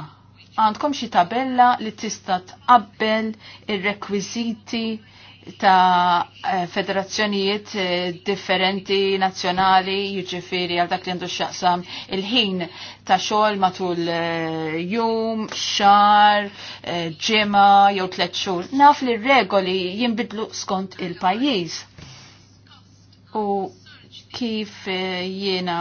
għandkom xi tabella li tista tqabbel ir-rekwiżiti ta' federazzjonijiet differenti nazzjonali jiġifieri għal dak li għandu x'jaqsam il-ħin ta' xogħol matul jum, xar, ġimgħa jew tliet xhur. Naf li regoli jinbidlu skont il-pajjiż. U kif jiena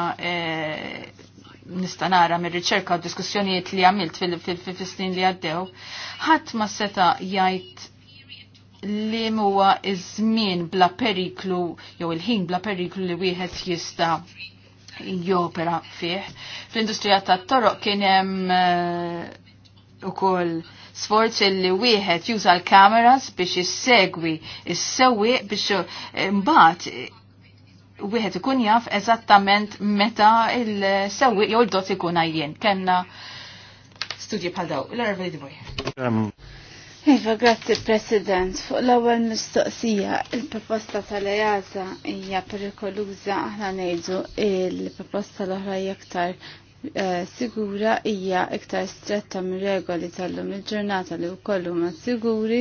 nista' nara mir-riċerka u diskussjonijiet li għamilt fil-snin li għaddew, ħadd ma seta' jgħid li huwa iż-żmien bla periklu jew il-ħin bla periklu li wieħed jista' jopera fih. Fl-industrija tat-toroq kien hemm eh, ukoll uh, sforz li wieħed juża l-kameras biex issegwi is-sewwi biex eh, mbagħad eh, wieħed ikun jaf eżattament meta il-sewwi jew il-dot ikun għajjien. Kenna studji bħal daw. l Iva, grazzi President. Fuq l-ewwel mistoqsija, il-proposta tal-EASA hija perikoluża aħna ngħidu il-proposta l-oħra hija aktar eh, sigura hija iktar stretta mir regoli tal-lum il-ġurnata li wkoll huma siguri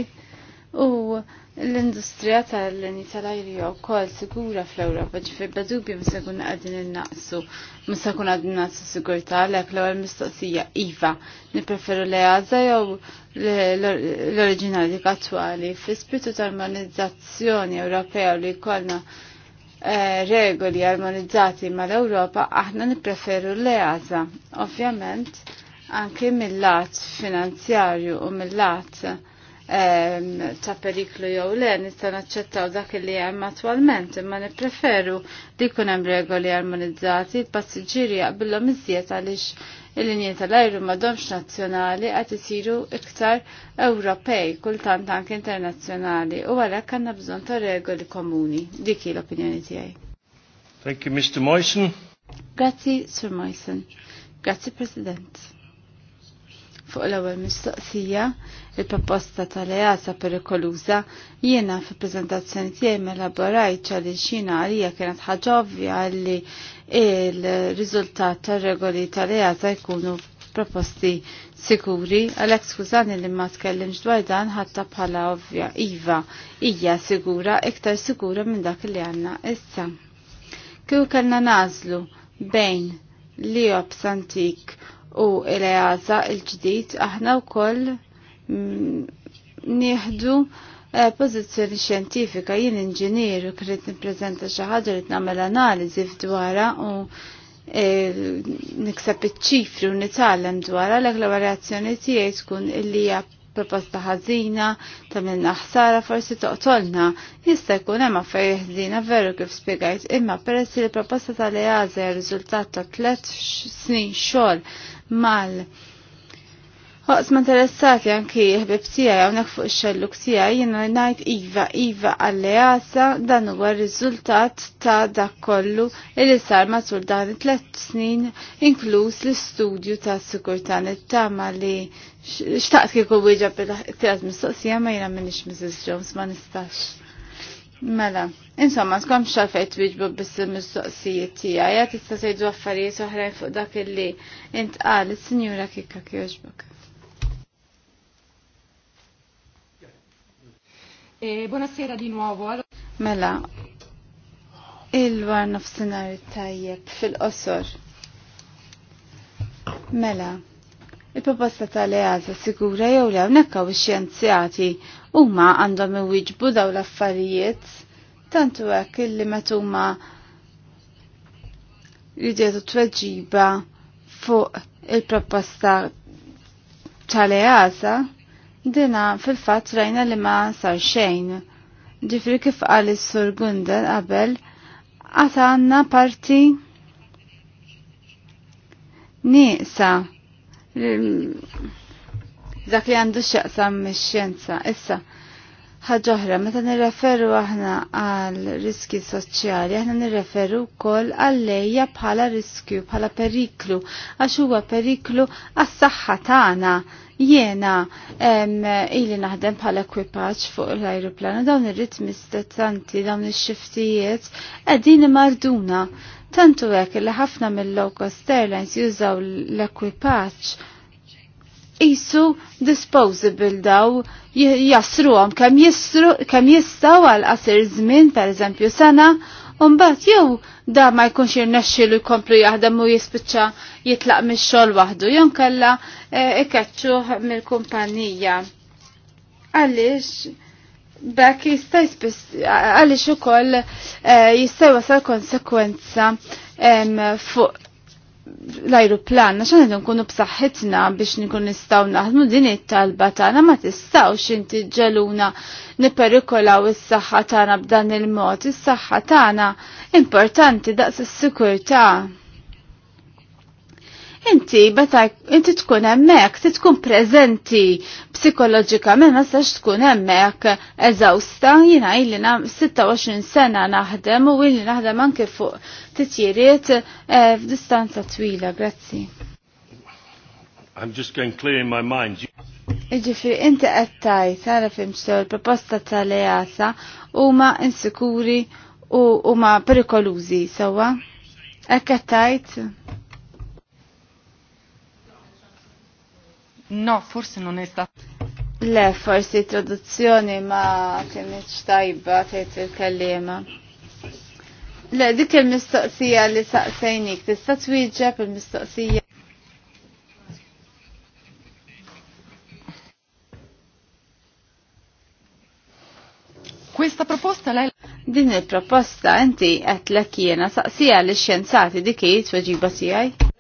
u l-industrija tal-lini tal u kol sigura fl-Europa ġifir badubju misakun għadin il-naqsu misakun għadin naqsu sigurta l-ek l mistoqsija IVA nipreferu li għazza jew l originali għattuali, fi spirtu tal-armonizzazzjoni Ewropea li kolna eh, regoli armonizzati mal-Europa aħna nipreferu li għazza ovvjament anke mill-lat finanzjarju u mill-lat ta' periklu jew le nista' naċċettaw dak li hemm attwalment imma nippreferu li jkun hemm regoli armonizzati l-passiġġieri jaqbilhom iżjed għaliex il-linji tal-ajru m'għadhomx nazzjonali qed isiru iktar Ewropej kultant anke internazzjonali u għalhekk għandna bżonn ta' regoli komuni. Dik hi l-opinjoni tiegħi. Thank you, Mr. Moysen. Grazzi, Sir Moysen. Grazzi, President fuq l-ewwel mistoqsija il-proposta tal-EASA perikoluża jiena fi preżentazzjoni tiegħi melaborajt ċalli xina għalija kienet ħaġa ovvja li il-riżultat tar-regoli tal-EASA jkunu proposti sikuri għalhekk skużani li ma tkellimx dwar dan ħatta bħala ovvja iva hija sigura iktar sigura minn dak li għandna issa. Kieku kellna nażlu bejn li obsantik antik u l għaza il-ġdid aħna wkoll mm, nieħdu eh, pożizzjoni xjentifika jien inġinier u krid nippreżenta xi ħaġa li nagħmel analiżi fdwara u eh, niksab iċ-ċifri u nitgħallem dwarha l reazzjoni tiegħi tkun illi hija proposta ħażina ta' minna ħsara forsi toqtolna. Jista' jkun hemm affarijiet ħażina veru kif spjegajt, imma peressi li l-proposta tal-EASA riżultat ta' tliet snin xogħol mal Oqs ma interessati anki jihbib tijaj għonek fuq xellu tijaj jina najt Iva, Iva għalleasa dan huwa rizultat ta' dak kollu li sar matul dan tlet snin inkluż l-istudju ta' sikurta nittama li xtaqt kieku wieġa bil-tiraz mistoqsija ma jina minix Mrs. Jones ma nistax. Mela, insomma, skom xafet wieġbu biss il-mistoqsijiet tiegħi, ja tista' tgħidu affarijiet oħrajn fuq dak illi intqal is-Sinjura Kikka Buona e, Buonasera di nuovo. Mela, il-war nofsinari tajjeb fil-qosor. Mela, il-proposta tal eħaza sigura jew le hawnhekk xjenzjati huma għandhom iwiġbu daw l-affarijiet tantu hekk illi meta huma jidietu tweġiba fuq il-proposta tal dina fil-fatt rajna li ma sar xejn. Ġifri kif qal is-Sur Gundel qabel għatanna parti nisa dak li għandu x'jaqsam mix-xjenza. Issa, ħagħoħra, meta nirreferu aħna għal riski soċjali, aħna nirreferu kol għallejja bħala riskju, bħala periklu, għax huwa periklu għas saħħa tagħna. Jiena ili naħdem bħala ekwipaġġ fuq l-ajruplanu dawn ir-ritmi stettanti, dawn ix-xiftijiet qegħdin marduna. Tantu hekk li ħafna mill-low cost airlines jużaw l-ekwipaġġ isu disposable daw jasruhom kemm jisru kemm jistgħu għal qasir żmien pereżempju sena Umbat jew da ma jkunx jirnexxilu jkomplu jaħdem u jispiċċa jitlaq mix-xogħol wahdu, jew kalla e, ikeċċuh mill-kumpanija. Għaliex bekk jista' jispiss għaliex ukoll e, jista' jwasal konsekwenza fuq l-ajruplan, naxan għedin kunu b'saħħitna biex nikun nistaw naħdmu din it-talba tagħna ma tistawx inti ġeluna niperikolaw is-saħħa tagħna b'dan il-mod, is-saħħa tagħna importanti daqs is-sikurtà inti beta inti tkun hemmhekk ti tkun preżenti psikoloġikament ma sax tkun hemmhekk eżawsta jiena illi 26 sena naħdem u illi naħdem anke fuq titjiriet eh, f'distanza twila, grazzi. I'm just going clear in my mind. Iġifri, inti għattaj, tara fimxol, proposta tal-EASA, u ma insikuri u ma perikolużi, sawa? Ekkattajt? għattajt? No, forsi non è stato. Le, forsi traduzzjoni ma kienieċ tajba tgħid il-kellima. Le, dik il-mistoqsija li saqsejnik, tista' twieġeb il-mistoqsija. Questa proposta lei Din il-proposta inti qed lek saqsija li xjenzati dik hi tweġiba tiegħi?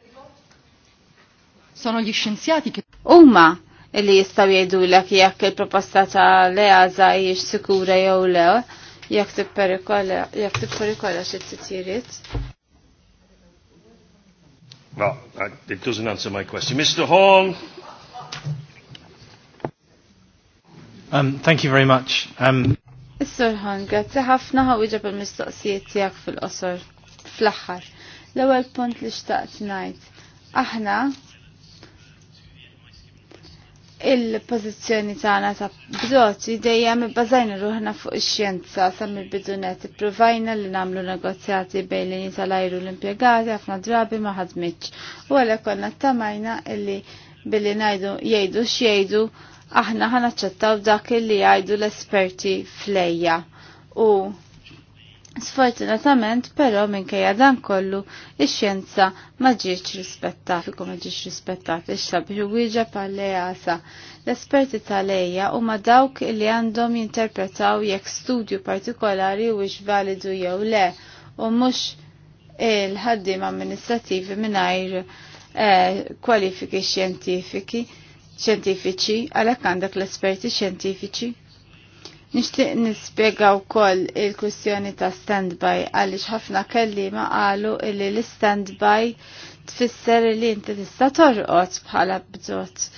sono gli scienziati che... Uma li jistaw jgħidu l-ek jekk il-proposta ta' leħaza jiex sikura jew le, jekk t-perikola, jekk t-perikola xie t-tiriet. Well, it doesn't answer my question. Mr. Hall. Um, thank you very much. Um... Is-sur Hall, ħafna għu iġab il-mistoqsijiet tijak fil-qosor, fl-axħar. L-ewel punt li xtaqt najt. Aħna, il-pozizjoni tagħna ta' bżoti dejjem ibbażajna ruħna fuq ix-xjenza sa mill-bidunet ippruvajna li nagħmlu negozjati bejn linji tal-ajru l-impjegati ħafna drabi ma ħadmitx. U għalhekk konna ttamajna illi billi ngħidu jgħidu x'jgħidu aħna ħanaċċettaw dak illi jgħidu l-esperti flejja. U Sfortunatament, però minkejja dan kollu, ix-xjenza ma ġietx rispettat, fi ma ġietx rispettat, ix xab wieġa pal-lejasa. L-esperti tal-lejja huma dawk li għandhom jinterpretaw jekk studju partikolari wiex validu jew le, u mhux il-ħaddim amministrativi mingħajr eh, kwalifiki xjentifiki, xjentifiċi, għalhekk għandek l-esperti xjentifiċi. Nixtieq u wkoll il kustjoni ta' standby għaliex ħafna kellima qalu illi l-standby tfisser li inti tista' torqod bħala bżot.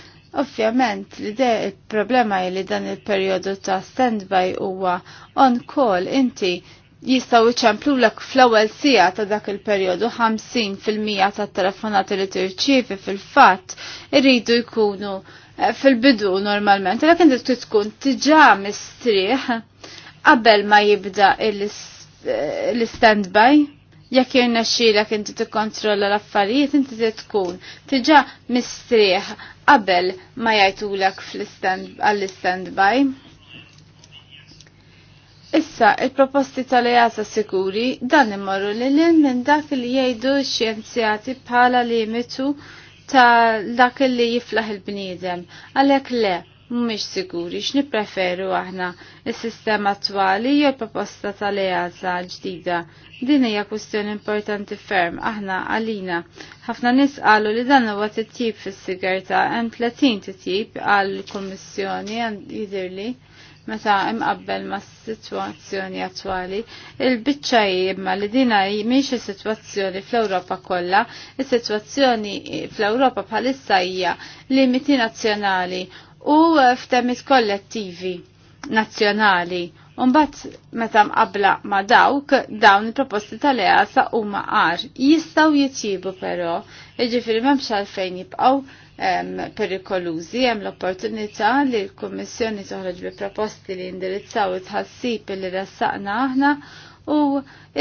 Ovvjament, l-idea il-problema li dan il-perjodu ta' standby huwa on call inti jistaw iċemplu l fl-ewwel sija ta' dak il-perjodu 50% tat-telefonati li tirċievi fil-fatt irridu jkunu Eh, fil-bidu normalment, lakin dik tkun tiġa mistrieħ qabel ma jibda eh, l-standby. Jekk jirna xilek inti tikkontrolla l-affarijiet, inti tkun tiġa mistrieħ qabel ma jajtulek għall-standby. Issa, il-proposti tal jasa sikuri dan imorru li l-in minn dak li jgħidu x-xjenzjati bħala limitu li ta' dak li jiflaħ il-bniedem. Għalek le, mhumiex siguri x'nippreferu aħna is-sistema attwali jew proposta tal-EASA ġdida. Din hija kwestjoni importanti ferm aħna għalina. Ħafna nies qalu li dan huwa titjib fis-sigarta hemm 30 titjib għall kummissjoni jidhirli meta imqabbel ma' situazzjoni attwali. Il-biċċa jibma li dina miex il sitwazzjoni fl-Ewropa kollha, is-sitwazzjoni fl-Ewropa bħalissa hija limiti nazzjonali u f'temis kollettivi nazzjonali Unbat meta mqabla ma dawk dawn il-proposti tal-EASA u maqar jistaw jitjibu però, iġifiri memx għalfejn jibqaw perikolużi hemm l-opportunità li l-Kummissjoni toħroġ bi proposti li indirizzaw it-ħassib li rassaqna aħna u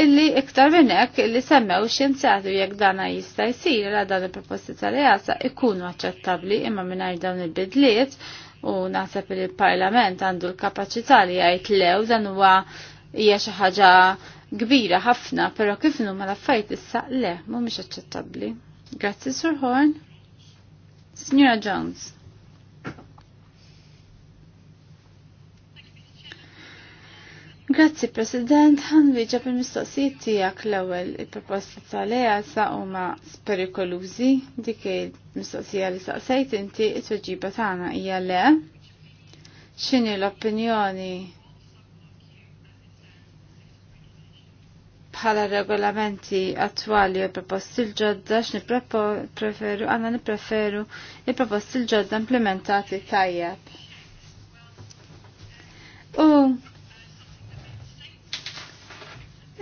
illi iktar minn hekk illi semmew xjenzjati jekk dana jista' jsir ra dan il-proposti tal jasa ikunu aċċettabbli imma mingħajr dawn il-bidliet u naħseb li l-Parlament għandu l-kapaċità li jgħid lew dan huwa hija xi ħaġa kbira ħafna, però kif numa l-affajt issa le mhumiex aċċettabbli. Grazzi Sur Horn. Signora Jones. Grazzi President, għan wieġab il-mistoqsijiet tiegħek l-ewwel il proposta tal-eja sa huma perikolużi dik il-mistoqsija li saqsejt inti t-tweġiba tagħna hija le. X'inhi l-opinjoni bħala regolamenti attwali u proposti l-ġodda x'nipreferu għanna nippreferu i proposti l-ġodda implementati tajjeb. U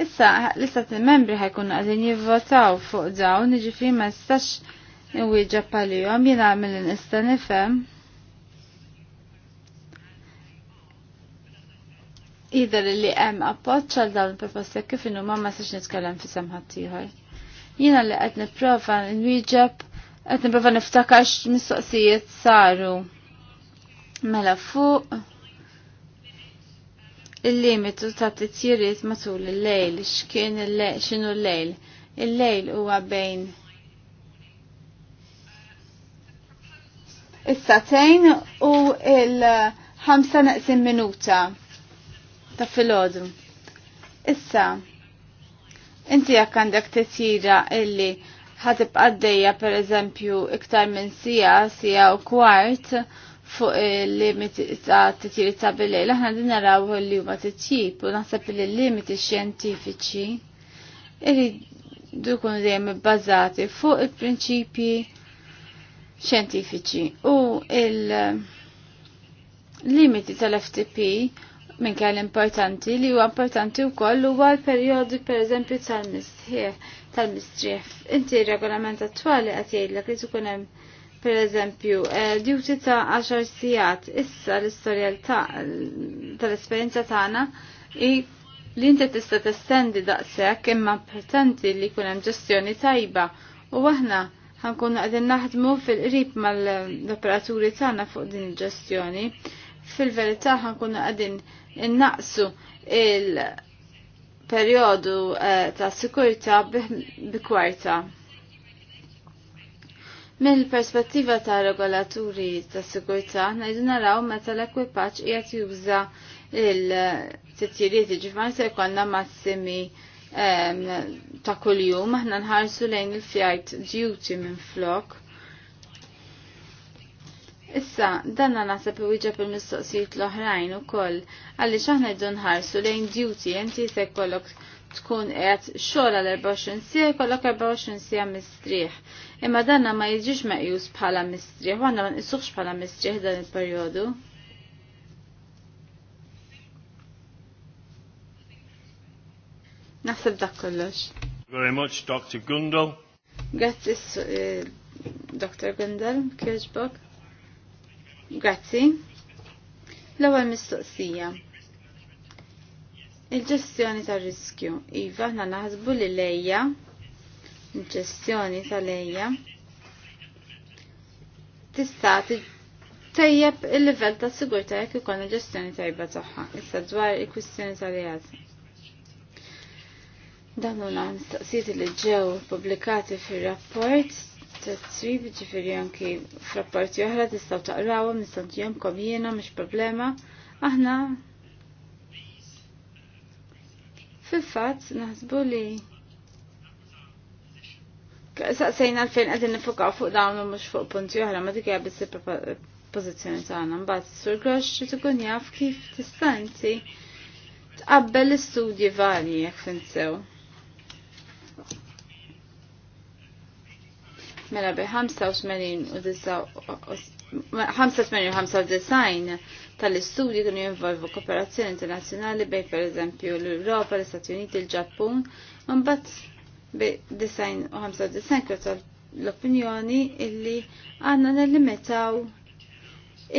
issa l-istati membri ħajkun għadin jivvotaw fuq dawn, jiġifieri ma jistax inwieġeb għalihom jiena mill-nista nifhem. Ider li hemm appoġġ għal dawn il-proposti kif inhu ma ma sax nitkellem fi semħat ieħor. Jiena li qed nipprova nwieġeb qed nipprova niftakar mistoqsijiet saru. Mela fuq il-limitu ta' titjiriet matul il-lejl, x'kien il-lejl, x'inhu l-lejl. Il-lejl huwa bejn is-satejn u il-ħamsa naqsim minuta ta' filodu. Issa, inti jekk għandek titjira illi ħatib għaddejja per eżempju iktar minn sija, sija u kwart fuq il-limiti ta' t-tiri ta' bilej, aħna din naraw li huma titjib u naħseb li l-limiti xjentifiċi irridu jkunu dejjem bbażati fuq il-prinċipji xjentifiċi u il-limiti tal-FTP minn kell importanti li huwa importanti wkoll huwa l-perjodu pereżempju tal-mistħieħ tal-mistrieħ. Inti r-regolament attwali qed jgħidlek li tukunem hemm pereżempju eh, duty ta' 10 sijat, Issa l istoria tal-esperjenza tagħna i li inti tista' testendi daqshekk imma importanti li jkun hemm ġestjoni tajba u aħna ħankun għadin naħdmu fil-qrib mal-operaturi tagħna fuq din il-ġestjoni. Fil-verità ħankun għadin innaqsu il-periodu eh, ta' sikurta kwarta. Mill perspettiva ta' regolaturi ta' sigurta, najdu naraw meta l-ekwipaċ qiegħed juża il-tittiriet ġifmar se jkollna massimi eh, ta' kuljum aħna nħarsu lejn il-flight duty minn flok Issa, danna nasab u per il-mistoqsijiet l-oħrajn u koll, għalli xaħna id ħarsu lejn duty, jenti se kollok tkun għed xogħol għal 24 sija kollok 24 sija mistrieħ. Imma danna ma jiġix meqjus bħala mistrieħ, għanna ma nqisuhx bħala mistrieħ dan il-perjodu. Naħseb dak kollox. Very much, Dr. Gundel. Grazzi, eh, Dr. Gundel, kieġbok. Grazzi. L-ewwel mistoqsija. Il-ġestjoni tar-riskju. Iva, aħna naħsbu li lejja, il-ġestjoni tal-lejja, tista' tajjeb il-livell ta' sigurta jekk ikun ġestjoni tajba tagħha. Issa dwar il-kwistjoni tal-jazz. Dan huma mistoqsijiet li ġew publikati fir-rapport ta' tsrib ġifiri anki f'rapporti oħra tistaw taqrawa mistantijom komjena mhux problema. Aħna fil fat naħsbu li saqsejna l-fejn qegħdin nifukaw fuq dawn u mhux fuq punti oħra ma dik hija biss pożizzjoni tagħna. Mbagħad sur grosh trid ikun jaf kif tista' tqabbel l-istudji varji jekk finsew. mela bi 85 u 95 tal-istudji kienu jinvolvu kooperazzjoni internazzjonali bej per eżempju l-Europa, l-Istati Uniti, l-Ġappun, mbagħad bi 95 kienu l opinjoni illi għandna nelimitaw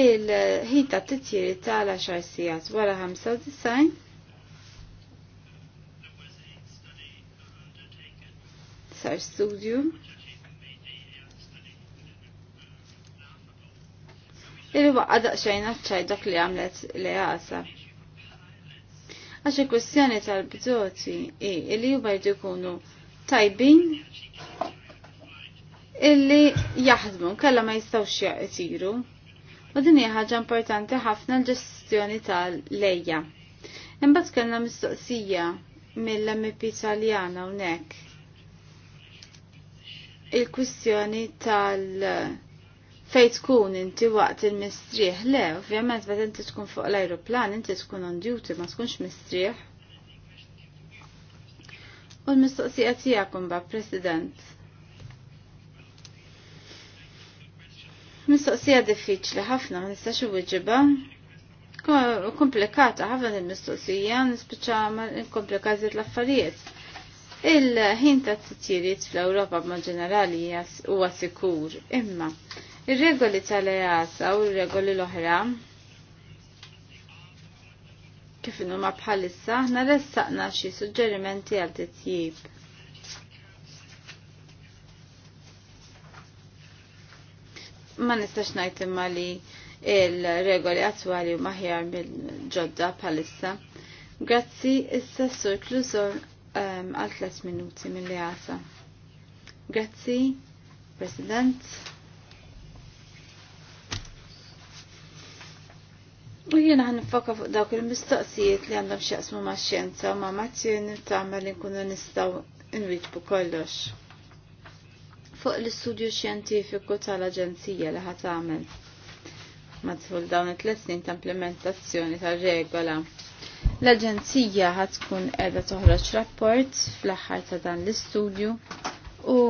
il-ħita t-tiri tal-10 sijat wara 95 sar studju illi waqqa daqxajn għacċaj dak li għamlet li għasa. Għaxi il-kwestjoni tal-bżoti i illi jubajdu jkunu tajbin illi jaħdmu kalla ma jistawx jaqtiru. U din hija ħaġa importanti ħafna l-ġestjoni tal-lejja. Imbagħad kellna mistoqsija mill-MP Italjana hawnhekk. Il-kwistjoni tal- fej tkun inti waqt il-mistrieħ, le, ovvjament bet inti tkun fuq l-aeroplan, inti tkun on duty, ma tkunx mistrieħ. U l-mistoqsija tijakum ba, President. Mistoqsija diffiċli ħafna, ma nistax uwiġiba. Komplikata ħafna il mistoqsija, nispiċa ma komplikazit l-affarijiet. Il-ħin ta' t fl-Europa ma' ġenerali huwa sikur, imma Ir-regoli tal-EASA u r-regoli l-oħra kif ma bħalissa aħna ressaqna xi suġġerimenti għal titjib. Ma nistax ngħid imma li il-regoli attwali u maħjar mill-ġodda bħalissa. Grazzi issa sur Klusor um, għal 3 minuti mill-li Grazzi, President. U jiena għan nifoka fuq dawk il-mistoqsijiet li għandhom xieqsmu ma' xjenza ma' mazzjoni tagħmel li nkunu nistgħu nwieġbu kollox. Fuq l-istudju xjentifiku tal-Aġenzija li ħat għamel madħul dawn it-tliet snin ta' implementazzjoni tar-regola. L-Aġenzija ħad tkun qiegħda toħroġ rapport fl-aħħar ta' dan l-istudju u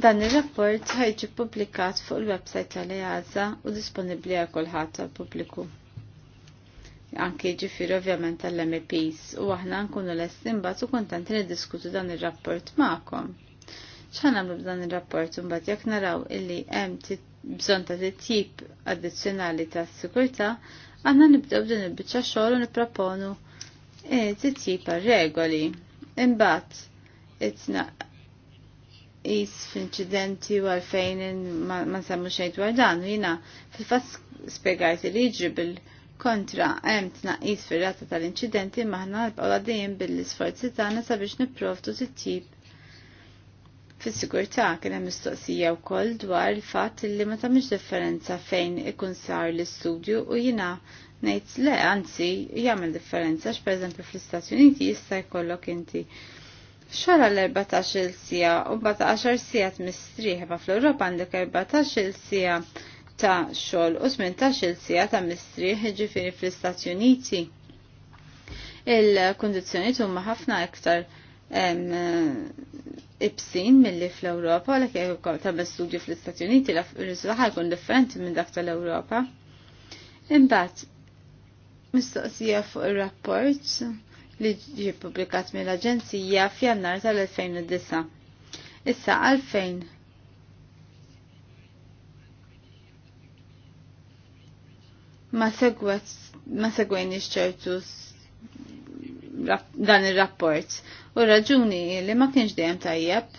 Dan ir-rapport ħajġi publikat fuq il-website tal-EASA u disponibbli għal kulħadd tal-pubbliku. Anke ġifir ovvjament tal-MEPs u aħna nkunu lessin bat u kontanti niddiskutu dan ir-rapport magħkom. ċan għamlu b'dan ir-rapport imbagħad jekk naraw illi hemm bżonn ta' tip addizzjonali ta' sikurta, għandna nibdew din il-biċċa xogħol u nipproponu eh, titjib regoli. Imbagħad is fl-inċidenti u għalfejn ma nsemmu xejn dwar dan u jina fil-fatt spiegajt li jiġri bil-kontra hemm tnaqqis fir-rata tal-inċidenti maħna l-bqgħu bil-isforzi tagħna sabiex nipprovdu tittib fis-sigurtà kien hemm mistoqsija wkoll dwar il-fatt li ma tagħmilx differenza fejn ikun sar l-istudju u jina ngħid le anzi jagħmel differenza x'pereżempju fl-Istati Uniti jista' jkollok inti xara l-14 sija u 14 sija t-mistriħba fl-Europa għandek 14 sija ta' xol u 18 sija ta' mistriħ ġifiri fl-Istati Uniti. Il-kondizjoni huma ħafna iktar ibsin mill-li fl-Europa, l jekk ta' studju fl-Istati Uniti, l-rizultat jkun differenti minn dak tal-Europa. Imbagħad mistoqsija fuq ir-rapport li ġi publikat mill-Aġenzija f'Jannar tal-2009. Issa għalfejn ma segwet ma segweni ċertu dan ir-rapport u raġuni li ma kienx dejjem tajjeb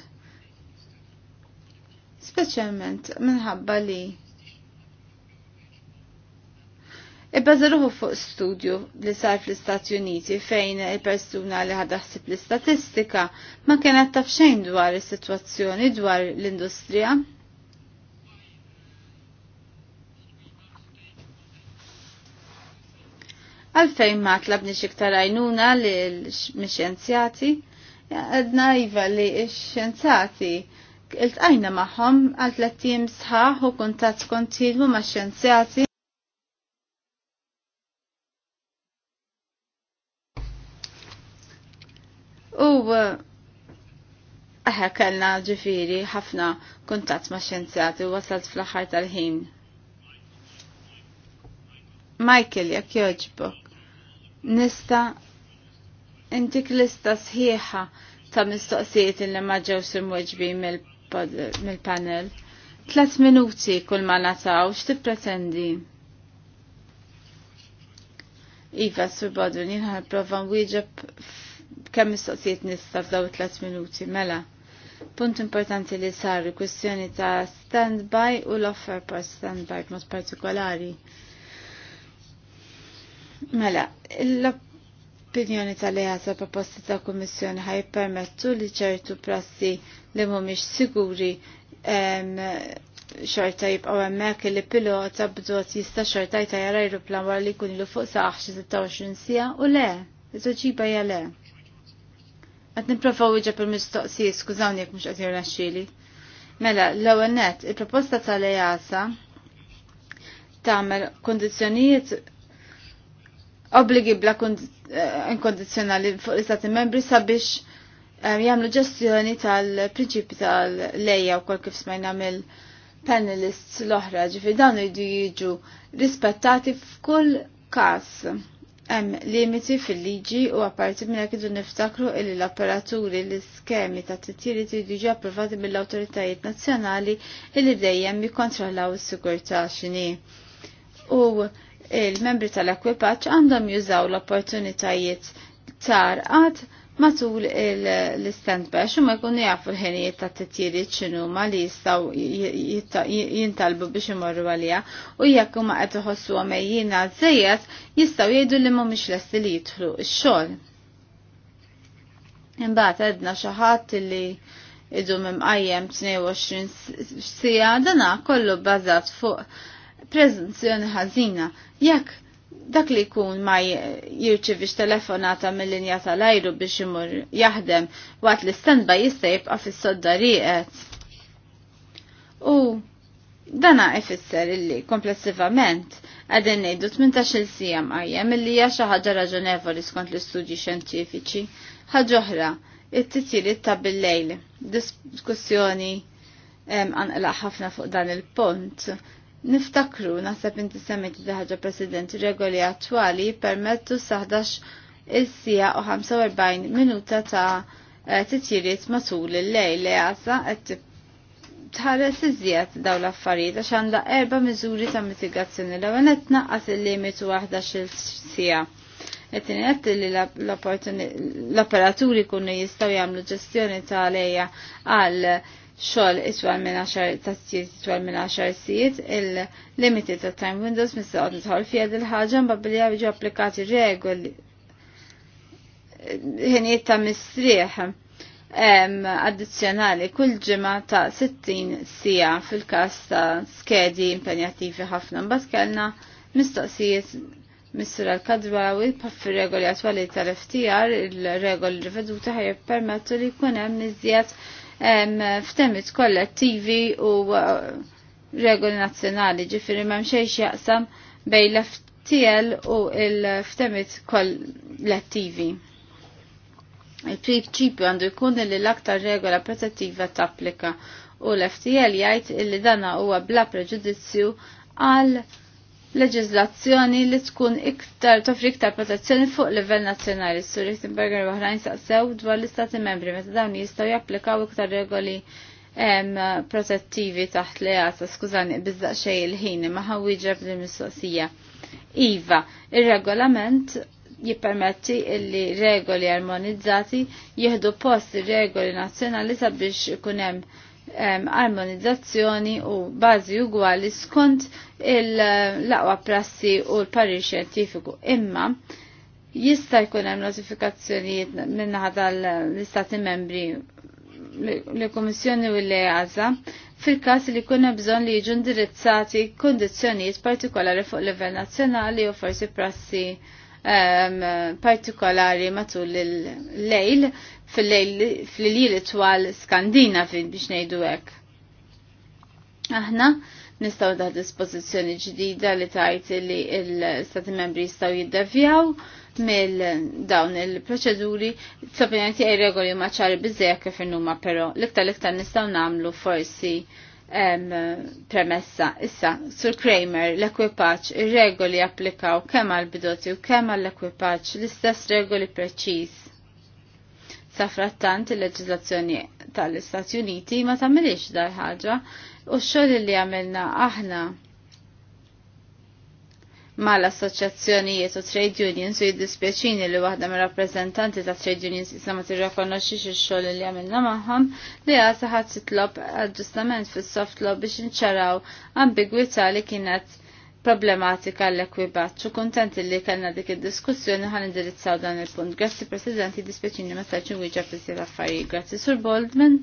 speċjalment minħabba li Ibbażaruħu fuq studju li sar fl-Istati Uniti fejn il-persuna li ħsib l-istatistika ma kienet taf xejn dwar is-sitwazzjoni dwar l-industrija. Għalfejn ma tlabni iktar għajnuna iva li l-xjenzjati, għadna jiva li x-xjenzati il-tqajna maħom għal tlettim sħaħ u kuntat kontilu ma' xenzjati Eh, aħe kellna ġifiri ħafna kuntatt ma' xjenzjati u wasalt fl-aħħar tal-ħin. Michael, jekk joġbok, nista intik lista sħiħa ta' mistoqsijiet li ma ġew simweġbi mill-panel. Tlet minuti kull ma nataw, x'tippretendi? Iva, s-subadu, jinħal prova nwieġeb kemm mistoqsijiet nista' f'daw tliet minuti mela. Punt importanti li sar kwestjoni ta' standby u l-offer pa' standby b'mod partikolari. Mela, l-opinjoni tal-eħasa proposti ta' kummissjoni ħaj permettu li ċertu prassi li mhumiex siguri xorta jibqaw emmek li pilota bdot jista xorta jtajara jiruplan wara li kun ilu fuq saħx 26 sija u le, iżoġiba ja le. Għat niprofaw iġa per mistoqsi, skużawni jek mux għazir naxxili. Mela, l net, il-proposta tal-EASA tamer kondizjonijiet obligi bla eh, inkondizjonali fuq l-istati membri sabiex eh, jamlu ġestjoni tal-prinċipi tal leja u kol kif smajna mill panelists l-oħra ġifi dawn jridu jiġu rispettati f'kull kas hemm limiti fil-liġi u apparti minn hekk niftakru li l-apparaturi l-iskemi ta' titjiri tridu ġi approvati mill-awtoritajiet nazzjonali li dejjem jikkontrollaw is-sigurtà x'inhi. U il-membri tal-ekwipaġġ għandhom jużaw l-opportunitajiet għad matul l-standbash u ma jkunu jafu l-ħenijiet ta' t-tiri ċinu ma li jistaw jintalbu biex imorru għalija u jekku ma għed uħossu għamejjina għazzejiet jistaw jgħidu li mu mux l-esti li jitħlu xol. Imbat għedna xaħat li idu għajjem 22 sija dana kollu bazat fuq prezenzjoni ħazina jekk dak li jkun ma jirċivix telefonata mill-linja tal-ajru biex imur jaħdem waqt li standba jista' jibqa' fis-sodda rieqet. U dana ifisser illi komplessivament għadin ngħidu 18-il sija mqajjem illi hija xi ħaġa raġonevoli skont l-istudji xjentifiċi. Ħaġa oħra, it-titjiriet ta' bil-lejl, diskussjoni għanqlaq ħafna fuq dan il-punt Niftakru, naħseb inti semmejti ħaġa President, regoli attwali permettu saħdax il-sija u 45 minuta ta' eh, titjiriet matul il-lejl li għasa qed tħares iżjed daw l-affarijiet għax għandha erba' miżuri ta' mitigazzjoni l ewwel qed naqqas il-limitu waħda xil-sija. Qed qed li l-operaturi kunu jistgħu jagħmlu ġestjoni ta' għalejja għal xogħol itwal minn 10 tassijiet itwal minn 10 sijiet, il limited ta' time windows mis-sa' qod nidħol fija dil ħagġa mbabbili għabġu applikati regoli ħinijiet ta' mistrieħ addizzjonali kull ġimgħa ta' 60 sija fil-każ ta' skedi impenjattivi ħafna mbagħad kellna mistoqsijiet Mr. Al-Kadwawi, paffi regoli għatwali tal-FTR, il-regoli riveduti taħjib permettu li kunem nizjiet f'temmit kollettivi u uh, regoli nazzjonali ġifiri ma mxiex jaqsam bej l-FTL u l-ftemit kollettivi. il principju għandu jkun li l-aktar regola protettiva tapplika u l-FTL jgħid li dana huwa bla preġudizzju għal leġizlazzjoni li tkun iktar tofri iktar protezzjoni fuq livell nazzjonali. Sur Lichtenberger u oħrajn saqsew dwar l-istati membri meta dawn jistgħu japplikaw iktar regoli protettivi taħt li għasa skużani bizzaq xej il-ħin ma ħawġeb l-mistoqsija. Iva, il-regolament jippermetti illi regoli armonizzati jihdu post regoli nazzjonali sabiex kunem hemm armonizzazzjoni u bażi uguali skont il-laqwa prassi u l-parir xjentifiku. Imma jista' jkun hemm notifikazzjonijiet minnaħa tal-Istati membri l-Komissjoni u l-EASA fil-kas li kuna bżon li jiġu indirizzati kondizjonijiet partikolari fuq livell nazzjonali u forsi prassi partikolari matul il-lejl fil-lili twal Skandinavi biex nejdu hekk. Aħna nistaw da dispożizzjoni ġdida li tajt li l-Stati membri jistaw jiddavjaw mill dawn il-proċeduri t-sapinjoni tiegħi regoli maċari bizzeja kif innuma però l-iktar l-iktar nistaw namlu forsi premessa. Issa, Sur Kramer, l-ekwipaċ, ir-regoli applikaw kemm għal-bidoti u kemm għall-ekwipaċ, l-istess regoli preċiż Sa frattant il leġizazzjoni tal-Istati Uniti ma tagħmilix dar ħaġa u x li għamilna aħna mal-assoċjazzjonijiet u trade unions u jiddispjaċini li waħda mir rappreżentanti ta' trade unions issa ma tirrakonoxxix ix-xogħol li għamilna magħhom li għasa sit titlob aġġustament fis-soft law biex nċaraw ambigwità li kienet problematika l-ekwibat. U kontent li kellna dik id-diskussjoni ħan indirizzaw dan il-punt. Grazzi Presidenti, dispieċini ma sarċin wieġa fil affarijiet. Grazzi Sur Boldman.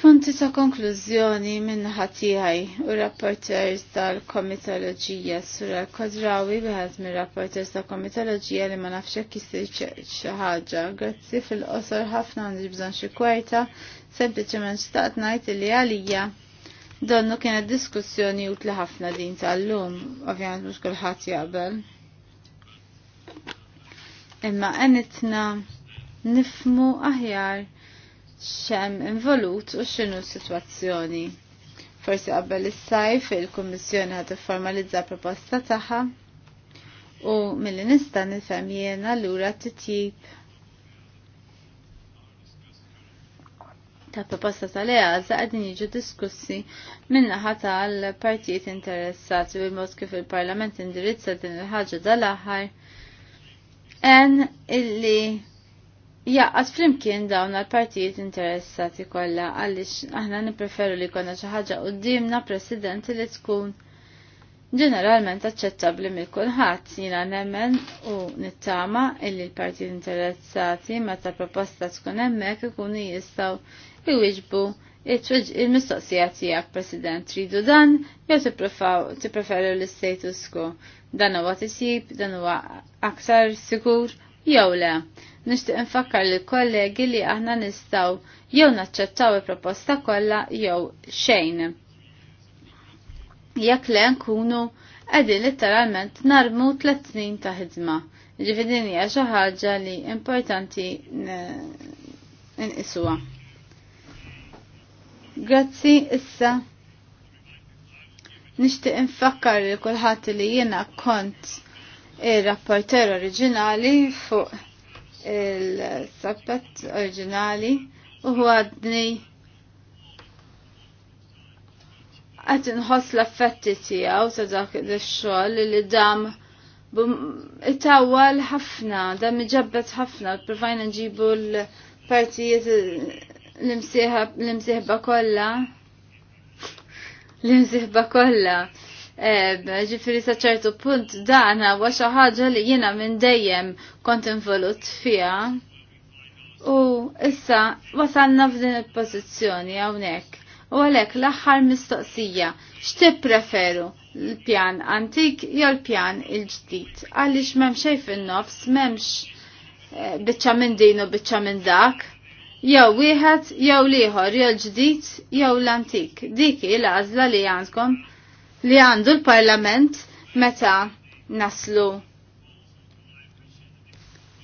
Punti ta' konklużjoni minn ħatijaj u rapporters tal-komitologija sura kodrawi biħaz minn rapporters tal-komitologija li ma nafxek kisir xaħġa. Grazzi fil-qosor ħafna għandi bżon xi kwerta, sempliċement xtaqt ngħid li għalija Donnu kienet diskussjoni utli ħafna din tal-lum, ovvijament mux kullħat jaqbel. Imma għenitna nifmu aħjar xem involut u xinu situazzjoni. Forsi qabel is-sajf il-Kummissjoni għad formalizza proposta tagħha u mill-nista nifhem jiena lura titjib ta' proposta tal-EASA għadin jiġu diskussi ħata tal-partijiet interessati u l-mod kif il-Parlament indirizza din il-ħagġa dal-aħħar en illi jaqqas flimkien dawn għal-partijiet interessati kollha għaliex aħna nippreferu li konna xi ħaġa qudiemna President li tkun ġeneralment aċċettabbli mill kulħadd jiena nemmen u nittama illi l-partijiet interessati meta proposta tkun hemmhekk ikunu jistgħu wieġbu il-mistoqsija tiegħek President tridu dan jew tippreferu l-status quo. Dan huwa tisib, dan huwa aktar sigur jew le. Nixtieq infakkar lil kollegi li aħna nistgħu jew naċċettaw il-proposta kollha jew xejn. Jekk le nkunu qegħdin letteralment narmu tliet snin ta' ħidma. Ġifieri hija xi ħaġa li importanti nqisuha. Grazzi issa. Nishtiq infakkar li kulħadd li jiena kont ir-rapporter oriġinali fuq il-sabbat oriġinali u dni għat nħoss l-affetti tijaw ta' dak il-xol li dam it-tawal ħafna, dam iġabbet ħafna, provajna nġibu l-partijiet l-imsieħba kollha l-imsieħba kollha. Eh, ġifiri sa ċertu punt dan huwa xi ħaġa li jiena minn dejjem kont involut fiha. U issa wasalna f'din il-pożizzjoni hawnhekk. U għalhekk l-aħħar mistoqsija, x'tippreferu l-pjan antik jew l-pjan il-ġdid? Għaliex m'hemm xejn fin-nofs, m'hemmx eh, biċċa minn din u biċċa minn dak jew wieħed jew lieħor jew l-ġdid jew l-antik. Dik il għażla li għandkom li għandu l-Parlament meta naslu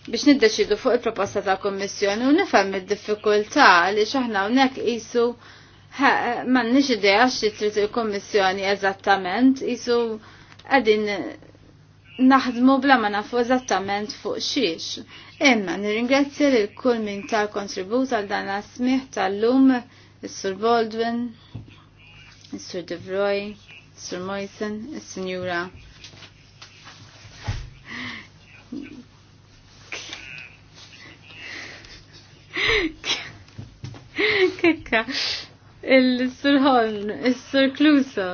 biex niddeċidu fuq il-proposta ta' kommissjoni u nifhem id-diffikultà li xaħna hawnhekk qisu m'għandniex idea xi trid il-kommissjoni eżattament, qisu qegħdin naħdmu bla ma nafu eżattament fuq xiex. Imma nirringrazzja lil kull min tal kontribut għal dan l-asmiħ tal-lum, is-Sur Baldwin, is-Sur Devroy, is-Sur Moisen, is-Sinjura. Kekka, il-Sur Holm, is-Sur Kluso.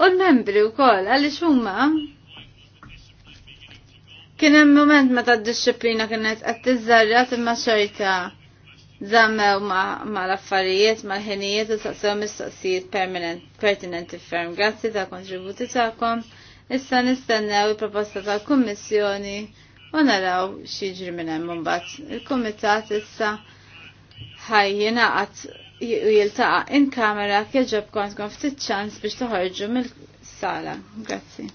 U l-membri u kol, għalli xumma? Kien hemm moment meta d-disciplina kienet qed tiżżarjat imma xorta zammew ma' l-affarijiet, ma' l-ħinijiet u saqsew mistoqsijiet pertinenti ferm. Grazzi ta' kontributi tagħkom. Issa nistennew il-proposta tal-Kummissjoni u naraw xi jiġri minn hemm imbagħad. Il-Kumitat issa ħajjinaqat jiltaqa in kamera kieġob kont kon ftit ċans biex toħorġu mill-sala. Grazzi.